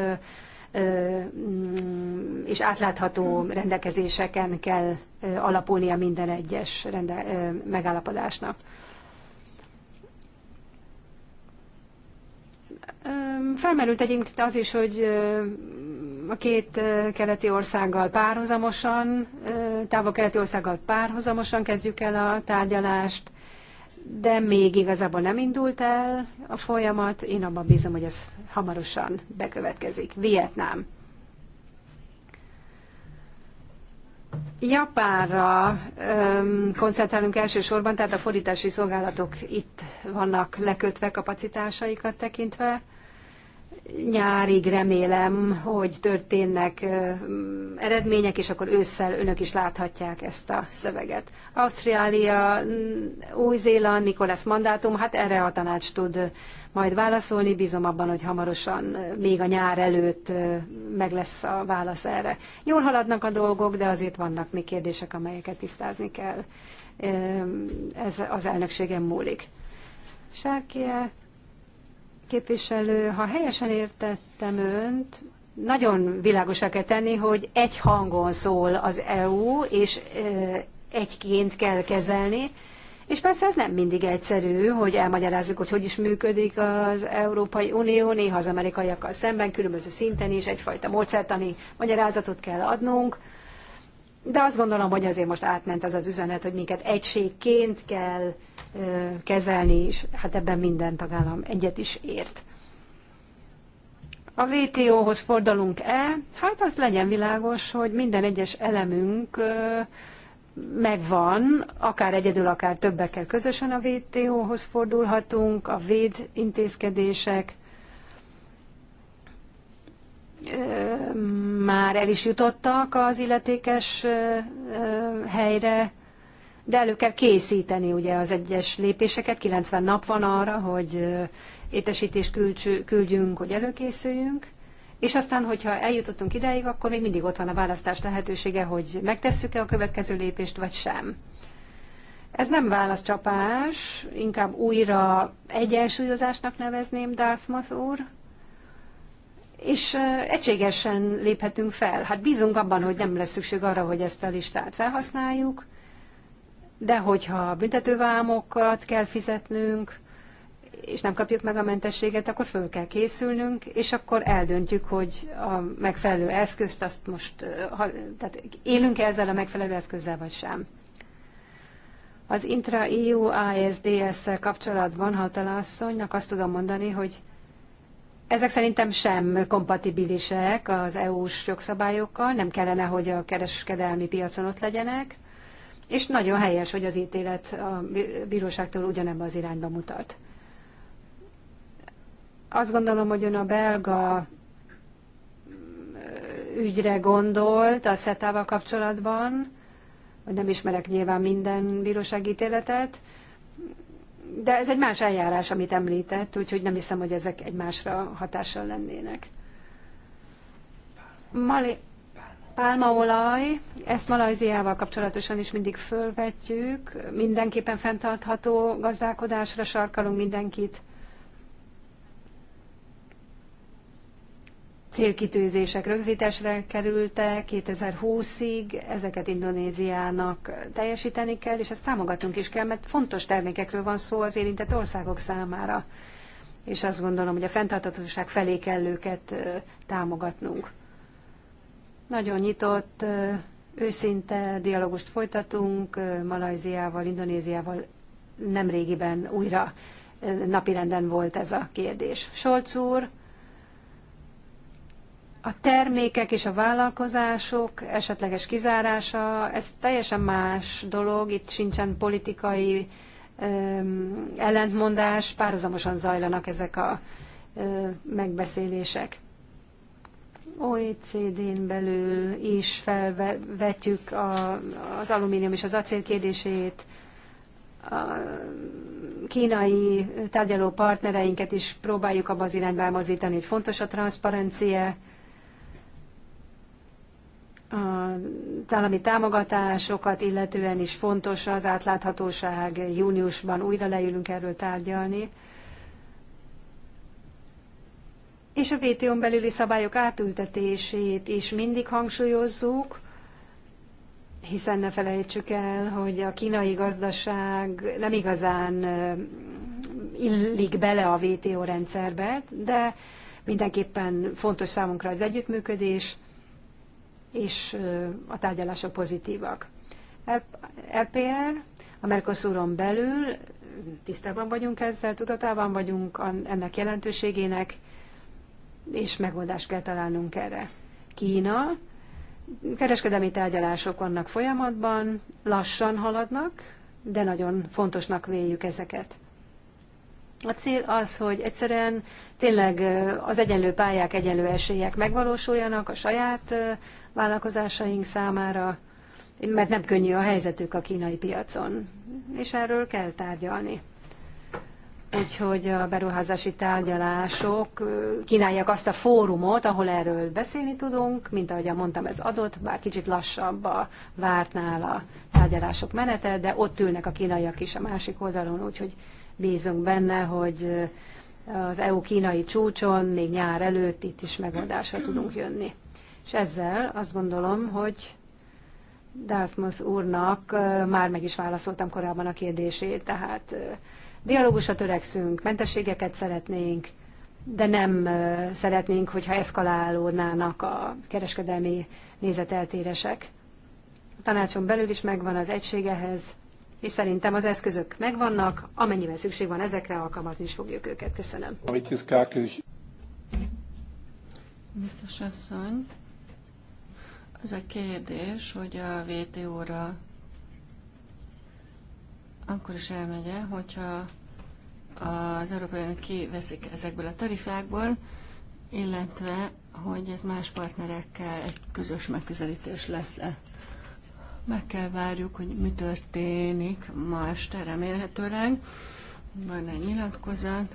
mm, és átlátható rendelkezéseken kell alapulnia minden egyes rende, megállapodásnak. Felmerült egyébként az is, hogy a két keleti országgal párhuzamosan, távol-keleti országgal párhuzamosan kezdjük el a tárgyalást, de még igazából nem indult el a folyamat. Én abban bízom, hogy ez hamarosan bekövetkezik. Vietnám. Japánra öm, koncentrálunk elsősorban, tehát a fordítási szolgálatok itt vannak lekötve kapacitásaikat tekintve nyárig remélem, hogy történnek eredmények, és akkor ősszel önök is láthatják ezt a szöveget. Ausztrália, Új-Zéland, mikor lesz mandátum, hát erre a tanács tud majd válaszolni. Bízom abban, hogy hamarosan, még a nyár előtt meg lesz a válasz erre. Jól haladnak a dolgok, de azért vannak még kérdések, amelyeket tisztázni kell. Ez az elnökségem múlik. Sárkia, képviselő, ha helyesen értettem önt, nagyon világosra kell tenni, hogy egy hangon szól az EU, és egyként kell kezelni, és persze ez nem mindig egyszerű, hogy elmagyarázzuk, hogy hogy is működik az Európai Unió, néha az amerikaiakkal szemben, különböző szinten is egyfajta módszertani magyarázatot kell adnunk, de azt gondolom, hogy azért most átment az az üzenet, hogy minket egységként kell ö, kezelni, és hát ebben minden tagállam egyet is ért. A WTO-hoz fordulunk-e? Hát az legyen világos, hogy minden egyes elemünk ö, megvan, akár egyedül, akár többekkel közösen a WTO-hoz fordulhatunk, a véd intézkedések, már el is jutottak az illetékes helyre, de elő kell készíteni ugye az egyes lépéseket, 90 nap van arra, hogy étesítést küldjünk, hogy előkészüljünk, és aztán, hogyha eljutottunk ideig, akkor még mindig ott van a választás lehetősége, hogy megtesszük-e a következő lépést, vagy sem. Ez nem válaszcsapás, inkább újra egyensúlyozásnak nevezném Dartmouth úr, és egységesen léphetünk fel. Hát bízunk abban, hogy nem lesz szükség arra, hogy ezt a listát felhasználjuk, de hogyha büntetővámokat kell fizetnünk, és nem kapjuk meg a mentességet, akkor föl kell készülnünk, és akkor eldöntjük, hogy a megfelelő eszközt azt most, ha, tehát élünk-e ezzel a megfelelő eszközzel, vagy sem. Az intra-EU isds szel kapcsolatban hatalasszonynak azt tudom mondani, hogy ezek szerintem sem kompatibilisek az EU-s jogszabályokkal, nem kellene, hogy a kereskedelmi piacon ott legyenek, és nagyon helyes, hogy az ítélet a bíróságtól ugyanebben az irányba mutat. Azt gondolom, hogy ön a belga ügyre gondolt a SETA-val kapcsolatban, hogy nem ismerek nyilván minden bíróságítéletet, ítéletet, de ez egy más eljárás, amit említett, úgyhogy nem hiszem, hogy ezek egymásra hatással lennének. Mali, pálmaolaj, ezt Malajziával kapcsolatosan is mindig fölvetjük, mindenképpen fenntartható gazdálkodásra sarkalunk mindenkit. célkitűzések rögzítésre kerültek 2020-ig, ezeket Indonéziának teljesíteni kell, és ezt támogatunk is kell, mert fontos termékekről van szó az érintett országok számára. És azt gondolom, hogy a fenntartatóság felé kell őket támogatnunk. Nagyon nyitott, őszinte dialógust folytatunk Malajziával, Indonéziával nemrégiben újra napirenden volt ez a kérdés. Solc úr, a termékek és a vállalkozások esetleges kizárása, ez teljesen más dolog, itt sincsen politikai öm, ellentmondás, párhuzamosan zajlanak ezek a megbeszélések. OECD-n belül is felvetjük a, az alumínium és az acél kérdését, a kínai tárgyaló partnereinket is próbáljuk abba az irányba mozdítani, hogy fontos a transzparencia, az állami támogatásokat illetően is fontos az átláthatóság. Júniusban újra leülünk erről tárgyalni. És a vto n belüli szabályok átültetését is mindig hangsúlyozzuk, hiszen ne felejtsük el, hogy a kínai gazdaság nem igazán illik bele a VTO rendszerbe, de mindenképpen fontos számunkra az együttműködés, és a tárgyalások pozitívak. LPR, a Mercosuron belül tisztában vagyunk ezzel, tudatában vagyunk ennek jelentőségének, és megoldást kell találnunk erre. Kína, kereskedelmi tárgyalások vannak folyamatban, lassan haladnak, de nagyon fontosnak véljük ezeket. A cél az, hogy egyszerűen tényleg az egyenlő pályák, egyenlő esélyek megvalósuljanak a saját vállalkozásaink számára, mert nem könnyű a helyzetük a kínai piacon, és erről kell tárgyalni. Úgyhogy a beruházási tárgyalások kínálják azt a fórumot, ahol erről beszélni tudunk, mint ahogy mondtam, ez adott, bár kicsit lassabb a vártnál a tárgyalások menete, de ott ülnek a kínaiak is a másik oldalon, úgyhogy bízunk benne, hogy az EU-kínai csúcson még nyár előtt itt is megoldásra tudunk jönni. És ezzel azt gondolom, hogy Dartmouth úrnak már meg is válaszoltam korábban a kérdését, tehát dialógusra törekszünk, mentességeket szeretnénk, de nem szeretnénk, hogyha eszkalálódnának a kereskedelmi nézeteltéresek. A tanácson belül is megvan az egység ehhez, és szerintem az eszközök megvannak, amennyiben szükség van ezekre, alkalmazni is fogjuk őket. Köszönöm. Biztos asszony, az a kérdés, hogy a VTO-ra akkor is elmegye, hogyha az Európai Unió kiveszik ezekből a tarifákból, illetve hogy ez más partnerekkel egy közös megközelítés lesz-e. Meg kell várjuk, hogy mi történik ma este remélhetőleg. Van egy nyilatkozat,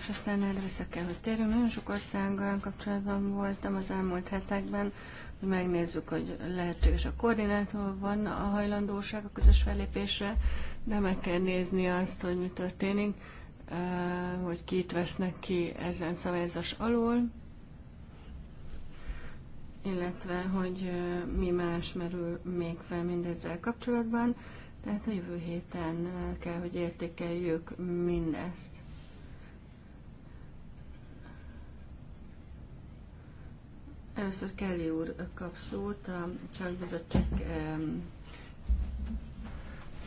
és aztán erre vissza kell, hogy térjünk. Nagyon sok országgal kapcsolatban voltam az elmúlt hetekben, hogy megnézzük, hogy lehetséges a koordinátor, van a hajlandóság a közös fellépésre, de meg kell nézni azt, hogy mi történik, eh, hogy kit vesznek ki ezen szabályozás alól, illetve hogy eh, mi más merül még fel mindezzel kapcsolatban. Tehát a jövő héten eh, kell, hogy értékeljük mindezt. Először Kelly úr kap szót a Csakbizottság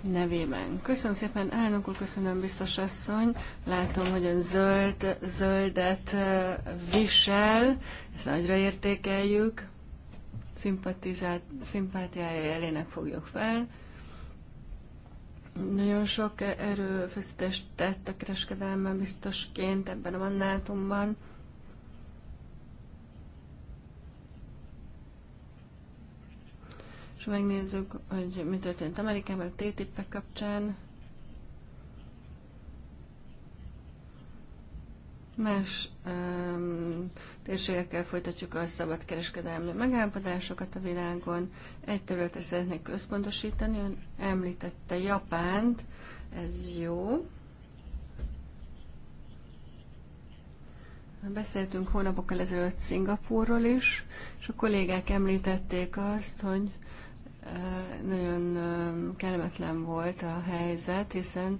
nevében. Köszönöm szépen, elnök úr, köszönöm, biztos asszony. Látom, hogy ön zöld, zöldet visel, ezt nagyra értékeljük. Szimpatizált, szimpátiája elének fogjuk fel. Nagyon sok erőfeszítést tett a kereskedelemmel biztosként ebben a mandátumban. És megnézzük, hogy mi történt Amerikában a ttip kapcsán. Más um, térségekkel folytatjuk a kereskedelmi megállapodásokat a világon. Egy területet szeretnék központosítani, ön említette Japánt, ez jó. Beszéltünk hónapokkal ezelőtt Szingapúrról is, és a kollégák említették azt, hogy nagyon kellemetlen volt a helyzet, hiszen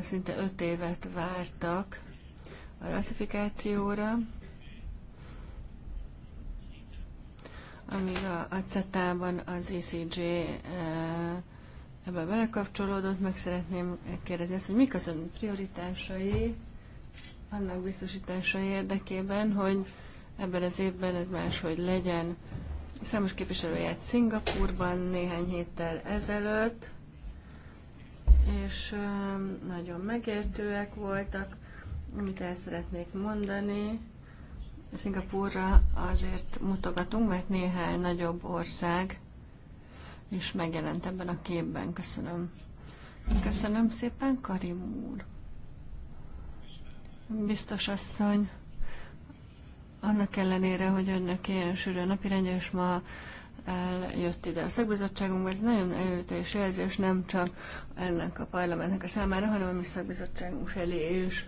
szinte öt évet vártak a ratifikációra, amíg a, a CETA-ban az ECJ ebbe belekapcsolódott, meg szeretném kérdezni azt, hogy mik az ön prioritásai annak biztosítása érdekében, hogy ebben az évben ez máshogy legyen. Számos képviselőjét Szingapurban néhány héttel ezelőtt, és um, nagyon megértőek voltak, amit el szeretnék mondani. Szingapurra azért mutogatunk, mert néhány nagyobb ország is megjelent ebben a képben. Köszönöm. Köszönöm szépen, Karim úr. Biztos asszony. Annak ellenére, hogy önnek ilyen sűrű napirendje, és ma eljött ide a szakbizottságunk, ez nagyon előteljes jelzés, nem csak ennek a parlamentnek a számára, hanem a mi szakbizottságunk felé is.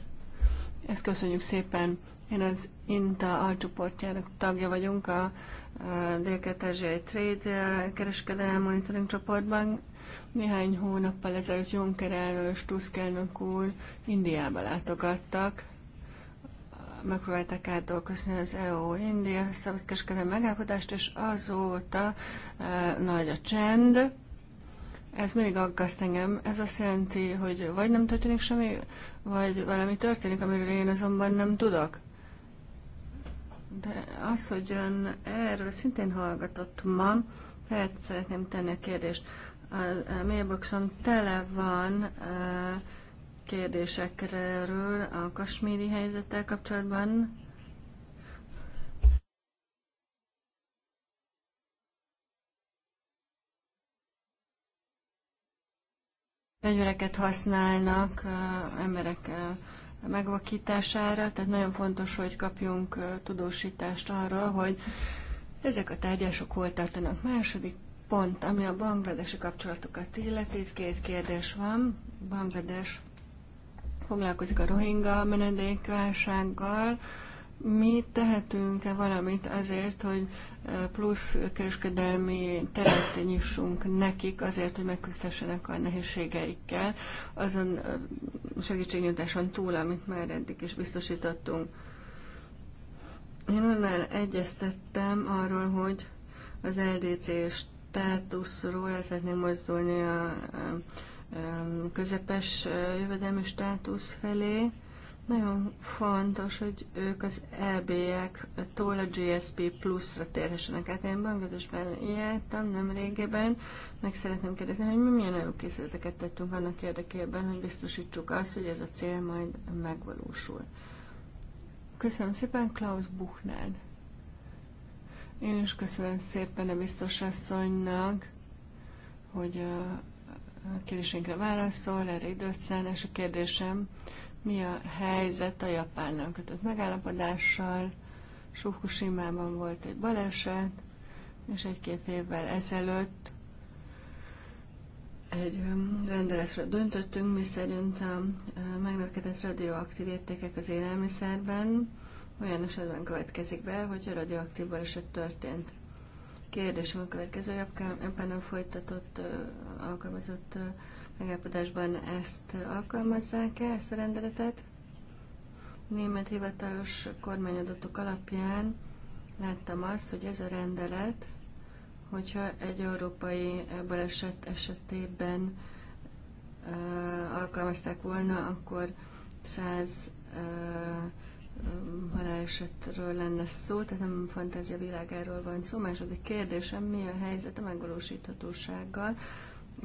Ezt köszönjük szépen. Én az INTA alcsoportjának tagja vagyunk a dél ázsiai Trade kereskedelmi monitoring csoportban. Néhány hónappal ezelőtt Juncker elnök és Tusk elnök úr Indiába látogattak, megpróbálták átdolgozni az EU-India szabadkereskedelmi megállapodást, és azóta e, nagy a csend. Ez mindig aggaszt engem. Ez azt jelenti, hogy vagy nem történik semmi, vagy valami történik, amiről én azonban nem tudok. De az, hogy ön erről szintén hallgatott ma, lehet szeretném tenni a kérdést. A mailboxom tele van E, kérdésekről a kasméri helyzettel kapcsolatban. Fegyvereket használnak emberek megvakítására, tehát nagyon fontos, hogy kapjunk tudósítást arról, hogy ezek a tárgyások hol tartanak. Második pont, ami a bangladesi kapcsolatokat illeti, két kérdés van. Banglades foglalkozik a rohingya menedékválsággal. Mi tehetünk-e valamit azért, hogy e, plusz kereskedelmi teret nyissunk nekik azért, hogy megküzdhessenek a nehézségeikkel, azon e, segítségnyújtáson túl, amit már eddig is biztosítottunk. Én önnel egyeztettem arról, hogy az LDC státuszról el szeretném mozdulni a, a e, közepes jövedelmi státusz felé. Nagyon fontos, hogy ők az eb tól a GSP pluszra térhessenek át. Én Bangladesben jártam nem régebben meg szeretném kérdezni, hogy mi milyen előkészületeket tettünk annak érdekében, hogy biztosítsuk azt, hogy ez a cél majd megvalósul. Köszönöm szépen, Klaus Buchner. Én is köszönöm szépen a biztos asszonynak, hogy a a kérdésünkre válaszol, erre időt szán, és a kérdésem, mi a helyzet a Japánnal kötött megállapodással? sukushima ban volt egy baleset, és egy-két évvel ezelőtt egy um, rendeletre döntöttünk, mi szerint a megnövekedett radioaktív értékek az élelmiszerben olyan esetben következik be, hogy a radioaktív baleset történt. Kérdésem a következő, ebben a folytatott alkalmazott megállapodásban ezt alkalmazzák-e, ezt a rendeletet? Német hivatalos kormányadatok alapján láttam azt, hogy ez a rendelet, hogyha egy európai baleset esetében alkalmazták volna, akkor 100 halálesetről lenne szó, tehát nem fantázia világáról van szó. Második kérdésem, mi a helyzet a megvalósíthatósággal?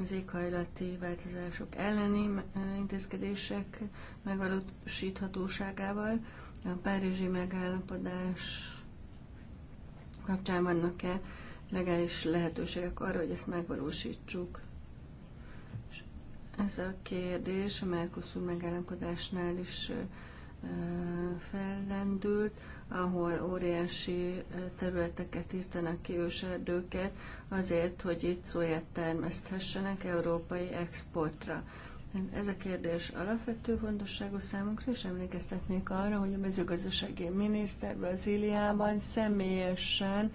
az éghajlati változások elleni eh, intézkedések megvalósíthatóságával. A párizsi megállapodás kapcsán vannak-e legális lehetőségek arra, hogy ezt megvalósítsuk? És ez a kérdés a Mercosur megállapodásnál is eh, fellendült, ahol óriási területeket írtanak ki őserdőket azért, hogy itt szóját termeszthessenek európai exportra. Ez a kérdés alapvető fontosságú számunkra, és emlékeztetnék arra, hogy a mezőgazdasági miniszter Brazíliában személyesen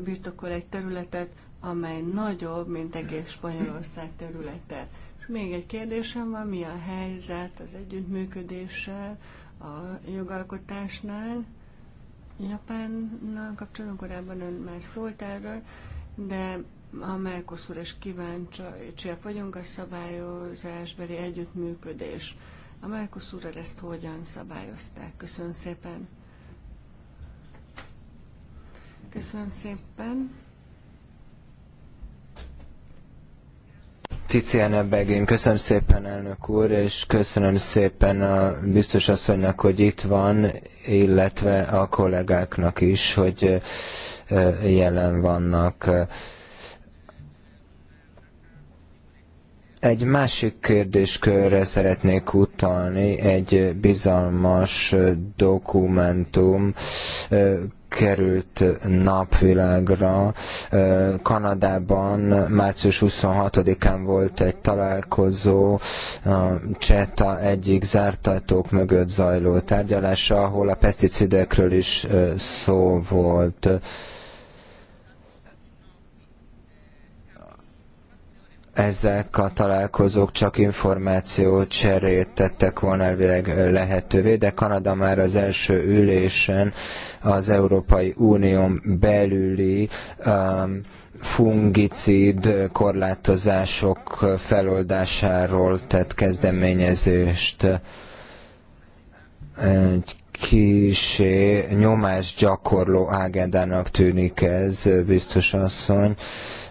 birtokol egy területet, amely nagyobb, mint egész Spanyolország területe. Még egy kérdésem van, mi a helyzet az együttműködéssel a jogalkotásnál? Japánnal kapcsolatban korábban ön már szólt erről, de a Melkoszúr és kíváncsiak vagyunk a szabályozásbeli együttműködés. A Mercosurral ezt hogyan szabályozták? Köszönöm szépen! Köszönöm szépen! Tiziana Begin, köszönöm szépen elnök úr, és köszönöm szépen a biztos asszonynak, hogy itt van, illetve a kollégáknak is, hogy jelen vannak. Egy másik kérdéskörre szeretnék utalni, egy bizalmas dokumentum került napvilágra. Kanadában március 26-án volt egy találkozó, Cseta CETA egyik zártatók mögött zajló tárgyalása, ahol a peszticidekről is szó volt. ezek a találkozók csak információ cserét tettek volna elvileg lehetővé, de Kanada már az első ülésen az Európai Unión belüli um, fungicid korlátozások feloldásáról tett kezdeményezést. Egy kisé nyomás gyakorló ágendának tűnik ez, biztos asszony. Uh,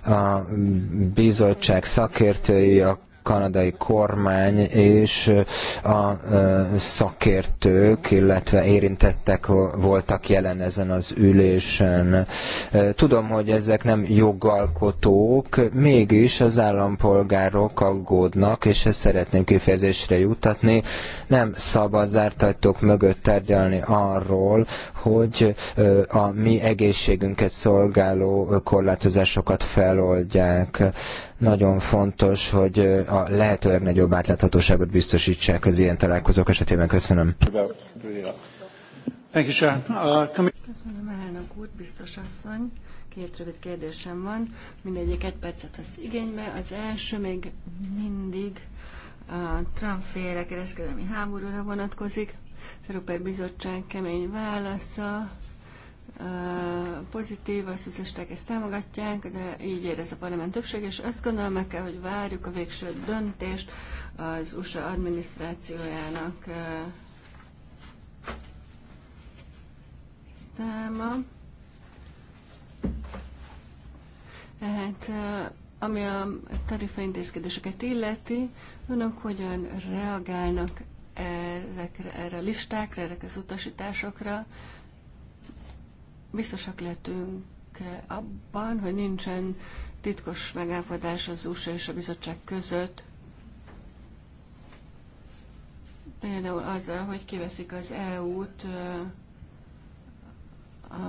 a bizottság szakértői, a kanadai kormány és a szakértők, illetve érintettek voltak jelen ezen az ülésen. Tudom, hogy ezek nem jogalkotók, mégis az állampolgárok aggódnak, és ezt szeretném kifejezésre jutatni. Nem szabad zárt ajtók mögött tárgyalni arról, hogy a mi egészségünket szolgáló korlátozásokat feloldják. Nagyon fontos, hogy a lehető legnagyobb átláthatóságot biztosítsák az ilyen találkozók esetében. Köszönöm. Uh, Köszönöm, elnök úr, biztos asszony. Két rövid kérdésem van. Mindegyik egy percet az igénybe. Az első még mindig a uh, Trump féle kereskedelmi háborúra vonatkozik. Az Európai Bizottság kemény válasza pozitív, a szocialisták ezt támogatják, de így érez a parlament többség, és azt gondolom meg kell, hogy várjuk a végső döntést az USA adminisztrációjának száma. Tehát ami a tarifaintézkedéseket illeti, önök hogyan reagálnak ezekre, erre a listákra, erre az utasításokra, Biztosak lehetünk abban, hogy nincsen titkos megállapodás az USA és a bizottság között, például azzal, hogy kiveszik az EU-t a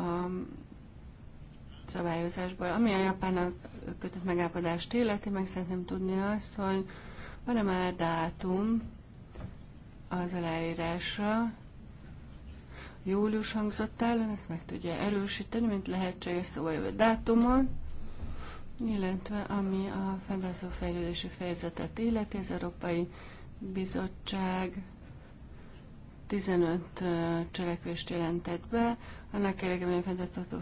szabályozásból. Ami a japának kötött megállapodást illeti, meg szeretném tudni azt, hogy van-e már dátum az aláírásra, július hangzott el, ön ezt meg tudja erősíteni, mint lehetséges szóval jövő dátumon, illetve ami a fenntartó fejlődési fejezetet illeti, az Európai Bizottság 15 cselekvést jelentett be, annak érdekében, a fenntartható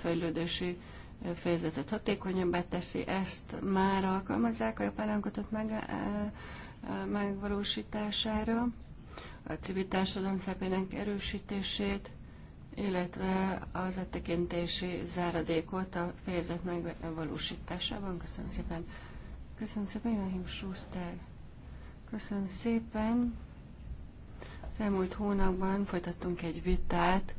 fejlődési fejezetet hatékonyabbá teszi, ezt már alkalmazzák a japán alkotott meg, megvalósítására a civil társadalom szerepének erősítését, illetve az áttekintési záradékot a fejezet megvalósításában. Köszönöm szépen. Köszönöm szépen, Joachim Schuster. Köszönöm szépen. Az elmúlt hónapban folytattunk egy vitát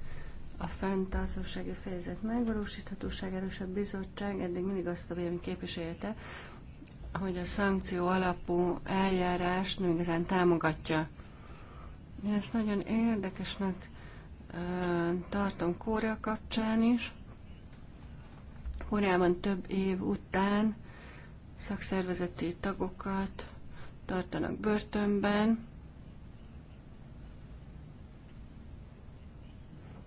a fenntartósági fejezet megvalósíthatóság erősebb bizottság eddig mindig azt a vélemény képviselte, hogy a szankció alapú eljárás nem igazán támogatja. Én ezt nagyon érdekesnek tartom Kórea kapcsán is. Koreában több év után szakszervezeti tagokat tartanak börtönben.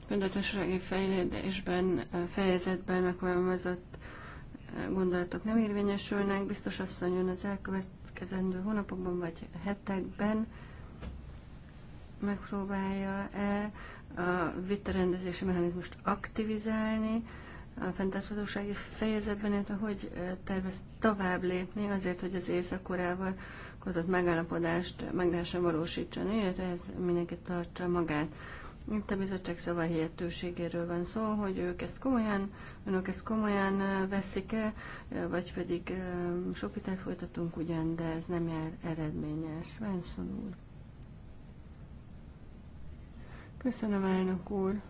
Tudatossági fejlődésben, fejezetben megfogalmazott gondolatok nem érvényesülnek. Biztos asszony jön az elkövetkezendő hónapokban vagy hetekben megpróbálja-e a vitarendezési mechanizmust aktivizálni, a fenntarthatósági fejezetben, illetve hogy tervez tovább lépni azért, hogy az északkorával kötött megállapodást meg lehessen valósítani, illetve ez mindenki tartsa magát. Itt a bizottság szavahihetőségéről van szó, hogy ők ezt komolyan, önök ezt komolyan veszik-e, vagy pedig sok vitát folytatunk ugyan, de ez nem jár eredményes. Svensson úr. Köszönöm, elnök úr.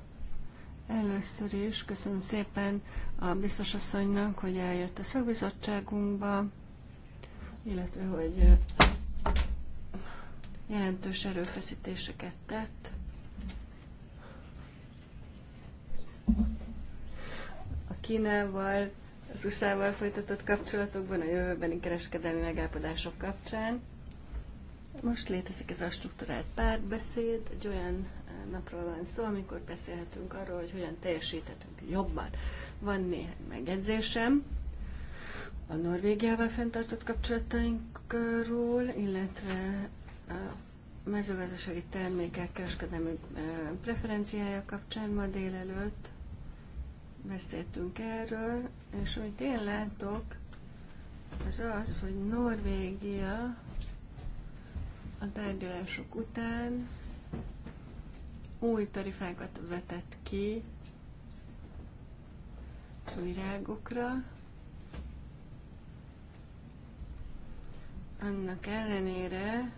Először is köszönöm szépen a biztosasszonynak, hogy eljött a szakbizottságunkba, illetve hogy jelentős erőfeszítéseket tett. A Kínával, az USA-val folytatott kapcsolatokban, a jövőbeni kereskedelmi megállapodások kapcsán. Most létezik ez a struktúrált párbeszéd, egy olyan napról van szó, amikor beszélhetünk arról, hogy hogyan teljesíthetünk jobban. Van néhány megjegyzésem a Norvégiával fenntartott kapcsolatainkról, illetve a mezőgazdasági termékek kereskedelmi preferenciája kapcsán ma délelőtt beszéltünk erről, és amit én látok, az az, hogy Norvégia a tárgyalások után új tarifákat vetett ki a virágokra, annak ellenére,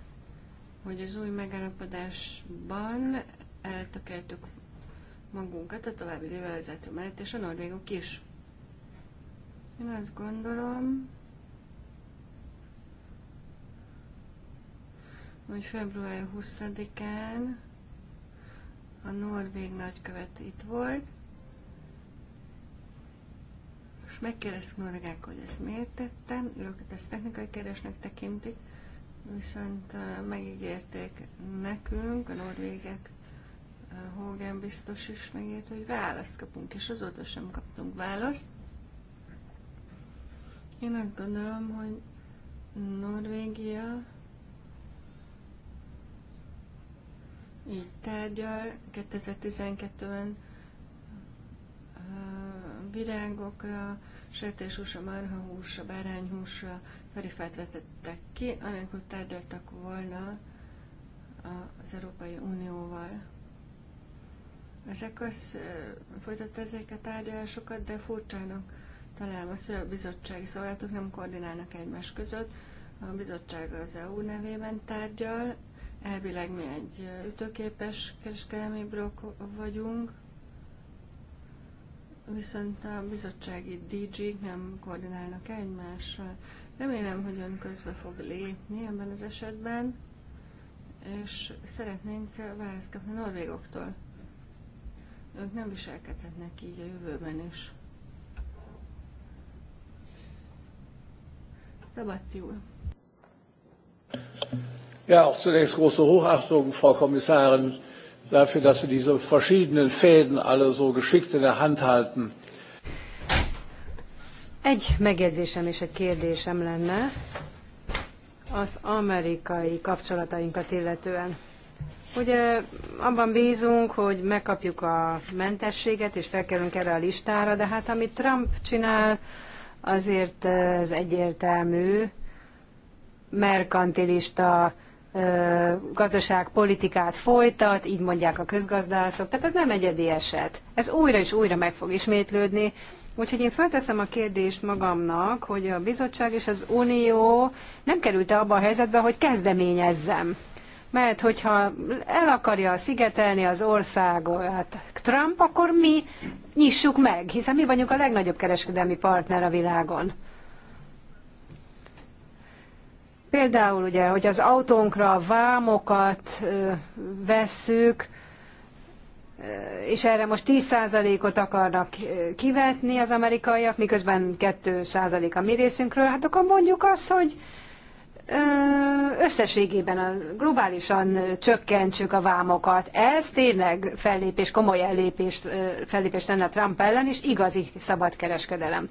hogy az új megállapodásban eltökeltük magunkat a további liberalizáció mellett, és a norvégok is. Én azt gondolom, hogy február 20-án a norvég nagykövet itt volt, és megkérdeztük norvégák, hogy ezt miért tettem, ők ezt technikai kérdésnek tekintik, viszont megígérték nekünk, a norvégek, Hogan biztos is megért, hogy választ kapunk, és azóta sem kaptunk választ. Én azt gondolom, hogy Norvégia így tárgyal. 2012-ben virágokra, sertéshúsa, marhahúsa, bárányhúsa tarifát vetettek ki, anélkül tárgyaltak volna az Európai Unióval. Ezek az folytatta ezek a tárgyalásokat, de furcsának találom azt, hogy a bizottsági szolgálatok nem koordinálnak egymás között. A bizottság az EU nevében tárgyal, Elvileg mi egy ütőképes kereskedelmi brok vagyunk, viszont a bizottsági dg nem koordinálnak egymással. Remélem, hogy ön közbe fog lépni ebben az esetben, és szeretnénk választ kapni a norvégoktól. Ők nem viselkedhetnek így a jövőben is. Szabadti úr. Ja, auch zunächst große Hochachtung, Frau Kommissarin, dafür, dass Sie diese verschiedenen Fäden alle so geschickt in der Hand halten. Egy megjegyzésem és egy kérdésem lenne az amerikai kapcsolatainkat illetően. Ugye abban bízunk, hogy megkapjuk a mentességet, és felkerülünk erre a listára, de hát amit Trump csinál, azért ez egyértelmű, merkantilista gazdaságpolitikát folytat, így mondják a közgazdászok. Tehát ez nem egyedi eset. Ez újra és újra meg fog ismétlődni. Úgyhogy én fölteszem a kérdést magamnak, hogy a bizottság és az unió nem került-e abba a helyzetbe, hogy kezdeményezzem. Mert hogyha el akarja szigetelni az országot Trump, akkor mi nyissuk meg, hiszen mi vagyunk a legnagyobb kereskedelmi partner a világon. Például ugye, hogy az autónkra vámokat vesszük, és erre most 10%-ot akarnak kivetni az amerikaiak, miközben 2% a mi részünkről, hát akkor mondjuk azt, hogy összességében a, globálisan csökkentsük a vámokat. Ez tényleg fellépés, komoly ellépés, fellépés lenne Trump ellen, és igazi szabadkereskedelem.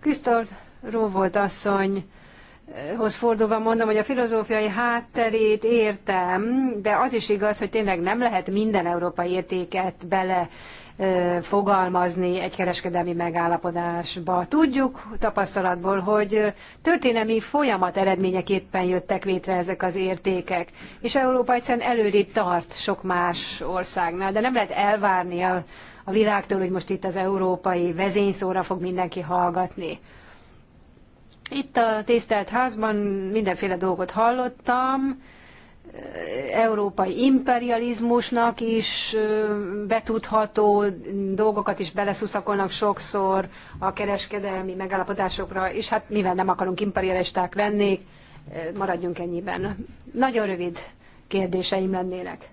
Krisztor Róvolt asszony, hoz fordulva mondom, hogy a filozófiai hátterét értem, de az is igaz, hogy tényleg nem lehet minden európai értéket bele fogalmazni egy kereskedelmi megállapodásba. Tudjuk tapasztalatból, hogy történelmi folyamat eredményeképpen jöttek létre ezek az értékek, és Európa egyszerűen előrébb tart sok más országnál, de nem lehet elvárni a, a világtól, hogy most itt az európai vezényszóra fog mindenki hallgatni. Itt a tisztelt házban mindenféle dolgot hallottam, európai imperializmusnak is betudható dolgokat is beleszuszakolnak sokszor a kereskedelmi megállapodásokra, és hát mivel nem akarunk imperialisták lenni, maradjunk ennyiben. Nagyon rövid kérdéseim lennének.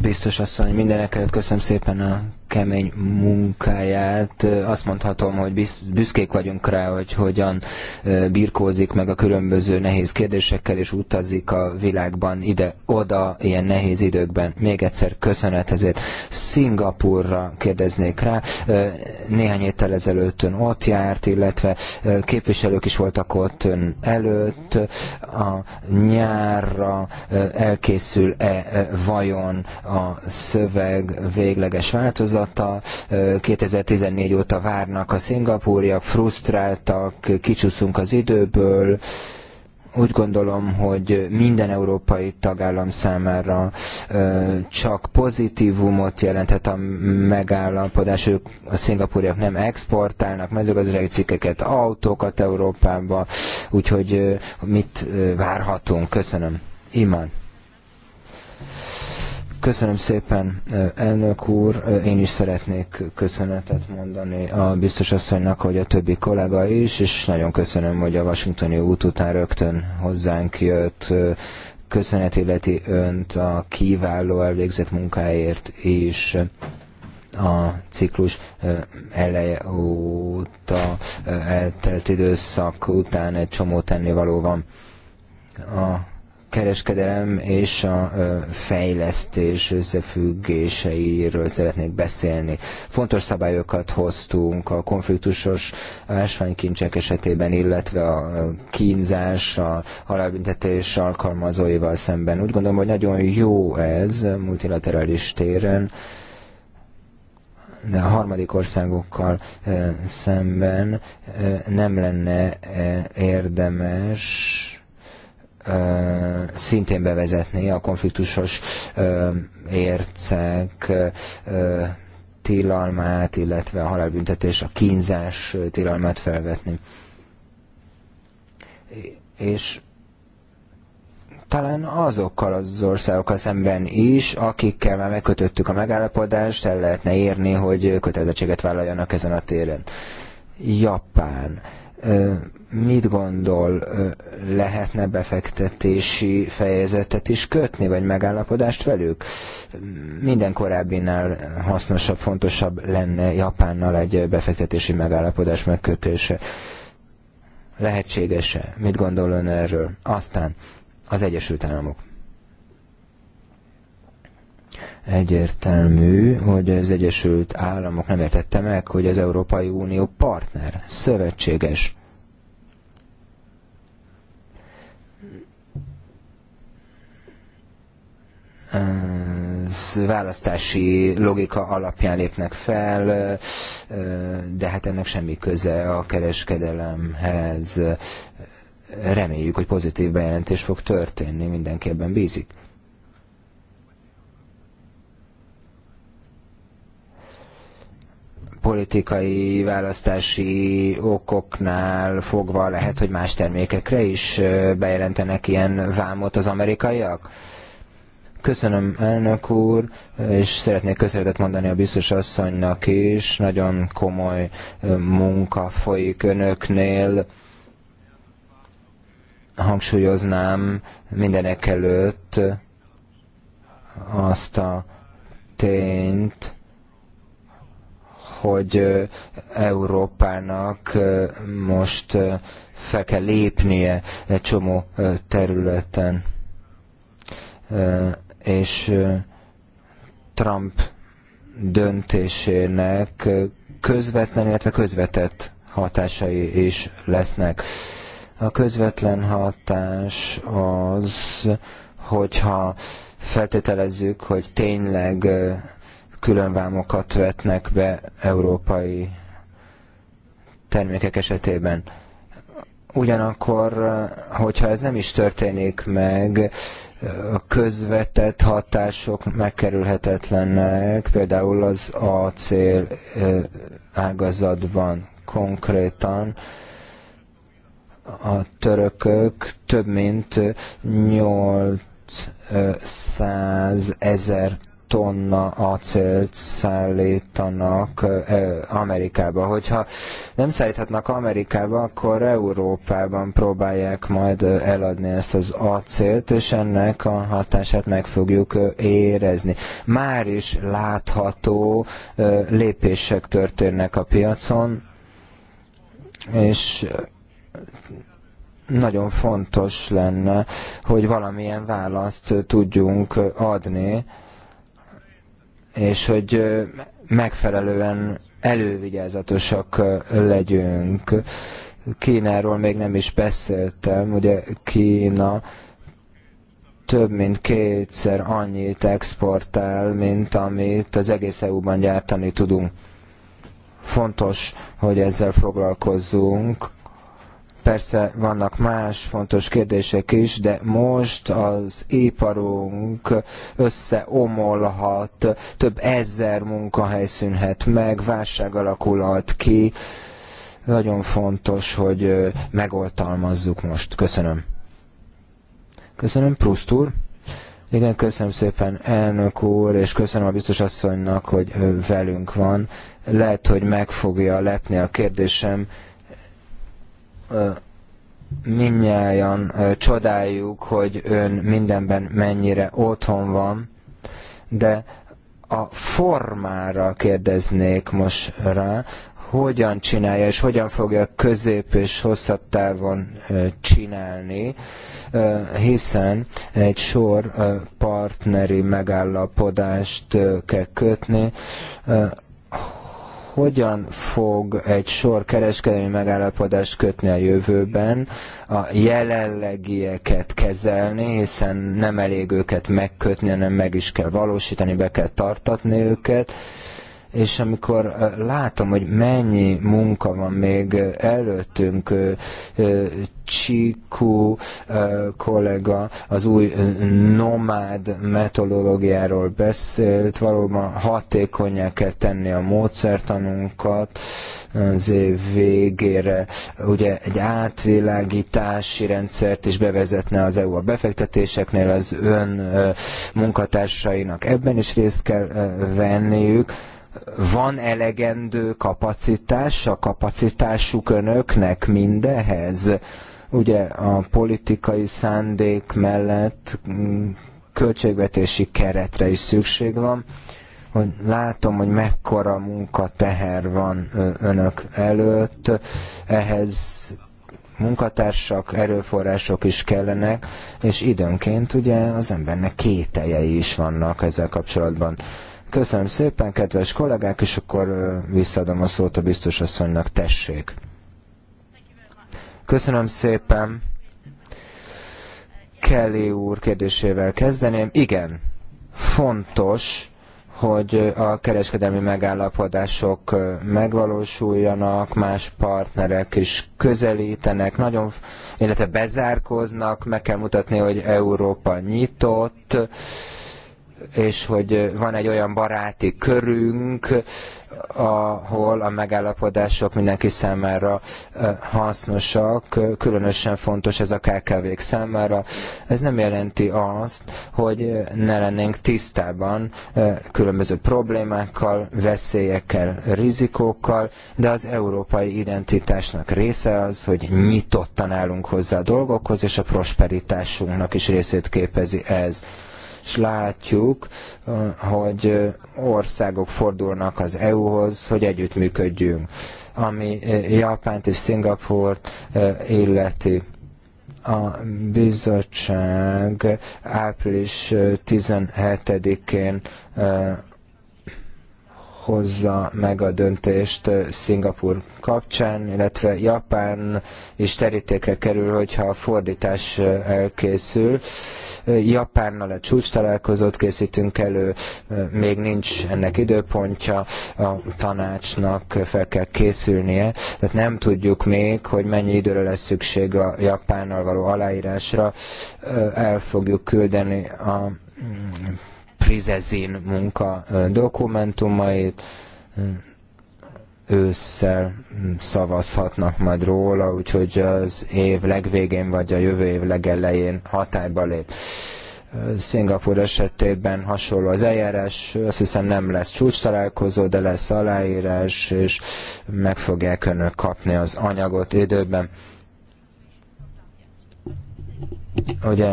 Biztos asszony, mindenek előtt köszönöm szépen a kemény munkáját. Azt mondhatom, hogy büszkék vagyunk rá, hogy hogyan birkózik meg a különböző nehéz kérdésekkel, és utazik a világban ide-oda ilyen nehéz időkben. Még egyszer köszönet ezért. Szingapurra kérdeznék rá. Néhány héttel ezelőtt ön ott járt, illetve képviselők is voltak ott ön előtt. A nyárra elkészül-e vajon a szöveg végleges változat? változata. 2014 óta várnak a szingapúriak, frusztráltak, kicsúszunk az időből. Úgy gondolom, hogy minden európai tagállam számára csak pozitívumot jelenthet a megállapodás. Ők a szingapúriak nem exportálnak mezőgazdasági cikkeket, autókat Európába, úgyhogy mit várhatunk? Köszönöm. Iman. Köszönöm szépen, elnök úr. Én is szeretnék köszönetet mondani a biztos asszonynak, hogy a többi kollega is, és nagyon köszönöm, hogy a washingtoni út után rögtön hozzánk jött. Köszönet illeti önt a kiváló elvégzett munkáért is a ciklus eleje óta eltelt időszak után egy csomó tennivaló van. A kereskedelem és a fejlesztés összefüggéseiről szeretnék beszélni. Fontos szabályokat hoztunk a konfliktusos ásványkincsek esetében, illetve a kínzás, a halálbüntetés alkalmazóival szemben. Úgy gondolom, hogy nagyon jó ez multilaterális téren, de a harmadik országokkal szemben nem lenne érdemes szintén bevezetné a konfliktusos ércek tilalmát, illetve a halálbüntetés, a kínzás tilalmát felvetni. És talán azokkal az országokkal szemben is, akikkel már megkötöttük a megállapodást, el lehetne érni, hogy kötelezettséget vállaljanak ezen a téren. Japán mit gondol, lehetne befektetési fejezetet is kötni, vagy megállapodást velük? Minden korábbinál hasznosabb, fontosabb lenne Japánnal egy befektetési megállapodás megkötése. Lehetséges-e? Mit gondol ön erről? Aztán az Egyesült Államok. Egyértelmű, hogy az Egyesült Államok nem értette meg, hogy az Európai Unió partner, szövetséges választási logika alapján lépnek fel, de hát ennek semmi köze a kereskedelemhez. Reméljük, hogy pozitív bejelentés fog történni, mindenki ebben bízik. politikai választási okoknál fogva lehet, hogy más termékekre is bejelentenek ilyen vámot az amerikaiak? Köszönöm, elnök úr, és szeretnék köszönetet mondani a biztos asszonynak is. Nagyon komoly munka folyik önöknél. Hangsúlyoznám mindenek előtt azt a tényt, hogy Európának most fel kell lépnie egy csomó területen és Trump döntésének közvetlen, illetve közvetett hatásai is lesznek. A közvetlen hatás az, hogyha feltételezzük, hogy tényleg különvámokat vetnek be európai termékek esetében. Ugyanakkor, hogyha ez nem is történik meg, a közvetett hatások megkerülhetetlenek, például az acél ágazatban konkrétan a törökök több mint 800 ezer tonna acélt szállítanak Amerikába. Hogyha nem szállíthatnak Amerikába, akkor Európában próbálják majd eladni ezt az acélt, és ennek a hatását meg fogjuk érezni. Már is látható lépések történnek a piacon, és nagyon fontos lenne, hogy valamilyen választ tudjunk adni és hogy megfelelően elővigyázatosak legyünk. Kínáról még nem is beszéltem, ugye Kína több mint kétszer annyit exportál, mint amit az egész EU-ban gyártani tudunk. Fontos, hogy ezzel foglalkozzunk, Persze vannak más fontos kérdések is, de most az iparunk összeomolhat, több ezer munkahely szűnhet meg, válság alakulhat ki. Nagyon fontos, hogy megoltalmazzuk most. Köszönöm. Köszönöm, Proust úr. Igen, köszönöm szépen elnök úr, és köszönöm a biztos asszonynak, hogy velünk van. Lehet, hogy meg fogja lepni a kérdésem, minnyáján csodáljuk, hogy ön mindenben mennyire otthon van, de a formára kérdeznék most rá, hogyan csinálja és hogyan fogja közép és hosszabb távon csinálni, hiszen egy sor partneri megállapodást kell kötni, hogyan fog egy sor kereskedelmi megállapodást kötni a jövőben, a jelenlegieket kezelni, hiszen nem elég őket megkötni, hanem meg is kell valósítani, be kell tartatni őket és amikor látom, hogy mennyi munka van még előttünk, Csikú kollega az új nomád metodológiáról beszélt, valóban hatékonyá kell tenni a módszertanunkat az év végére. Ugye egy átvilágítási rendszert is bevezetne az EU a befektetéseknél, az ön munkatársainak ebben is részt kell venniük, van elegendő kapacitás, a kapacitásuk önöknek mindehez? Ugye a politikai szándék mellett mm, költségvetési keretre is szükség van hogy látom, hogy mekkora munkateher van önök előtt, ehhez munkatársak, erőforrások is kellenek, és időnként ugye az embernek kételjei is vannak ezzel kapcsolatban. Köszönöm szépen, kedves kollégák, és akkor visszaadom a szót a biztos asszonynak, tessék. Köszönöm szépen. Kelly úr kérdésével kezdeném. Igen, fontos, hogy a kereskedelmi megállapodások megvalósuljanak, más partnerek is közelítenek, nagyon, illetve bezárkoznak, meg kell mutatni, hogy Európa nyitott, és hogy eh, van egy olyan baráti körünk, ahol a megállapodások mindenki számára eh, hasznosak, különösen fontos ez a KKV-k számára. Ez nem jelenti azt, hogy eh, ne lennénk tisztában különböző problémákkal, veszélyekkel, rizikókkal, de az európai identitásnak része az, hogy nyitottan állunk hozzá a dolgokhoz, és a prosperitásunknak is részét képezi ez és látjuk, hogy országok fordulnak az EU-hoz, hogy együttműködjünk, ami Japánt és Szingapurt illeti a bizottság április 17-én hozza meg a döntést eh, Szingapur kapcsán, illetve Japán is terítékre kerül, hogyha a fordítás eh, elkészül. Eh, Japánnal egy csúcs találkozót készítünk elő, még nincs ennek időpontja, a tanácsnak fel kell készülnie, tehát nem tudjuk még, hogy mennyi időre lesz szükség a Japánnal való aláírásra. El fogjuk küldeni a mm, Prizezin munka dokumentumait, ősszel szavazhatnak majd róla, úgyhogy az év legvégén vagy a jövő év legelején hatályba lép. Szingapur esetében hasonló az eljárás, azt hiszem nem lesz csúcs találkozó, de lesz aláírás, és meg fogják önök kapni az anyagot időben. Ugye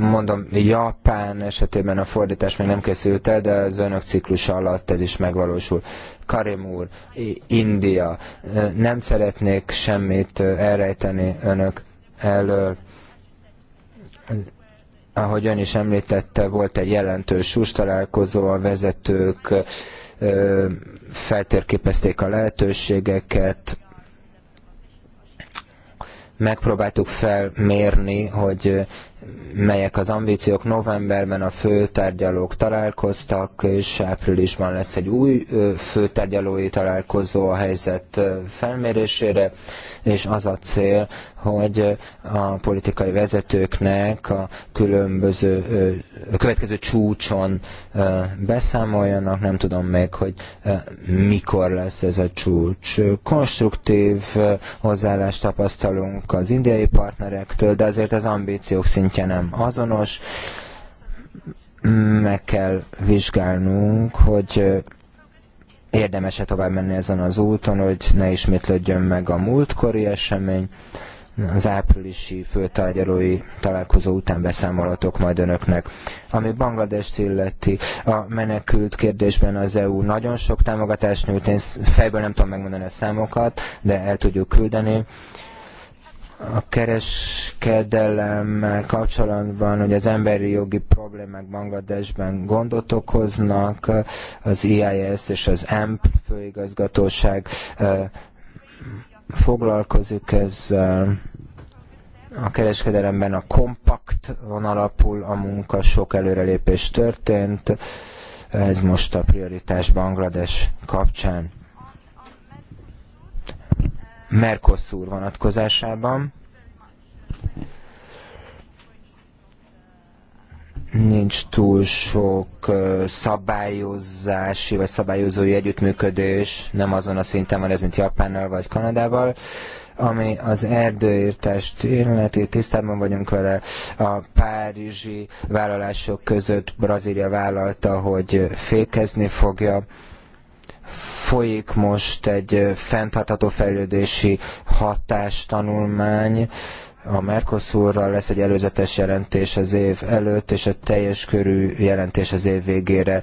mondom, Japán esetében a fordítás még nem készült el, de az önök ciklus alatt ez is megvalósul. Karim úr, India, nem szeretnék semmit elrejteni önök elől ahogy ön is említette, volt egy jelentős sus a vezetők feltérképezték a lehetőségeket, megpróbáltuk felmérni, hogy melyek az ambíciók novemberben a főtárgyalók találkoztak, és áprilisban lesz egy új főtárgyalói találkozó a helyzet felmérésére, és az a cél, hogy a politikai vezetőknek a különböző a következő csúcson beszámoljanak, nem tudom meg, hogy mikor lesz ez a csúcs. Konstruktív hozzáállást tapasztalunk az indiai partnerektől, de azért az ambíciók szintjén szintje nem azonos. Meg kell vizsgálnunk, hogy érdemes-e tovább menni ezen az úton, hogy ne ismétlődjön meg a múltkori esemény. Az áprilisi főtárgyalói találkozó után beszámolatok majd önöknek. Ami Bangladest illeti, a menekült kérdésben az EU nagyon sok támogatást nyújt, én fejből nem tudom megmondani a számokat, de el tudjuk küldeni a kereskedelemmel kapcsolatban, hogy az emberi jogi problémák Bangladesben gondot okoznak, az IIS és az EMP főigazgatóság foglalkozik ezzel. A kereskedelemben a kompakton alapul a munka, sok előrelépés történt, ez most a prioritás Banglades kapcsán. Mercosur vonatkozásában. nincs túl sok szabályozási vagy szabályozói együttműködés, nem azon a szinten van ez, mint Japánnal vagy Kanadával, ami az erdőirtást illeti, tisztában vagyunk vele, a párizsi vállalások között Brazília vállalta, hogy fékezni fogja, Folyik most egy fenntartható fejlődési hatástanulmány, a Mercosurral lesz egy előzetes jelentés az év előtt, és a teljes körű jelentés az év végére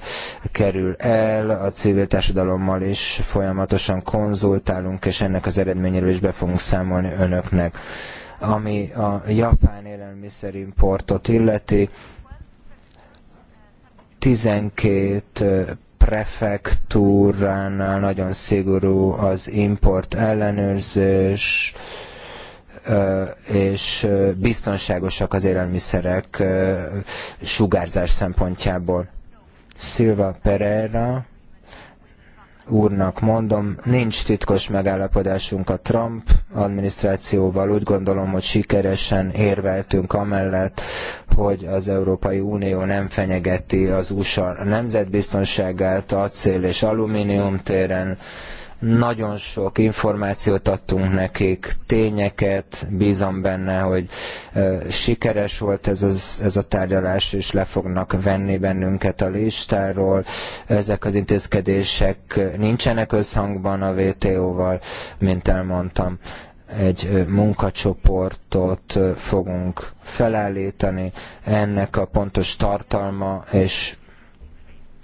kerül el. A civil társadalommal is folyamatosan konzultálunk, és ennek az eredményéről is be fogunk számolni önöknek. Ami a japán élelmiszerimportot illeti, 12 prefektúránál nagyon szigorú az import ellenőrzés, és biztonságosak az élelmiszerek sugárzás szempontjából. Silva Pereira úrnak mondom, nincs titkos megállapodásunk a Trump adminisztrációval. Úgy gondolom, hogy sikeresen érveltünk amellett, hogy az Európai Unió nem fenyegeti az USA nemzetbiztonságát acél és alumínium téren nagyon sok információt adtunk nekik, tényeket, bízom benne, hogy sikeres volt ez, az, ez a tárgyalás, és le fognak venni bennünket a listáról. Ezek az intézkedések nincsenek összhangban a WTO-val, mint elmondtam egy munkacsoportot fogunk felállítani. Ennek a pontos tartalma és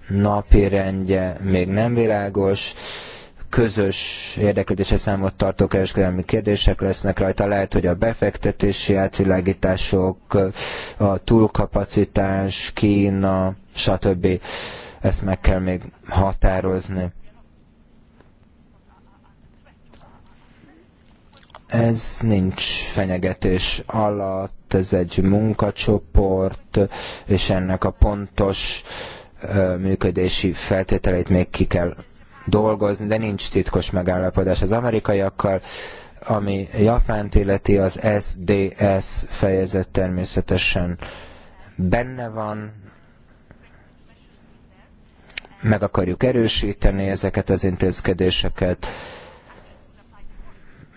napi rendje még nem világos közös érdeklődése számot tartó kereskedelmi kérdések lesznek rajta. Lehet, hogy a befektetési átvilágítások, a túlkapacitás, Kína, stb. Ezt meg kell még határozni. ez nincs fenyegetés alatt, ez egy munkacsoport, és ennek a pontos működési feltételeit még ki kell dolgozni, de nincs titkos megállapodás az amerikaiakkal, ami Japánt illeti az SDS fejezet természetesen benne van, meg akarjuk erősíteni ezeket az intézkedéseket,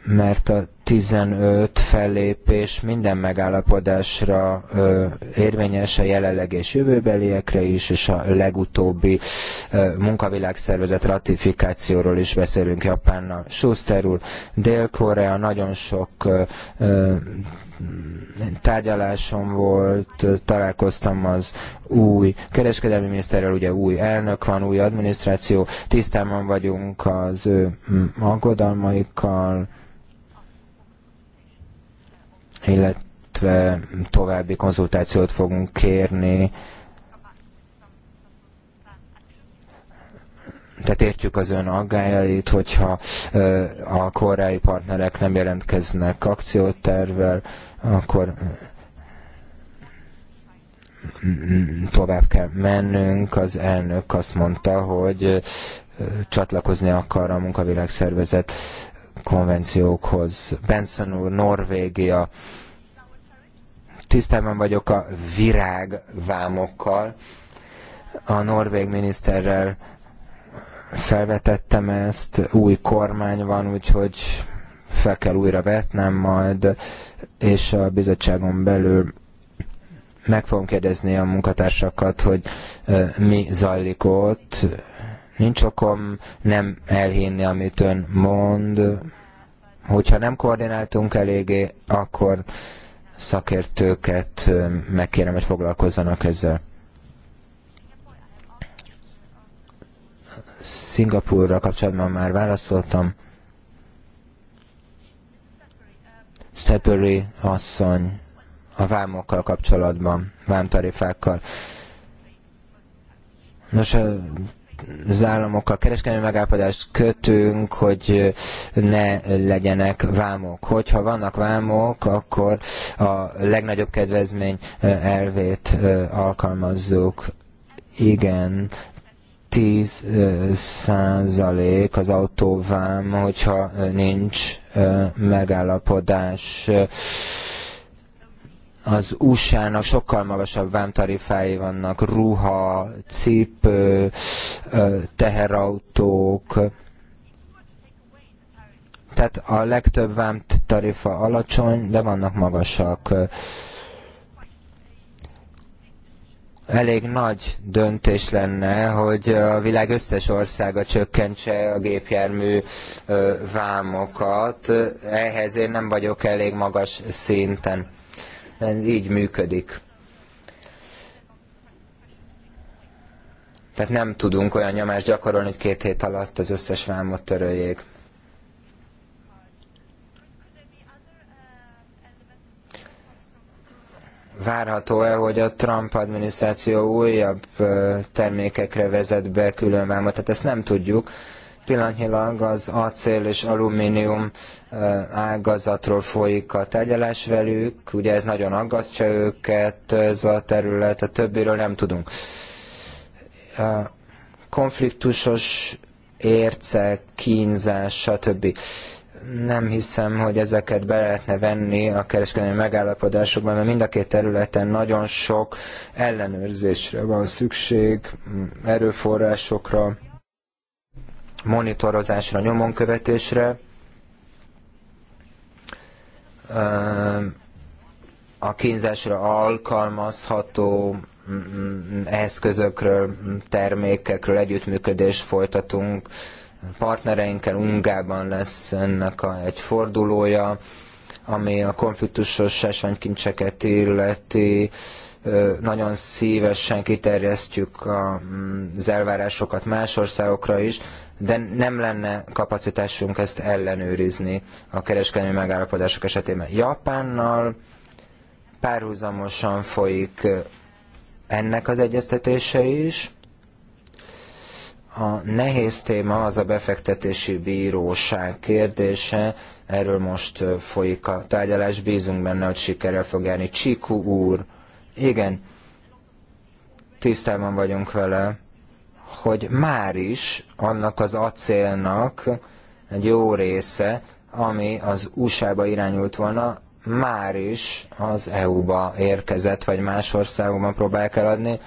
mert a 15 fellépés minden megállapodásra ö, érvényes a jelenleg és jövőbeliekre is, és a legutóbbi ö, munkavilágszervezet ratifikációról is beszélünk Japánnal. Schuster úr, Dél-Korea nagyon sok ö, tárgyalásom volt, találkoztam az új kereskedelmi miniszterrel, ugye új elnök van, új adminisztráció, tisztában vagyunk az ő aggodalmaikkal, illetve további konzultációt fogunk kérni. Tehát értjük az ön aggájait, hogyha a koreai partnerek nem jelentkeznek akciótervvel, akkor tovább kell mennünk. Az elnök azt mondta, hogy csatlakozni akar a munkavilágszervezet konvenciókhoz. Benson úr, Norvégia, tisztában vagyok a virágvámokkal. A norvég miniszterrel felvetettem ezt, új kormány van, úgyhogy fel kell újra vetnem majd, és a bizottságon belül meg fogom kérdezni a munkatársakat, hogy mi zajlik ott, Nincs okom nem elhinni, amit ön mond. Hogyha nem koordináltunk eléggé, akkor szakértőket megkérem, hogy foglalkozzanak ezzel. Szingapúrra kapcsolatban már válaszoltam. Stepperi asszony a vámokkal kapcsolatban, vámtarifákkal. Nos, az államokkal kereskedelmi megállapodást kötünk, hogy ne legyenek vámok. Hogyha vannak vámok, akkor a legnagyobb kedvezmény elvét alkalmazzuk. Igen, 10 százalék az autóvám, hogyha nincs megállapodás az USA-nak sokkal magasabb vámtarifái vannak, ruha, cipő, teherautók, tehát a legtöbb vámtarifa alacsony, de vannak magasak. Elég nagy döntés lenne, hogy a világ összes országa csökkentse a gépjármű vámokat. Ehhez én nem vagyok elég magas szinten így működik. Tehát nem tudunk olyan nyomást gyakorolni, hogy két hét alatt az összes vámot töröljék. Várható-e, hogy a Trump adminisztráció újabb termékekre vezet be külön vámot? Tehát ezt nem tudjuk Pillanatnyilag az acél és alumínium ágazatról folyik a tárgyalás velük, ugye ez nagyon aggasztja őket, ez a terület, a többiről nem tudunk. Konfliktusos ércek, kínzás, stb. Nem hiszem, hogy ezeket be lehetne venni a kereskedelmi megállapodásokban, mert mind a két területen nagyon sok ellenőrzésre van szükség, erőforrásokra, monitorozásra, nyomonkövetésre. A kínzásra alkalmazható mm, eszközökről, termékekről együttműködést folytatunk. Partnereinkkel Ungában lesz ennek a, egy fordulója, ami a konfliktusos esványkincseket illeti. Nagyon szívesen kiterjesztjük mm, az elvárásokat más országokra is de nem lenne kapacitásunk ezt ellenőrizni a kereskedelmi megállapodások esetében. Japánnal párhuzamosan folyik ennek az egyeztetése is. A nehéz téma az a befektetési bíróság kérdése, erről most folyik a tárgyalás, bízunk benne, hogy sikerrel fog járni. Csiku úr, igen, tisztában vagyunk vele, hogy már is annak az acélnak egy jó része, ami az USA-ba irányult volna, már is az EU-ba érkezett, vagy más országokban próbálják eladni.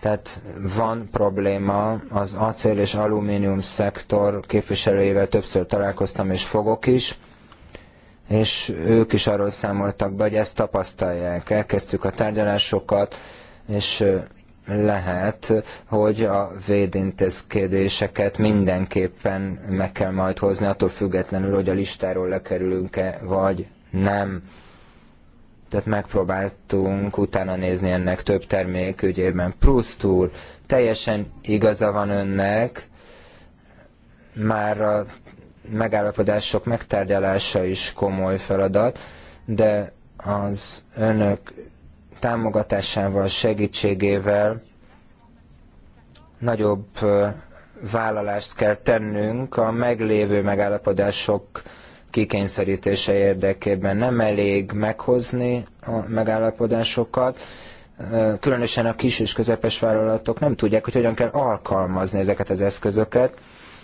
Tehát van probléma, az acél és alumínium szektor képviselőjével többször találkoztam, és fogok is, és ők is arról számoltak be, hogy ezt tapasztalják. Elkezdtük a tárgyalásokat, és lehet, hogy a védintézkedéseket mindenképpen meg kell majd hozni, attól függetlenül, hogy a listáról lekerülünk-e, vagy nem. Tehát megpróbáltunk utána nézni ennek több termék ügyében. Proust úr, teljesen igaza van önnek, már a megállapodások megtárgyalása is komoly feladat, de az önök támogatásával, segítségével nagyobb vállalást kell tennünk a meglévő megállapodások kikényszerítése érdekében. Nem elég meghozni a megállapodásokat, különösen a kis és közepes vállalatok nem tudják, hogy hogyan kell alkalmazni ezeket az eszközöket.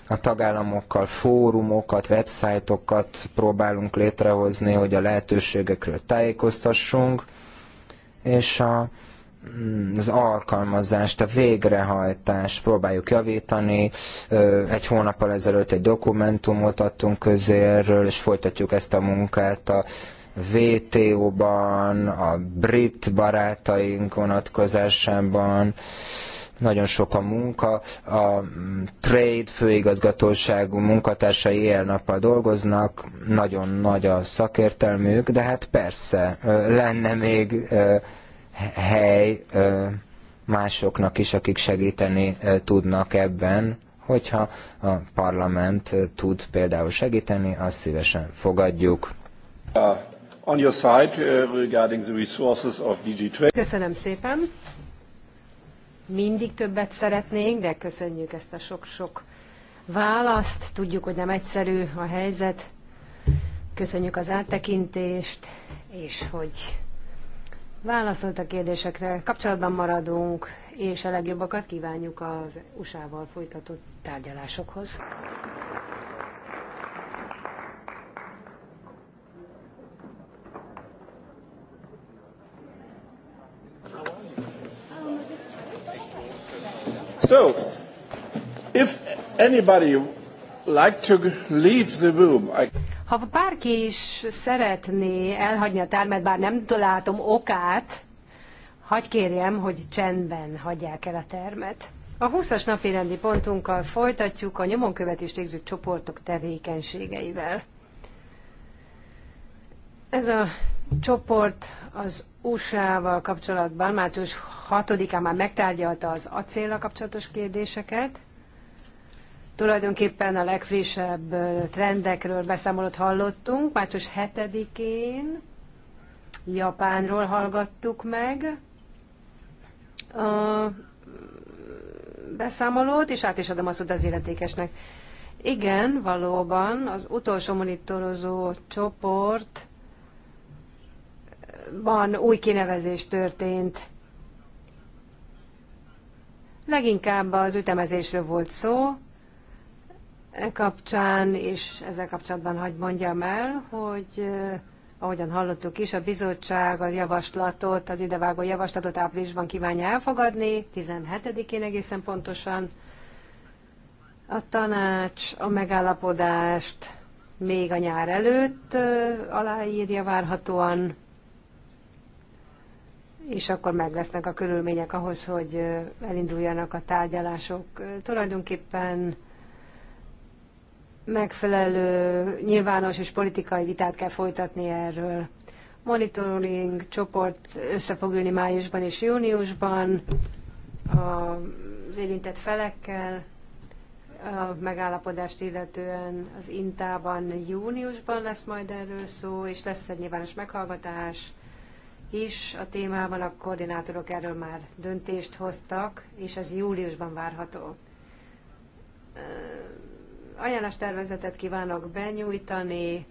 A tagállamokkal fórumokat, websájtokat próbálunk létrehozni, hogy a lehetőségekről tájékoztassunk, és a, mm, az alkalmazást, a végrehajtást próbáljuk javítani. Egy hónappal ezelőtt egy dokumentumot adtunk közéről, és folytatjuk ezt a munkát a VTO-ban, a brit barátaink vonatkozásában nagyon sok a munka, a mm, Trade főigazgatóságú munkatársai éjjel-nappal dolgoznak, nagyon nagy a szakértelmük, de hát persze lenne még hely másoknak is, akik segíteni tudnak ebben, hogyha a parlament tud például segíteni, azt szívesen fogadjuk. Uh, on your side, uh, regarding the resources of DG Trade. Köszönöm szépen mindig többet szeretnénk, de köszönjük ezt a sok-sok választ. Tudjuk, hogy nem egyszerű a helyzet. Köszönjük az áttekintést, és hogy válaszolt a kérdésekre. Kapcsolatban maradunk, és a legjobbakat kívánjuk az USA-val folytatott tárgyalásokhoz. So, if anybody like to leave the room, I... Ha bárki is szeretné elhagyni a termet, bár nem találtam okát, hagyj kérjem, hogy csendben hagyják el a termet. A 20-as napi rendi pontunkkal folytatjuk a nyomonkövetés végző csoportok tevékenységeivel. Ez a csoport az USA-val kapcsolatban március 6-án már megtárgyalta az acélla kapcsolatos kérdéseket. Tulajdonképpen a legfrissebb trendekről beszámolót hallottunk. Március 7-én Japánról hallgattuk meg a beszámolót, és át is adom azt az illetékesnek. Igen, valóban az utolsó monitorozó csoport ban új kinevezés történt. Leginkább az ütemezésről volt szó, e kapcsán, és ezzel kapcsolatban hagyd mondjam el, hogy e, ahogyan hallottuk is, a bizottság a javaslatot, az idevágó javaslatot áprilisban kívánja elfogadni, 17-én egészen pontosan. A tanács a megállapodást még a nyár előtt e, aláírja várhatóan, és akkor meg lesznek a körülmények ahhoz, hogy elinduljanak a tárgyalások. Tulajdonképpen megfelelő nyilvános és politikai vitát kell folytatni erről. Monitoring csoport össze fog ülni májusban és júniusban az érintett felekkel, a megállapodást illetően az Intában júniusban lesz majd erről szó, és lesz egy nyilvános meghallgatás is a témában, a koordinátorok erről már döntést hoztak, és ez júliusban várható. ajánlás tervezetet kívánok benyújtani,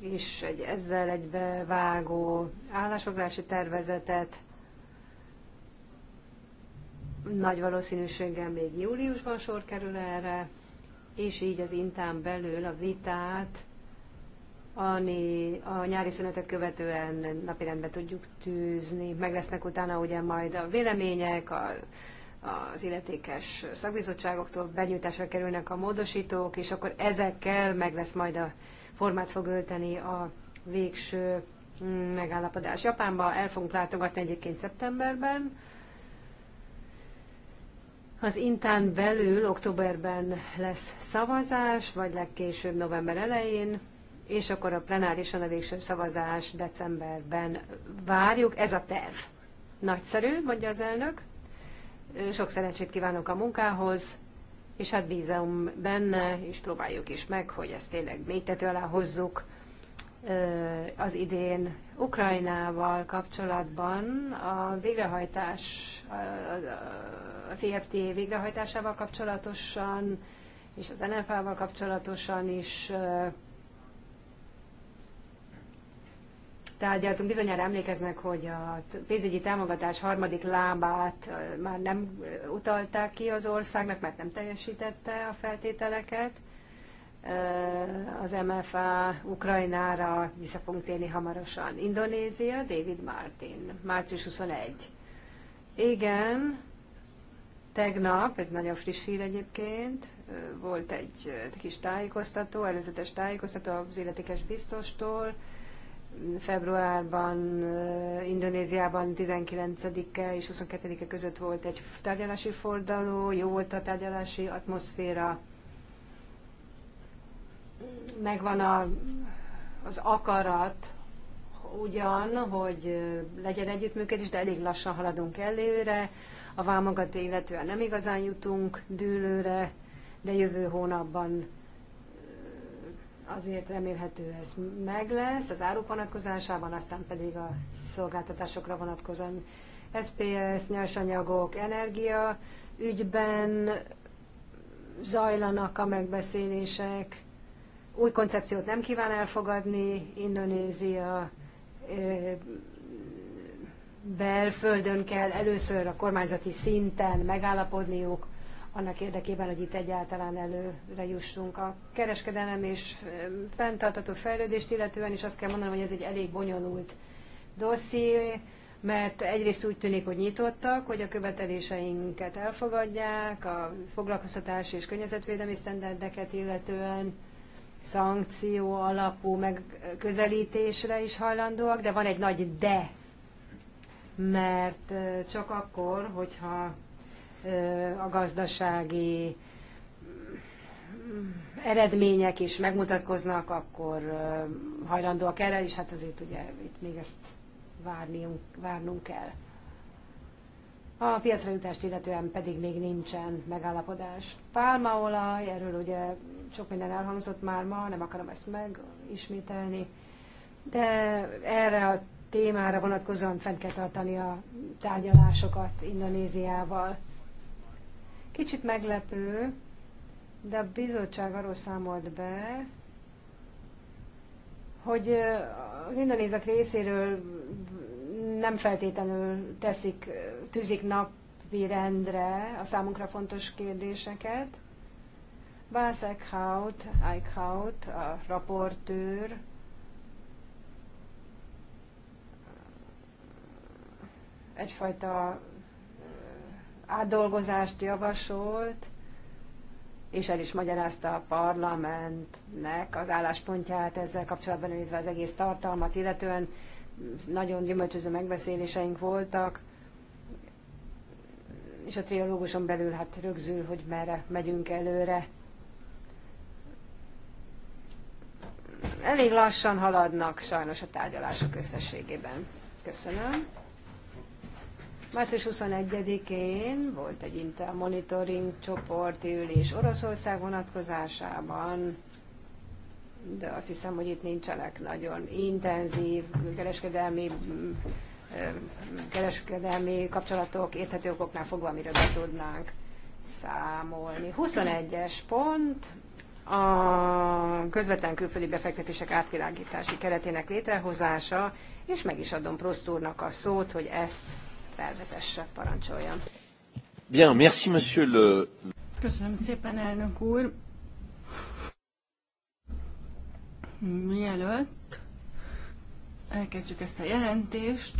és egy ezzel egybevágó állásfoglalási tervezetet nagy valószínűséggel még júliusban sor kerül erre, és így az intán belül a vitát Ani, a nyári szünetet követően napirendbe tudjuk tűzni, meg lesznek utána ugye majd a vélemények, a, az illetékes szakbizottságoktól benyújtásra kerülnek a módosítók, és akkor ezekkel meg lesz majd a formát fog ölteni a végső mm, megállapodás. Japánba el fogunk látogatni egyébként szeptemberben. Az Intán belül októberben lesz szavazás, vagy legkésőbb november elején, és akkor a plenárisan a végső szavazás decemberben várjuk. Ez a terv. Nagyszerű, mondja az elnök. Sok szerencsét kívánok a munkához, és hát bízom benne, és próbáljuk is meg, hogy ezt tényleg mélytető alá hozzuk az idén Ukrajnával kapcsolatban, a végrehajtás, az EFT végrehajtásával kapcsolatosan, és az NFA-val kapcsolatosan is tárgyaltunk. Bizonyára emlékeznek, hogy a pénzügyi támogatás harmadik lábát már nem utalták ki az országnak, mert nem teljesítette a feltételeket. Az MFA Ukrajnára vissza fogunk térni hamarosan. Indonézia, David Martin, március 21. Igen, tegnap, ez nagyon friss hír egyébként, volt egy kis tájékoztató, előzetes tájékoztató az illetékes biztostól, februárban Indonéziában 19-e és 22-e között volt egy tárgyalási forduló, jó volt a tárgyalási atmoszféra, megvan a, az akarat, ugyan, hogy legyen együttműködés, de elég lassan haladunk előre, a vámogat illetően nem igazán jutunk dőlőre, de jövő hónapban azért remélhető ez meg lesz az áruk vonatkozásában, aztán pedig a szolgáltatásokra vonatkozóan SPS, nyersanyagok, energia ügyben zajlanak a megbeszélések. Új koncepciót nem kíván elfogadni Indonézia belföldön kell először a kormányzati szinten megállapodniuk annak érdekében, hogy itt egyáltalán előre jussunk. A kereskedelem és fenntartató fejlődést illetően is azt kell mondanom, hogy ez egy elég bonyolult dosszié, mert egyrészt úgy tűnik, hogy nyitottak, hogy a követeléseinket elfogadják, a foglalkoztatási és környezetvédelmi sztenderdeket illetően szankció alapú megközelítésre is hajlandóak, de van egy nagy de, mert csak akkor, hogyha a gazdasági eredmények is megmutatkoznak, akkor hajlandóak erre, is, hát azért ugye itt még ezt várniunk, várnunk kell. A piacra jutást illetően pedig még nincsen megállapodás. Pálmaolaj, erről ugye sok minden elhangzott már ma, nem akarom ezt megismételni, de erre a témára vonatkozóan fent kell tartani a tárgyalásokat Indonéziával. Kicsit meglepő, de a bizottság arról számolt be, hogy az indonézak részéről nem feltétlenül teszik, tűzik napi rendre a számunkra fontos kérdéseket. Bász Eichhout, Eichhout, a raportőr, egyfajta átdolgozást javasolt, és el is magyarázta a parlamentnek az álláspontját ezzel kapcsolatban, illetve az egész tartalmat, illetően nagyon gyümölcsöző megbeszéléseink voltak, és a triológuson belül hát rögzül, hogy merre megyünk előre. Elég lassan haladnak sajnos a tárgyalások összességében. Köszönöm. Március 21-én volt egy Intel Monitoring csoport ülés Oroszország vonatkozásában, de azt hiszem, hogy itt nincsenek nagyon intenzív kereskedelmi eh, kereskedelmi kapcsolatok érthető okoknál fogva, amiről be tudnánk számolni. 21-es pont a közvetlen külföldi befektetések átvilágítási keretének létrehozása, és meg is adom Prosztúrnak a szót, hogy ezt felvezesse, parancsoljon. Bien, merci, monsieur le... Köszönöm szépen, elnök úr. Mielőtt elkezdjük ezt a jelentést,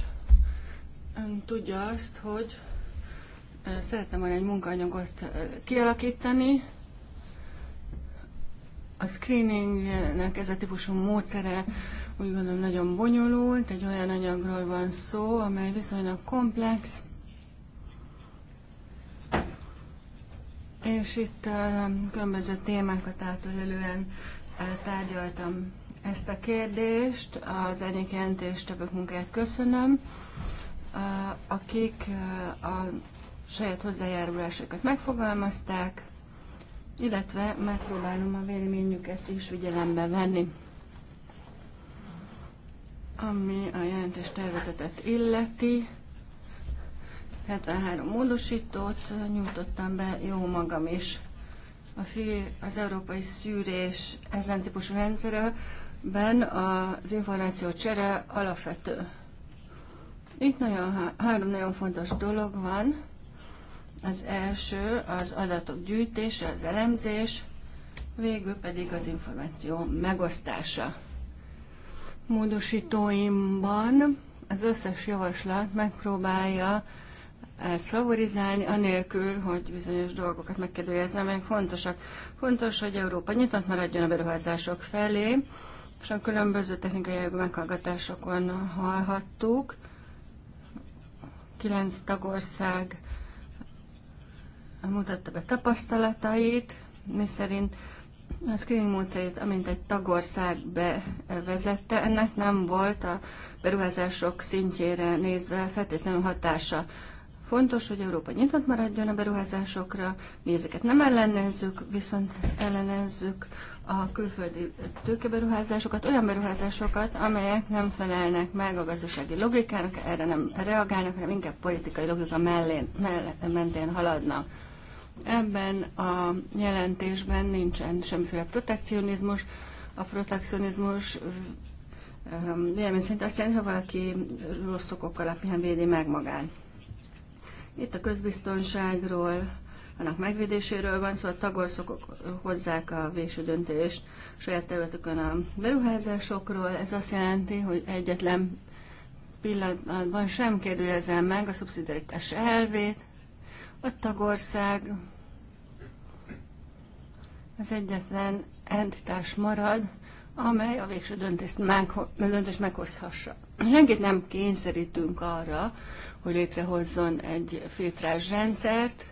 ön tudja azt, hogy eh, szeretem volna egy munkaanyagot eh, kialakítani. A screeningnek ez a típusú módszere úgy gondolom nagyon bonyolult, egy olyan anyagról van szó, amely viszonylag komplex, és itt különböző témákat átölelően tárgyaltam ezt a kérdést. Az egyik jelentést többök munkáját köszönöm, akik a saját hozzájárulásokat megfogalmazták, illetve megpróbálom a véleményüket is figyelembe venni. Ami a jelentés tervezetet illeti, 73 módosítót nyújtottam be, jó magam is. A fi, az európai szűrés ezen típusú rendszerben az információ csere alapvető. Itt nagyon, három nagyon fontos dolog van. Az első az adatok gyűjtése, az elemzés, végül pedig az információ megosztása módosítóimban az összes javaslat megpróbálja ezt favorizálni, anélkül, hogy bizonyos dolgokat megkedőjezzem, amelyek fontosak. Fontos, hogy Európa nyitott maradjon a beruházások felé, és a különböző technikai jellegű meghallgatásokon hallhattuk. Kilenc tagország mutatta be tapasztalatait, mi szerint a screening módszerét, amint egy tagország bevezette, ennek nem volt a beruházások szintjére nézve feltétlenül hatása. Fontos, hogy Európa nyitott maradjon a beruházásokra, mi ezeket nem ellenezzük, viszont ellenezzük a külföldi tőkeberuházásokat, olyan beruházásokat, amelyek nem felelnek meg a gazdasági logikának, erre nem reagálnak, hanem inkább politikai logika mellé, mellé, mentén haladnak. Ebben a jelentésben nincsen semmiféle protekcionizmus. A protekcionizmus ehm, vélemény szerint azt jelenti, ha valaki rossz szokok alapján védi meg magán. Itt a közbiztonságról, annak megvédéséről van szó, szóval a tagországok hozzák a véső döntést saját területükön a beruházásokról. Ez azt jelenti, hogy egyetlen pillanatban sem kérdőjelezem meg a szubszidiaritás elvét. A tagország az egyetlen entitás marad, amely a végső döntést, meg, döntést meghozhassa. Senkit nem kényszerítünk arra, hogy létrehozzon egy filtrás rendszert,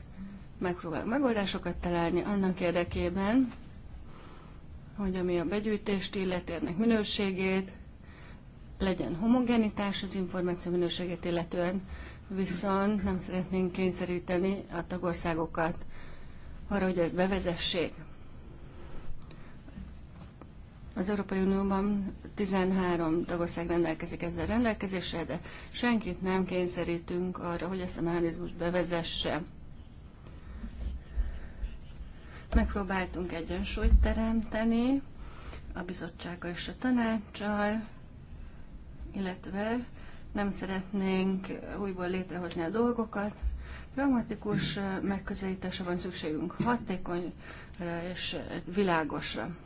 megpróbál megoldásokat találni annak érdekében, hogy ami a begyűjtést illeti, ennek minőségét, legyen homogenitás az információ minőségét illetően, viszont nem szeretnénk kényszeríteni a tagországokat arra, hogy ezt bevezessék. Az Európai Unióban 13 tagország rendelkezik ezzel rendelkezésre, de senkit nem kényszerítünk arra, hogy ezt a mechanizmust bevezesse. Megpróbáltunk egyensúlyt teremteni a bizottsággal és a tanácssal, illetve nem szeretnénk újból létrehozni a dolgokat. Pragmatikus megközelítésre van szükségünk hatékonyra és világosra.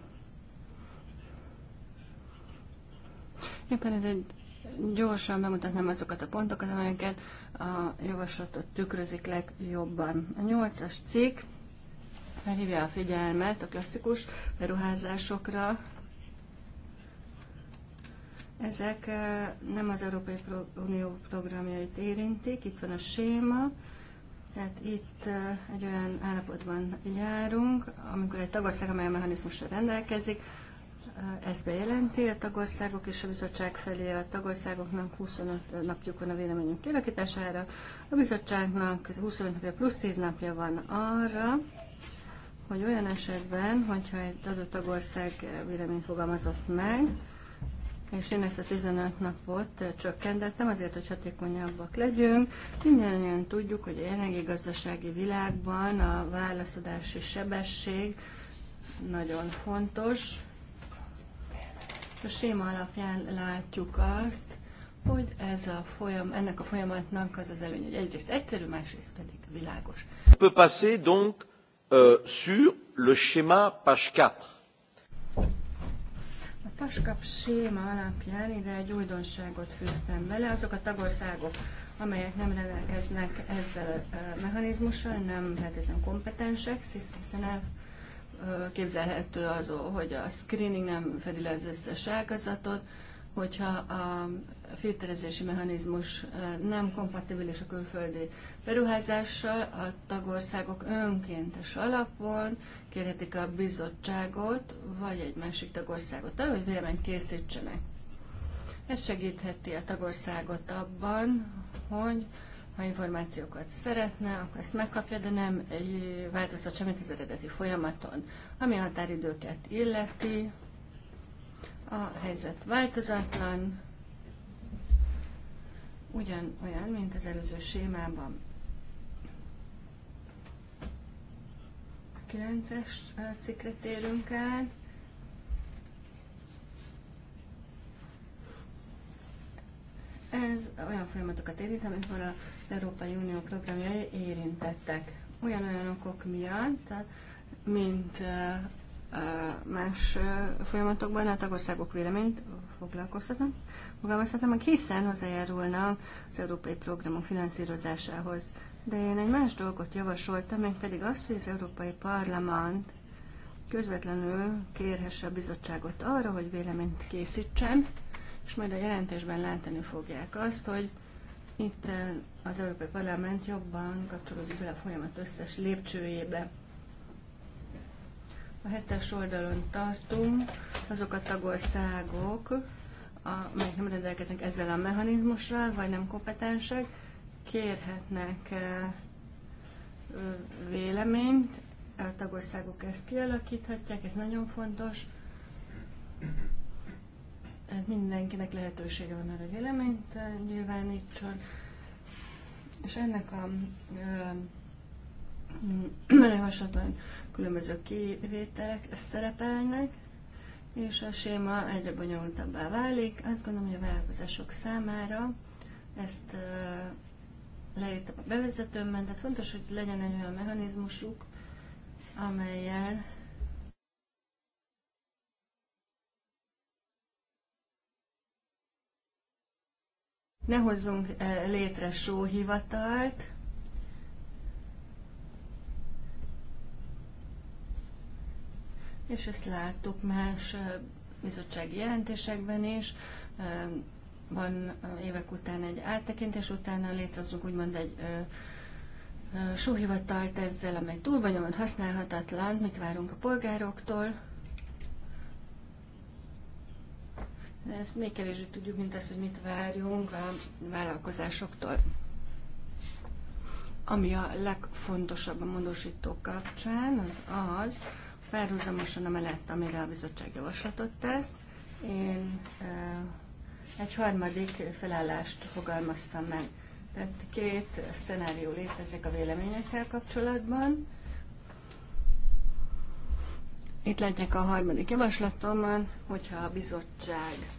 Éppen ezért gyorsan bemutatnám azokat a pontokat, amelyeket a javaslatot tükrözik legjobban. A nyolcas cikk felhívja a figyelmet a klasszikus beruházásokra. Ezek eh, nem az Európai Unió programjait érintik, itt van a séma, tehát itt eh, egy olyan állapotban járunk, amikor egy tagország, amely a mechanizmusra rendelkezik, ezt bejelenti a tagországok és a bizottság felé. A tagországoknak 25 napjuk van a véleményünk kialakítására, a bizottságnak 25 napja plusz 10 napja van arra, hogy olyan esetben, hogyha egy adott tagország véleményt fogalmazott meg, és én ezt a 15 napot csökkentettem, azért, hogy hatékonyabbak legyünk. Mindjárt tudjuk, hogy a jelenlegi gazdasági világban a válaszadási sebesség nagyon fontos, a séma alapján látjuk azt, hogy ez a folyam, ennek a folyamatnak az az előny, hogy egyrészt egyszerű, másrészt pedig világos. On peut passer donc euh, sur le schéma page 4. A Paskap séma alapján ide egy újdonságot fűztem bele, azok a tagországok, amelyek nem rendelkeznek ezzel a mechanizmussal, nem feltétlenül kompetensek, hiszen képzelhető az, hogy a screening nem fedi le az összes ágazatot, hogyha a filterezési mechanizmus nem kompatibilis a külföldi beruházással, a tagországok önkéntes alapon kérhetik a bizottságot, vagy egy másik tagországot arra, hogy véleményt készítsenek. Ez segítheti a tagországot abban, hogy ha információkat szeretne, akkor ezt megkapja, de nem változtat semmit az eredeti folyamaton. Ami a határidőket illeti, a helyzet változatlan, ugyanolyan, mint az előző sémában. A 9-es cikre térünk át. Ez olyan folyamatokat érint, amikor az Európai Unió programjai érintettek. Olyan-olyan okok miatt, mint más folyamatokban a tagországok véleményt foglalkoztatnak, hogy hiszen hozzájárulnak az európai programok finanszírozásához. De én egy más dolgot javasoltam, meg pedig azt, hogy az Európai Parlament közvetlenül kérhesse a bizottságot arra, hogy véleményt készítsen és majd a jelentésben látni fogják azt, hogy itt eh, az Európai Parlament jobban kapcsolódik bele a folyamat összes lépcsőjébe. A hetes oldalon tartunk azok a tagországok, amelyek nem rendelkeznek ezzel a mechanizmussal, vagy nem kompetensek, kérhetnek eh, véleményt, a tagországok ezt kialakíthatják, ez nagyon fontos. Tehát mindenkinek lehetősége van arra véleményt eh, nyilvánítson. És ennek a [CLEARS THROAT] javaslatban különböző kivételek szerepelnek, és a séma egyre bonyolultabbá válik. Azt gondolom, hogy a vállalkozások számára ezt leírtam a bevezetőmben, tehát fontos, hogy legyen egy olyan mechanizmusuk, amelyel Ne hozzunk eh, létre sóhivatalt, és ezt láttuk más eh, bizottsági jelentésekben is. Eh, van évek után egy áttekintés, utána létrehozunk úgymond egy sóhivatalt ezzel, amely túl használhatatlan, mit várunk a polgároktól, De ezt még kevésbé tudjuk, mint az, hogy mit várjunk a vállalkozásoktól. Ami a legfontosabb a módosító kapcsán, az az, párhuzamosan mellett, amire a bizottság javaslatot tesz, én egy harmadik felállást fogalmaztam meg. Tehát két szenárió létezik a véleményekkel kapcsolatban. Itt látják a harmadik javaslatomon, hogyha a bizottság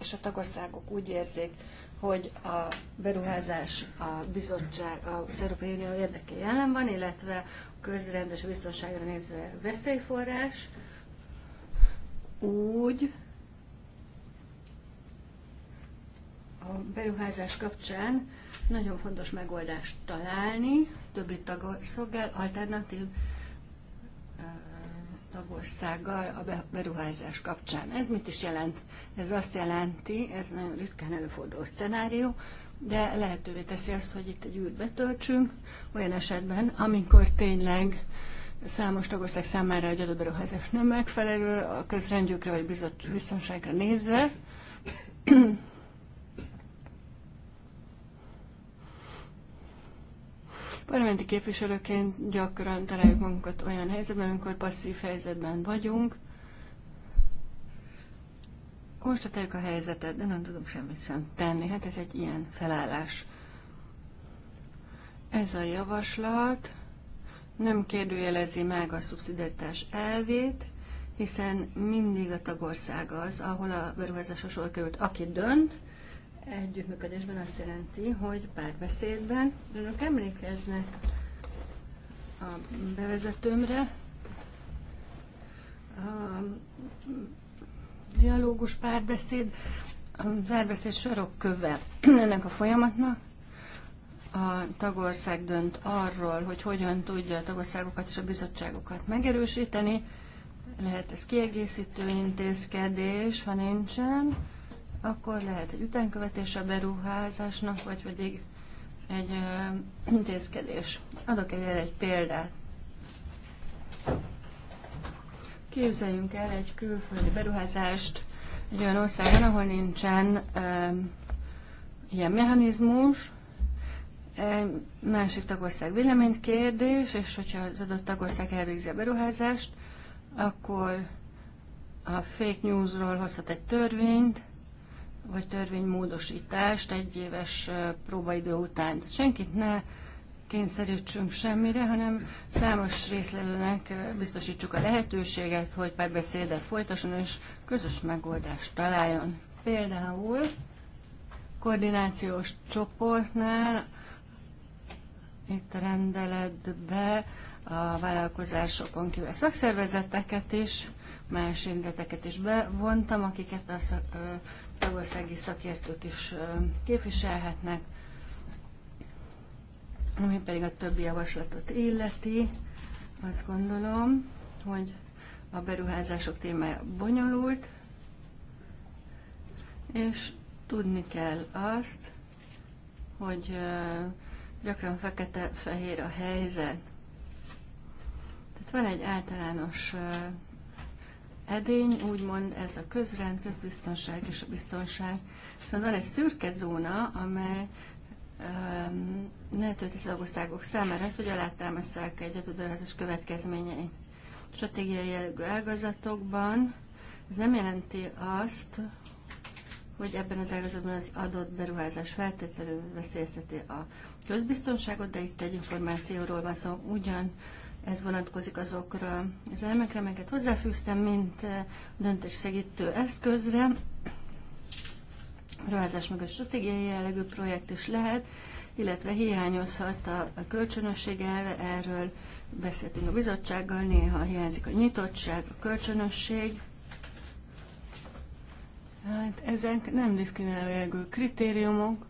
és a tagországok úgy érzik, hogy a beruházás a bizottság, az Európai Unió érdekei jelen van, illetve a közrendes biztonságra nézve veszélyforrás, úgy a beruházás kapcsán nagyon fontos megoldást találni, többi tagországgal alternatív tagországgal a beruházás kapcsán. Ez mit is jelent? Ez azt jelenti, ez nagyon ritkán előforduló szenárió, de lehetővé teszi azt, hogy itt egy űrt betöltsünk olyan esetben, amikor tényleg számos tagország számára egy adott beruházás nem megfelelő, a közrendjükre vagy biztonságra nézve, Parlamenti képviselőként gyakran találjuk magunkat olyan helyzetben, amikor passzív helyzetben vagyunk, konstatáljuk a helyzetet, de nem tudunk semmit sem tenni. Hát ez egy ilyen felállás. Ez a javaslat nem kérdőjelezi meg a szubszidiaritás elvét, hiszen mindig a tagország az, ahol a beruházásos sor került, aki dönt, együttműködésben azt jelenti, hogy párbeszédben önök emlékeznek a bevezetőmre, a dialógus párbeszéd, a párbeszéd köve ennek a folyamatnak. A tagország dönt arról, hogy hogyan tudja a tagországokat és a bizottságokat megerősíteni. Lehet ez kiegészítő intézkedés, ha nincsen akkor lehet egy utánkövetés a beruházásnak, vagy pedig egy intézkedés. Adok egy, egy példát. Képzeljünk el egy külföldi beruházást egy olyan országban, ahol nincsen um, ilyen mechanizmus, egy másik tagország véleményt kérdés, és hogyha az adott tagország elvégzi a beruházást, akkor a fake newsról hozhat egy törvényt, vagy törvénymódosítást egy éves próbaidő után. Senkit ne kényszerítsünk semmire, hanem számos részlevőnek biztosítsuk a lehetőséget, hogy párbeszédet folytasson és közös megoldást találjon. Például koordinációs csoportnál itt rendeletbe a vállalkozásokon kívül a szakszervezeteket is más rendeteket is bevontam, akiket a szak, tagországi szakértők is képviselhetnek, ami pedig a többi javaslatot illeti. Azt gondolom, hogy a beruházások témája bonyolult, és tudni kell azt, hogy gyakran fekete-fehér a helyzet. Tehát van egy általános edény, úgymond ez a közrend, közbiztonság és a biztonság. Szóval van egy szürke zóna, amely um, lehetővé teszi országok számára az, hogy alátámasztják egy adott beruházás következményeit. Stratégiai jellegű ágazatokban ez nem jelenti azt, hogy ebben az ágazatban az adott beruházás feltétlenül veszélyezteti a közbiztonságot, de itt egy információról van szó, szóval ugyan ez vonatkozik azokra az elemekre, amelyeket hozzáfűztem, mint eh, döntés segítő eszközre. Ruházás meg a stratégiai jellegű projekt is lehet, illetve hiányozhat a, a kölcsönösség el, erről beszéltünk a bizottsággal, néha hiányzik a nyitottság, a kölcsönösség. Hát ezek nem diszkrimináló jellegű kritériumok,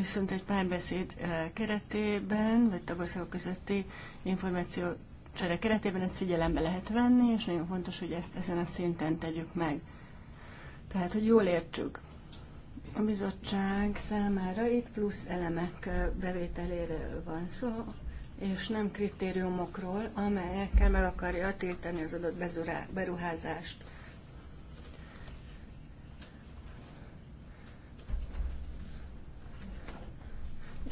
viszont egy párbeszéd eh, keretében, vagy tagországok közötti információ csere keretében ezt figyelembe lehet venni, és nagyon fontos, hogy ezt ezen a szinten tegyük meg. Tehát, hogy jól értsük. A bizottság számára itt plusz elemek eh, bevételéről van szó, és nem kritériumokról, amelyekkel meg akarja tiltani az adott beruházást.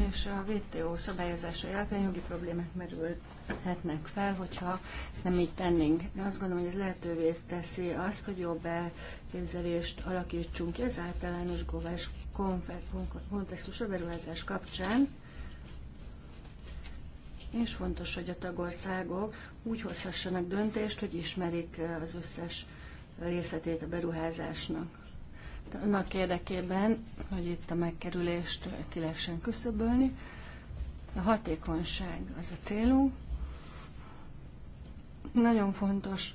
és a WTO szabályozása alapján jogi problémák merülhetnek fel, hogyha nem így tennénk. De azt gondolom, hogy ez lehetővé teszi azt, hogy jobb elképzelést alakítsunk ki az általános góvás kontextus a beruházás kapcsán, és fontos, hogy a tagországok úgy hozhassanak döntést, hogy ismerik az összes részletét a beruházásnak annak érdekében, hogy itt a megkerülést ki lehessen küszöbölni. A hatékonyság az a célunk. Nagyon fontos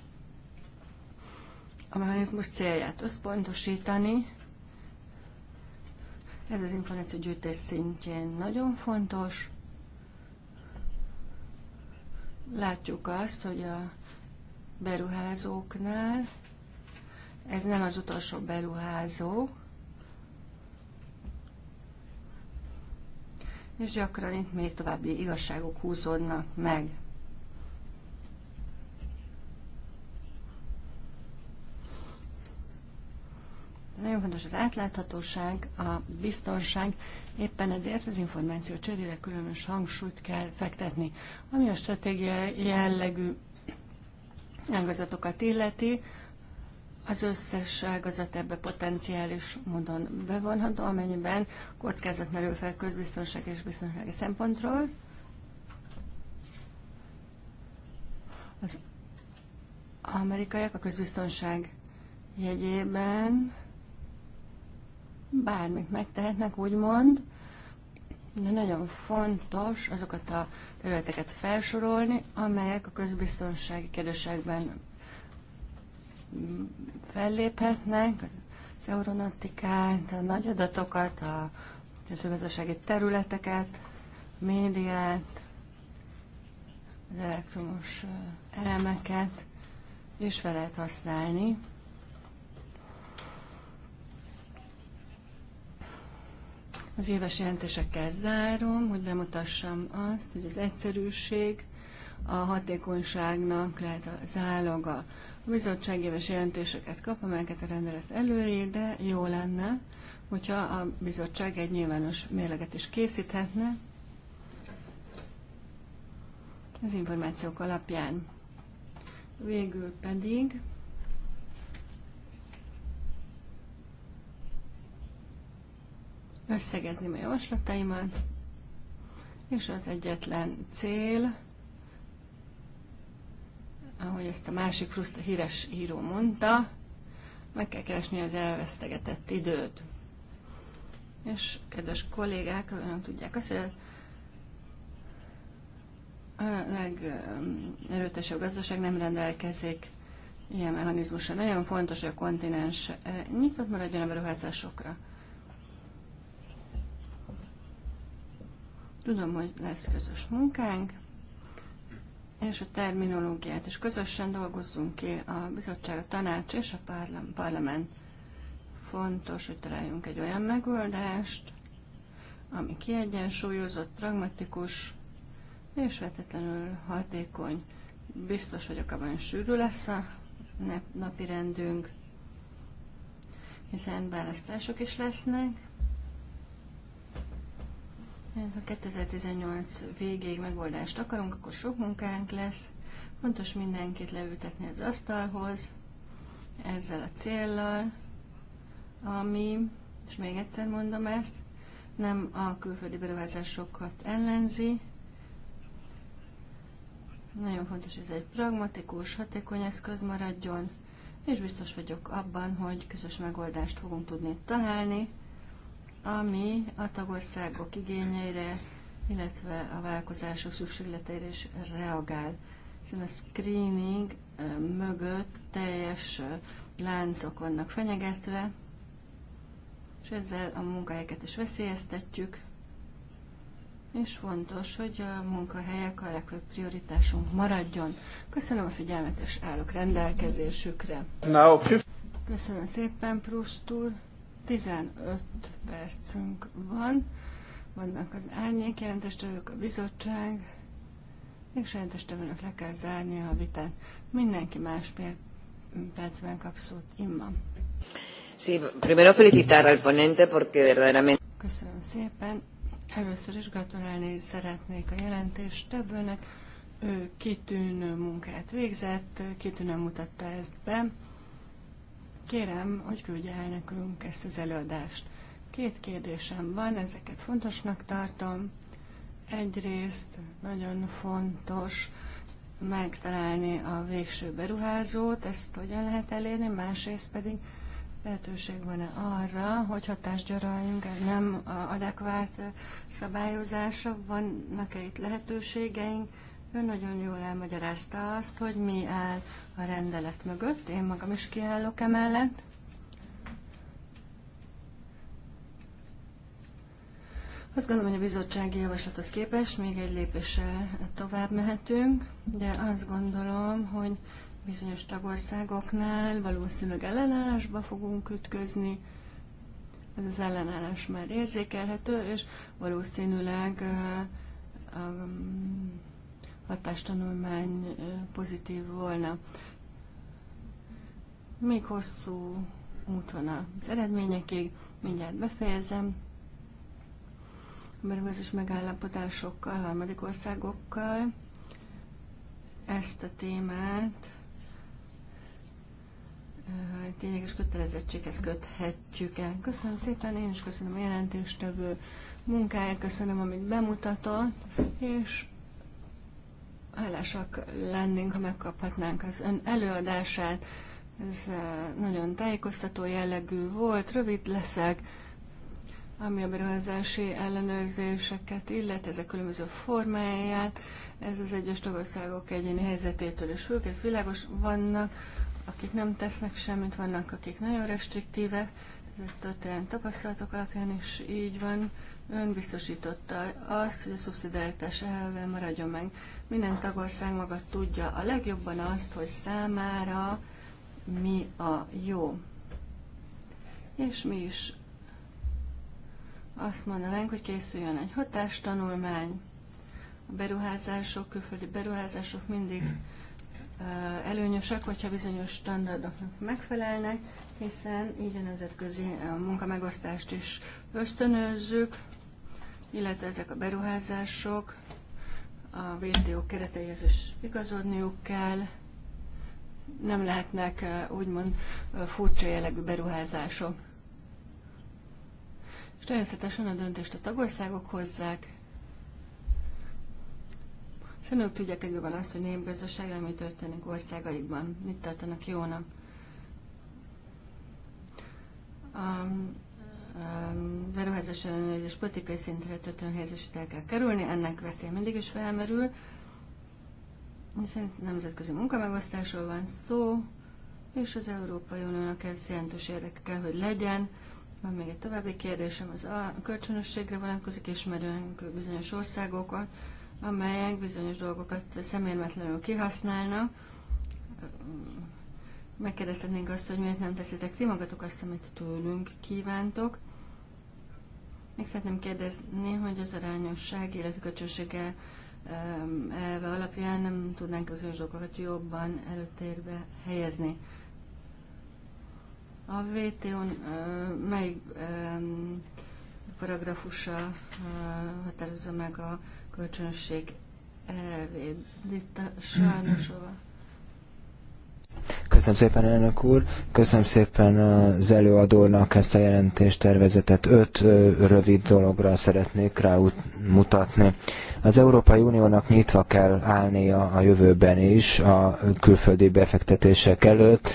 a mechanizmus célját összpontosítani. Ez az információgyűjtés szintjén nagyon fontos. Látjuk azt, hogy a beruházóknál ez nem az utolsó beruházó. És gyakran itt még további igazságok húzódnak meg. Nagyon fontos az átláthatóság, a biztonság, éppen ezért az információ cserére különös hangsúlyt kell fektetni. Ami a stratégia jellegű ágazatokat illeti, az összes ágazat ebbe potenciális módon bevonható, amennyiben kockázat merül fel közbiztonság és biztonsági szempontról. Az amerikaiak a közbiztonság jegyében bármit megtehetnek, úgymond, de nagyon fontos azokat a területeket felsorolni, amelyek a közbiztonsági kérdésekben felléphetnek, az euronautikát, a nagy adatokat, a mezőgazdasági területeket, a médiát, az elektromos elemeket, és fel lehet használni. Az éves jelentésekkel zárom, hogy bemutassam azt, hogy az egyszerűség a hatékonyságnak lehet a záloga. A bizottság éves jelentéseket kap, amelyeket a rendelet előír, de jó lenne, hogyha a bizottság egy nyilvános mérleget is készíthetne az információk alapján. Végül pedig összegezni a javaslataimat, és az egyetlen cél ahogy ezt a másik Proust híres író mondta, meg kell keresni az elvesztegetett időt. És kedves kollégák, önök tudják azt, hogy a legerőtesebb gazdaság nem rendelkezik ilyen mechanizmusra. Nagyon fontos, hogy a kontinens eh, nyitott maradjon a beruházásokra. Tudom, hogy lesz közös munkánk, és a terminológiát, és közösen dolgozzunk ki a bizottság, a tanács és a parlament. Fontos, hogy találjunk egy olyan megoldást, ami kiegyensúlyozott, pragmatikus és vetetlenül hatékony. Biztos vagyok abban, hogy sűrű lesz a napi rendünk, hiszen választások is lesznek, ha 2018 végéig megoldást akarunk, akkor sok munkánk lesz. Fontos mindenkit leültetni az asztalhoz, ezzel a céllal, ami, és még egyszer mondom ezt, nem a külföldi beruházásokat ellenzi. Nagyon fontos, hogy ez egy pragmatikus, hatékony eszköz maradjon, és biztos vagyok abban, hogy közös megoldást fogunk tudni találni ami a tagországok igényeire, illetve a vállalkozások szükségleteire is reagál. Hiszen a screening mögött teljes láncok vannak fenyegetve, és ezzel a munkahelyeket is veszélyeztetjük, és fontos, hogy a munkahelyek a legfőbb prioritásunk maradjon. Köszönöm a figyelmet, és állok rendelkezésükre. Köszönöm szépen, Prust úr. 15 percünk van, vannak az árnyék jelentéstevők, a bizottság, és jelentéstevőnek le kell zárni a vitát. Mindenki más percben kap szót. Imma. Sí, primero felicitar al ponente porque verdaderamente... Köszönöm szépen. Először is gratulálni szeretnék a jelentéstevőnek. Ő kitűnő munkát végzett, kitűnő mutatta ezt be. Kérem, hogy küldje el nekünk ezt az előadást. Két kérdésem van, ezeket fontosnak tartom. Egyrészt nagyon fontos megtalálni a végső beruházót, ezt hogyan lehet elérni, másrészt pedig lehetőség van-e arra, hogy hatást gyaraljunk nem adekvát szabályozásra, vannak-e itt lehetőségeink, Ön nagyon jól elmagyarázta azt, hogy mi áll a rendelet mögött. Én magam is kiállok emellett. Azt gondolom, hogy a bizottsági javaslathoz képest még egy lépéssel tovább mehetünk, de azt gondolom, hogy bizonyos tagországoknál valószínűleg ellenállásba fogunk ütközni. Ez az ellenállás már érzékelhető, és valószínűleg a hatástanulmány pozitív volna. Még hosszú út van az eredményekig, mindjárt befejezem. A beruházós megállapodásokkal, harmadik országokkal ezt a témát tényleges kötelezettséghez köthetjük el. Köszönöm szépen, én is köszönöm a jelentéstevő munkáját, köszönöm, amit bemutatott, és hálásak lennénk, ha megkaphatnánk az ön előadását. Ez nagyon tájékoztató jellegű volt, rövid leszek, ami a beruházási ellenőrzéseket illet, ezek különböző formáját, ez az egyes tagországok egyéni helyzetétől is függ, ez világos, vannak, akik nem tesznek semmit, vannak, akik nagyon restriktívek, ez történelmi tapasztalatok alapján is így van, ön biztosította azt, hogy a szubszidáltás elve maradjon meg. Minden tagország maga tudja a legjobban azt, hogy számára mi a jó. És mi is azt mondanánk, hogy készüljön egy hatástanulmány. A beruházások, külföldi beruházások mindig előnyösek, hogyha bizonyos standardoknak megfelelnek, hiszen így a nemzetközi munkamegosztást is ösztönözzük, illetve ezek a beruházások a WTO kereteihez is igazodniuk kell, nem lehetnek úgymond furcsa jellegű beruházások. És természetesen a döntést a tagországok hozzák. Szerintem ők tudják legjobban azt, hogy népgazdaság, mi történik országaikban, mit tartanak jónak. Um, beruházás és politikai szintre történő helyezését el kell kerülni, ennek veszély mindig is felmerül, Szerintem nemzetközi munkamegosztásról van szó, és az Európai Uniónak ez jelentős érdeke kell, hogy legyen. Van még egy további kérdésem, az a kölcsönösségre vonatkozik, ismerünk bizonyos országokat, amelyek bizonyos dolgokat szemérmetlenül kihasználnak. Megkérdezhetnénk azt, hogy miért nem teszitek ti magatok azt, amit tőlünk kívántok. Még szeretném kérdezni, hogy az arányosság, illetve köcsössége elve alapján nem tudnánk az dolgokat jobban előtérbe helyezni. A VTO-n mely paragrafusa határozza meg a kölcsönség elvét? Itt a [CLEARS THROAT] Köszönöm szépen, elnök úr. Köszönöm szépen az előadónak ezt a jelentést tervezetet. Öt rövid dologra szeretnék rá mutatni. Az Európai Uniónak nyitva kell állnia a jövőben is a külföldi befektetések előtt.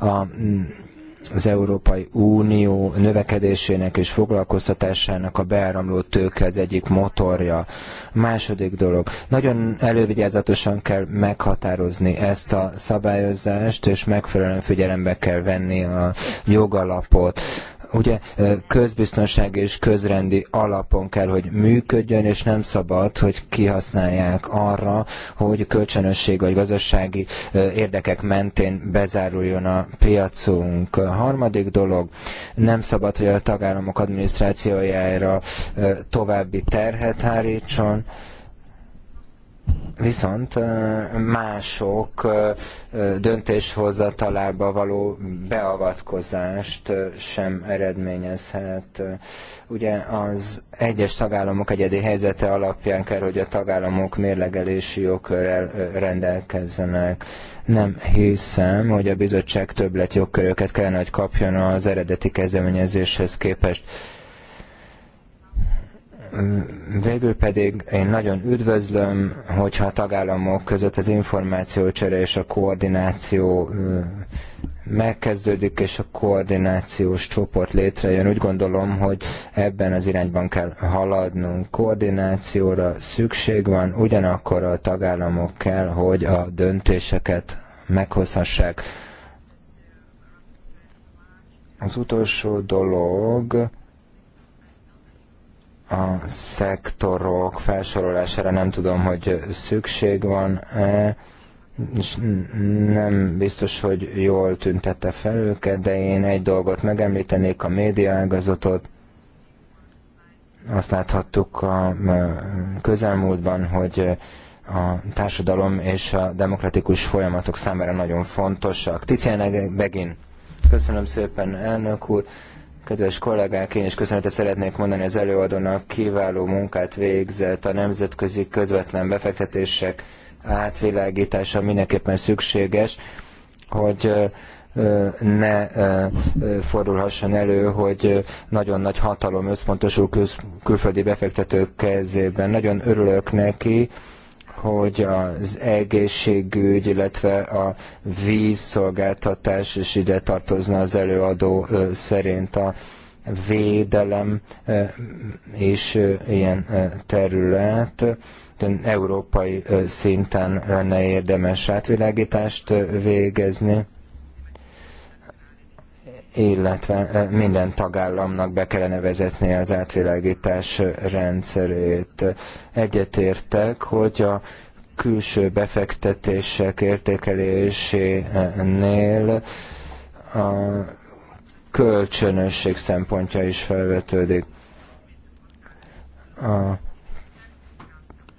A az Európai Unió növekedésének és foglalkoztatásának a beáramló tőke az egyik motorja. Második dolog, nagyon elővigyázatosan kell meghatározni ezt a szabályozást, és megfelelően figyelembe kell venni a jogalapot ugye közbiztonság és közrendi alapon kell, hogy működjön, és nem szabad, hogy kihasználják arra, hogy kölcsönösség vagy gazdasági érdekek mentén bezáruljon a piacunk. A harmadik dolog, nem szabad, hogy a tagállamok adminisztrációjára további terhet hárítson, Viszont mások döntéshozatalába való beavatkozást sem eredményezhet. Ugye az egyes tagállamok egyedi helyzete alapján kell, hogy a tagállamok mérlegelési jogkörrel rendelkezzenek. Nem hiszem, hogy a bizottság többlet jogköröket kellene, hogy kapjon az eredeti kezdeményezéshez képest végül pedig én nagyon üdvözlöm, hogyha a tagállamok között az információcsere és a koordináció megkezdődik, és a koordinációs csoport létrejön. Úgy gondolom, hogy ebben az irányban kell haladnunk. Koordinációra szükség van, ugyanakkor a tagállamok kell, hogy a döntéseket meghozhassák. Az utolsó dolog a szektorok felsorolására nem tudom, hogy szükség van-e, és nem biztos, hogy jól tüntette fel őket, de én egy dolgot megemlítenék, a médiaágazatot. Azt láthattuk a közelmúltban, hogy a társadalom és a demokratikus folyamatok számára nagyon fontosak. Tiziana Begin, köszönöm szépen, elnök úr. Kedves kollégák, én is köszönetet szeretnék mondani az előadónak, kiváló munkát végzett a nemzetközi közvetlen befektetések átvilágítása mindenképpen szükséges, hogy ne fordulhasson elő, hogy nagyon nagy hatalom összpontosul kül külföldi befektetők kezében. Nagyon örülök neki, hogy az egészségügy, illetve a vízszolgáltatás is ide tartozna az előadó szerint a védelem és ilyen terület. Európai szinten lenne érdemes átvilágítást végezni illetve minden tagállamnak be kellene vezetni az átvilágítás rendszerét. Egyetértek, hogy a külső befektetések értékelésénél a kölcsönösség szempontja is felvetődik. A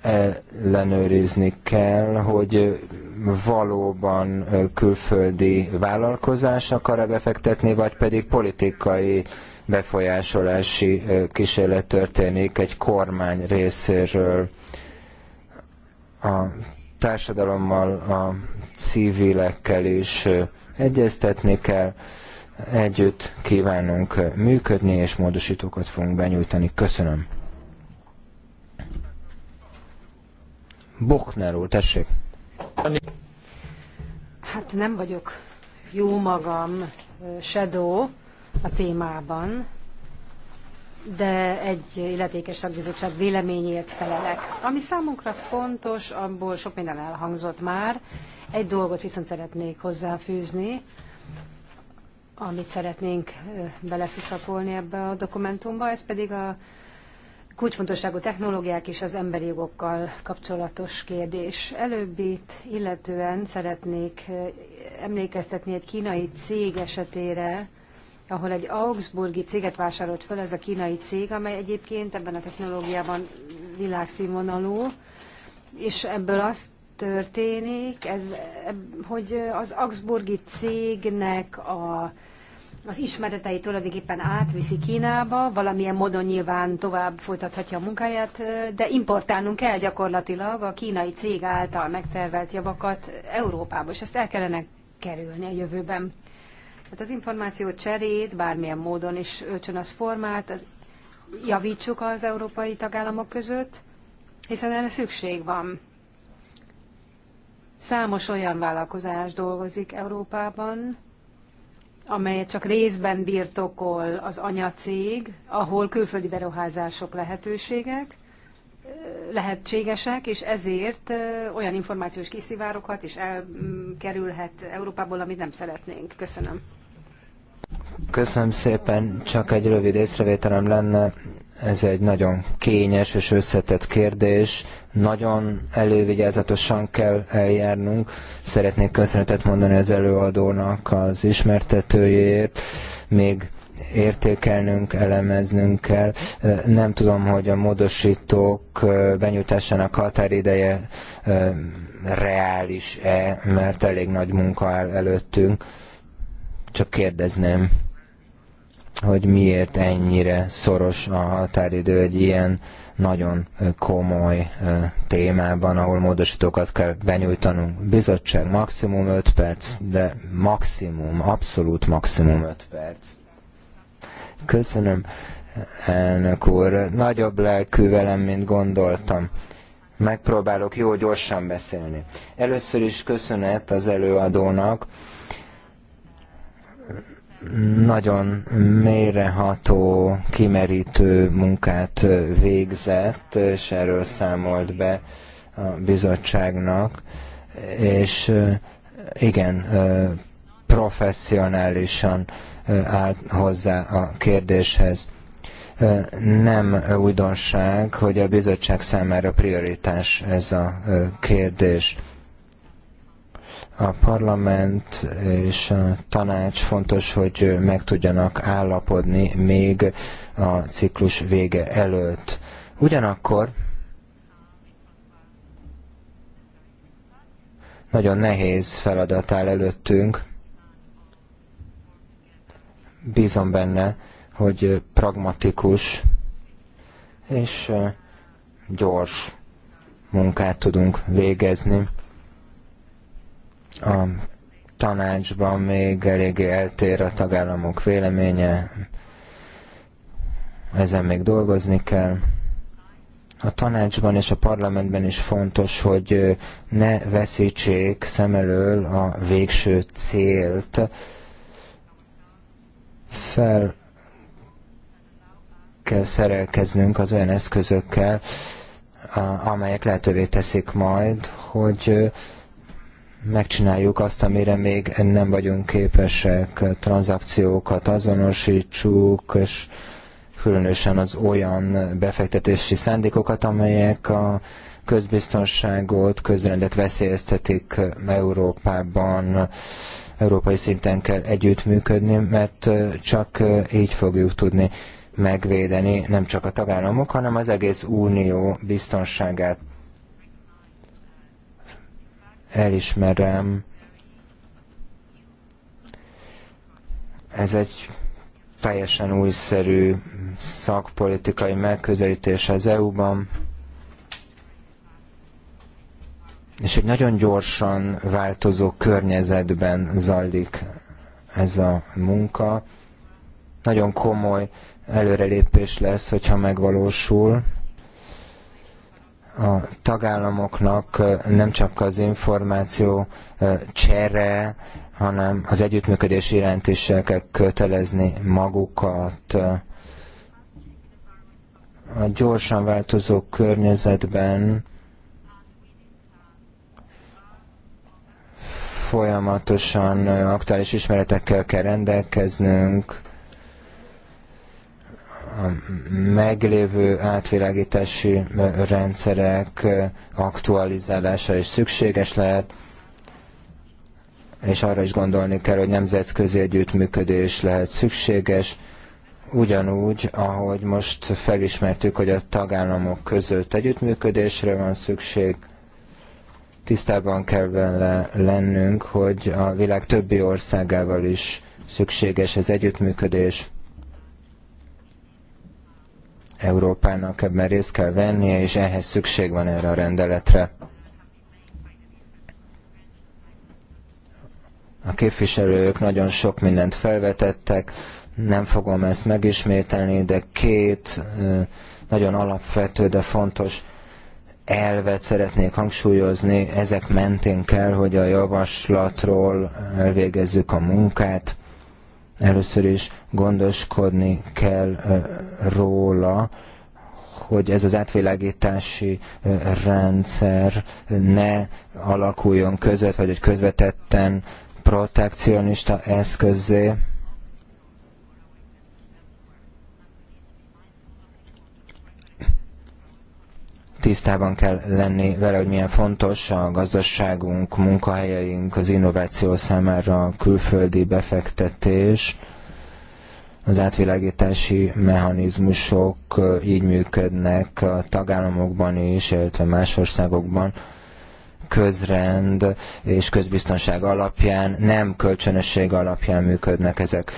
ellenőrizni kell, hogy valóban külföldi vállalkozás akar-e befektetni, vagy pedig politikai befolyásolási kísérlet történik egy kormány részéről a társadalommal, a civilekkel is egyeztetni kell. Együtt kívánunk működni, és módosítókat fogunk benyújtani. Köszönöm. Buchner úr, tessék. Hát nem vagyok jó magam shadow a témában, de egy illetékes szakbizottság véleményét felelek. Ami számunkra fontos, abból sok minden elhangzott már. Egy dolgot viszont szeretnék hozzáfűzni, amit szeretnénk beleszuszakolni ebbe a dokumentumba, ez pedig a kulcsfontosságú technológiák és az emberi jogokkal kapcsolatos kérdés. Előbbit illetően szeretnék eh, emlékeztetni egy kínai cég esetére, ahol egy Augsburgi céget vásárolt fel ez a kínai cég, amely egyébként ebben a technológiában világszínvonalú, és ebből azt történik, ez, eh, hogy az Augsburgi cégnek a az ismereteit tulajdonképpen átviszi Kínába, valamilyen módon nyilván tovább folytathatja a munkáját, de importálnunk kell gyakorlatilag a kínai cég által megtervelt javakat Európába, és ezt el kellene kerülni a jövőben. Hát az információ cserét, bármilyen módon is öltsön az formát, az, javítsuk az európai tagállamok között, hiszen erre szükség van. Számos olyan vállalkozás dolgozik Európában, amelyet csak részben birtokol az anyacég, ahol külföldi beruházások lehetőségek, lehetségesek, és ezért olyan információs kiszivárokat is elkerülhet Európából, amit nem szeretnénk. Köszönöm. Köszönöm szépen, csak egy rövid észrevételem lenne ez egy nagyon kényes és összetett kérdés, nagyon elővigyázatosan kell eljárnunk. Szeretnék köszönetet mondani az előadónak az ismertetőjéért, még értékelnünk, elemeznünk kell. Nem tudom, hogy a módosítók benyújtásának határideje reális-e, mert elég nagy munka áll előttünk. Csak kérdezném hogy miért ennyire szoros a határidő egy ilyen nagyon komoly témában, ahol módosítókat kell benyújtanunk. Bizottság maximum 5 perc, de maximum, abszolút maximum 5 perc. Köszönöm, elnök úr. Nagyobb lelkű velem, mint gondoltam. Megpróbálok jó gyorsan beszélni. Először is köszönet az előadónak, nagyon mélyreható, kimerítő munkát végzett, és erről számolt be a bizottságnak, és igen, professzionálisan állt hozzá a kérdéshez. Nem újdonság, hogy a bizottság számára prioritás ez a kérdés a parlament és a tanács fontos, hogy meg tudjanak állapodni még a ciklus vége előtt. Ugyanakkor nagyon nehéz feladat áll előttünk. Bízom benne, hogy pragmatikus és gyors munkát tudunk végezni. A tanácsban még eléggé eltér a tagállamok véleménye, ezen még dolgozni kell. A tanácsban és a parlamentben is fontos, hogy ne veszítsék szem elől a végső célt. Fel kell szerelkeznünk az olyan eszközökkel, amelyek lehetővé teszik majd, hogy megcsináljuk azt, amire még nem vagyunk képesek, tranzakciókat azonosítsuk, és különösen az olyan befektetési szándékokat, amelyek a közbiztonságot, közrendet veszélyeztetik Európában. Európai szinten kell együttműködni, mert csak így fogjuk tudni megvédeni nem csak a tagállamok, hanem az egész unió biztonságát elismerem. Ez egy teljesen újszerű szakpolitikai megközelítés az EU-ban, és egy nagyon gyorsan változó környezetben zajlik ez a munka. Nagyon komoly előrelépés lesz, hogyha megvalósul a tagállamoknak nem csak az információ csere, hanem az együttműködés iránt is el kell kötelezni magukat. A gyorsan változó környezetben folyamatosan aktuális ismeretekkel kell rendelkeznünk, meglévő átvilágítási rendszerek aktualizálása is szükséges lehet, és arra is gondolni kell, hogy nemzetközi együttműködés lehet szükséges, ugyanúgy, ahogy most felismertük, hogy a tagállamok között együttműködésre van szükség, tisztában kell vele lennünk, hogy a világ többi országával is szükséges az együttműködés. Európának ebben részt kell vennie, és ehhez szükség van erre a rendeletre. A képviselők nagyon sok mindent felvetettek, nem fogom ezt megismételni, de két nagyon alapvető, de fontos elvet szeretnék hangsúlyozni, ezek mentén kell, hogy a javaslatról elvégezzük a munkát. Először is gondoskodni kell róla, hogy ez az átvilágítási rendszer ne alakuljon közvet, vagy hogy közvetetten protekcionista eszközé tisztában kell lenni vele, hogy milyen fontos a gazdaságunk, munkahelyeink, az innováció számára a külföldi befektetés, az átvilágítási mechanizmusok így működnek a tagállamokban is, illetve más országokban közrend és közbiztonság alapján, nem kölcsönösség alapján működnek ezek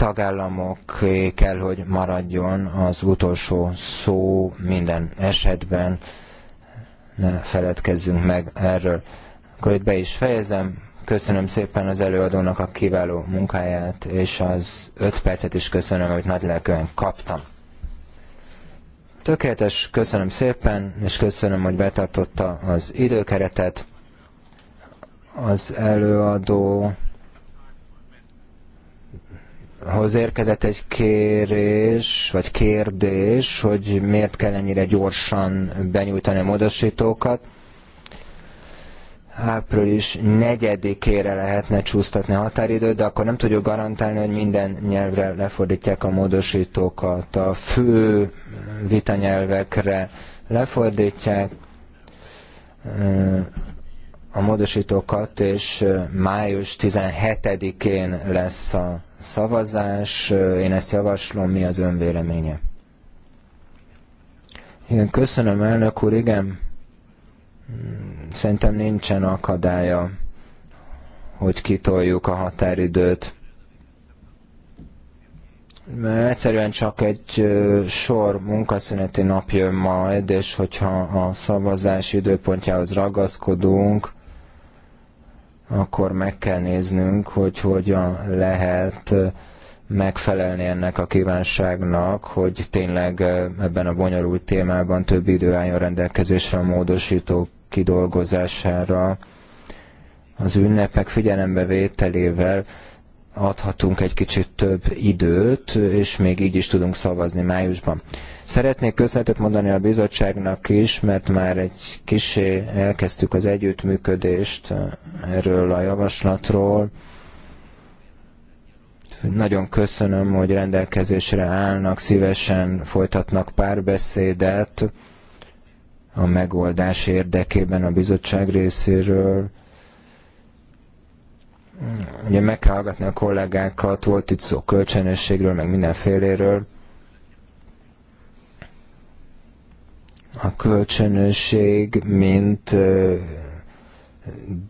tagállamok eh, kell, hogy maradjon az utolsó szó minden esetben. Ne feledkezzünk meg erről. Akkor itt be is fejezem. Köszönöm szépen az előadónak a kiváló munkáját, és az öt percet is köszönöm, amit nagy lelkően kaptam. Tökéletes, köszönöm szépen, és köszönöm, hogy betartotta az időkeretet. Az előadó hoz érkezett egy kérés, vagy kérdés, hogy miért kell ennyire gyorsan benyújtani a módosítókat. Április negyedikére lehetne csúsztatni a határidőt, de akkor nem tudjuk garantálni, hogy minden nyelvre lefordítják a módosítókat. A fő vitanyelvekre lefordítják a módosítókat, és május 17-én lesz a szavazás, én ezt javaslom, mi az ön véleménye? Igen, köszönöm elnök úr, igen. Mm, szerintem nincsen akadálya, hogy kitoljuk a határidőt. Mert egyszerűen csak egy sor munkaszüneti nap jön majd, és hogyha a szavazás időpontjához ragaszkodunk, akkor meg kell néznünk, hogy hogyan lehet megfelelni ennek a kívánságnak, hogy tényleg ebben a bonyolult témában több idő álljon rendelkezésre a módosító kidolgozására, az ünnepek figyelembevételével adhatunk egy kicsit több időt, és még így is tudunk szavazni májusban. Szeretnék köszönetet mondani a bizottságnak is, mert már egy kisé elkezdtük az együttműködést eh, erről a javaslatról. Nagyon köszönöm, hogy rendelkezésre állnak, szívesen folytatnak párbeszédet a megoldás érdekében a bizottság részéről ugye meg kell hallgatni a kollégákat, volt itt szó kölcsönösségről, meg mindenféléről. A kölcsönösség, mint ö,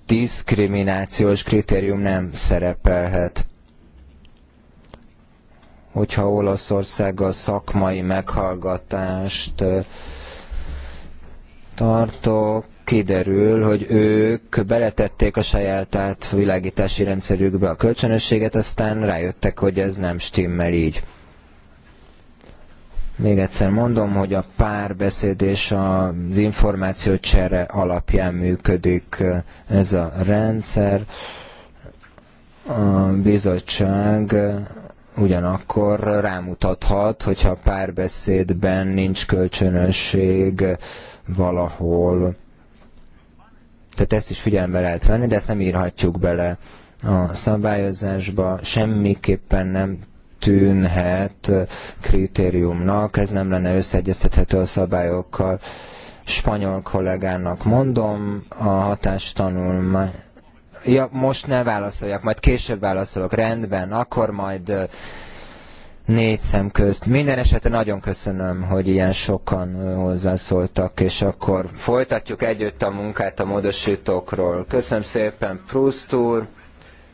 diszkriminációs kritérium nem szerepelhet. Hogyha Olaszország a szakmai meghallgatást ö, tartok, kiderül, hogy ők beletették a saját átvilágítási rendszerükbe a kölcsönösséget, aztán rájöttek, hogy ez nem stimmel így. Még egyszer mondom, hogy a párbeszéd és az információcsere alapján működik eh, ez a rendszer. A bizottság eh, ugyanakkor rámutathat, hogyha párbeszédben nincs kölcsönösség eh, valahol tehát ezt is figyelembe lehet venni, de ezt nem írhatjuk bele a szabályozásba, semmiképpen nem tűnhet kritériumnak, ez nem lenne összeegyeztethető a szabályokkal. Spanyol kollégának mondom, a hatástanulmány... Ja, most ne válaszoljak, majd később válaszolok, rendben, akkor majd négy szem közt. Minden esetre nagyon köszönöm, hogy ilyen sokan hozzászóltak, és akkor folytatjuk együtt a munkát a módosítókról. Köszönöm szépen, Proust úr,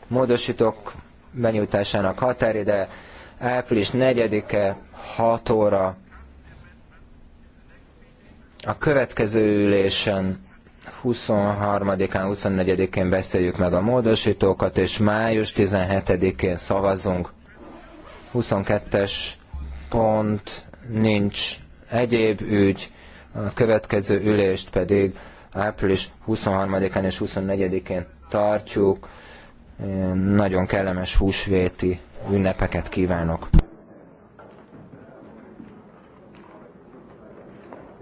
módosítók benyújtásának határide, április 4-e, 6 óra. A következő ülésen 23-án, 24-én beszéljük meg a módosítókat, és május 17-én szavazunk 22-es pont nincs egyéb ügy, a következő ülést pedig április 23-án és 24-én tartjuk. Nagyon kellemes húsvéti ünnepeket kívánok!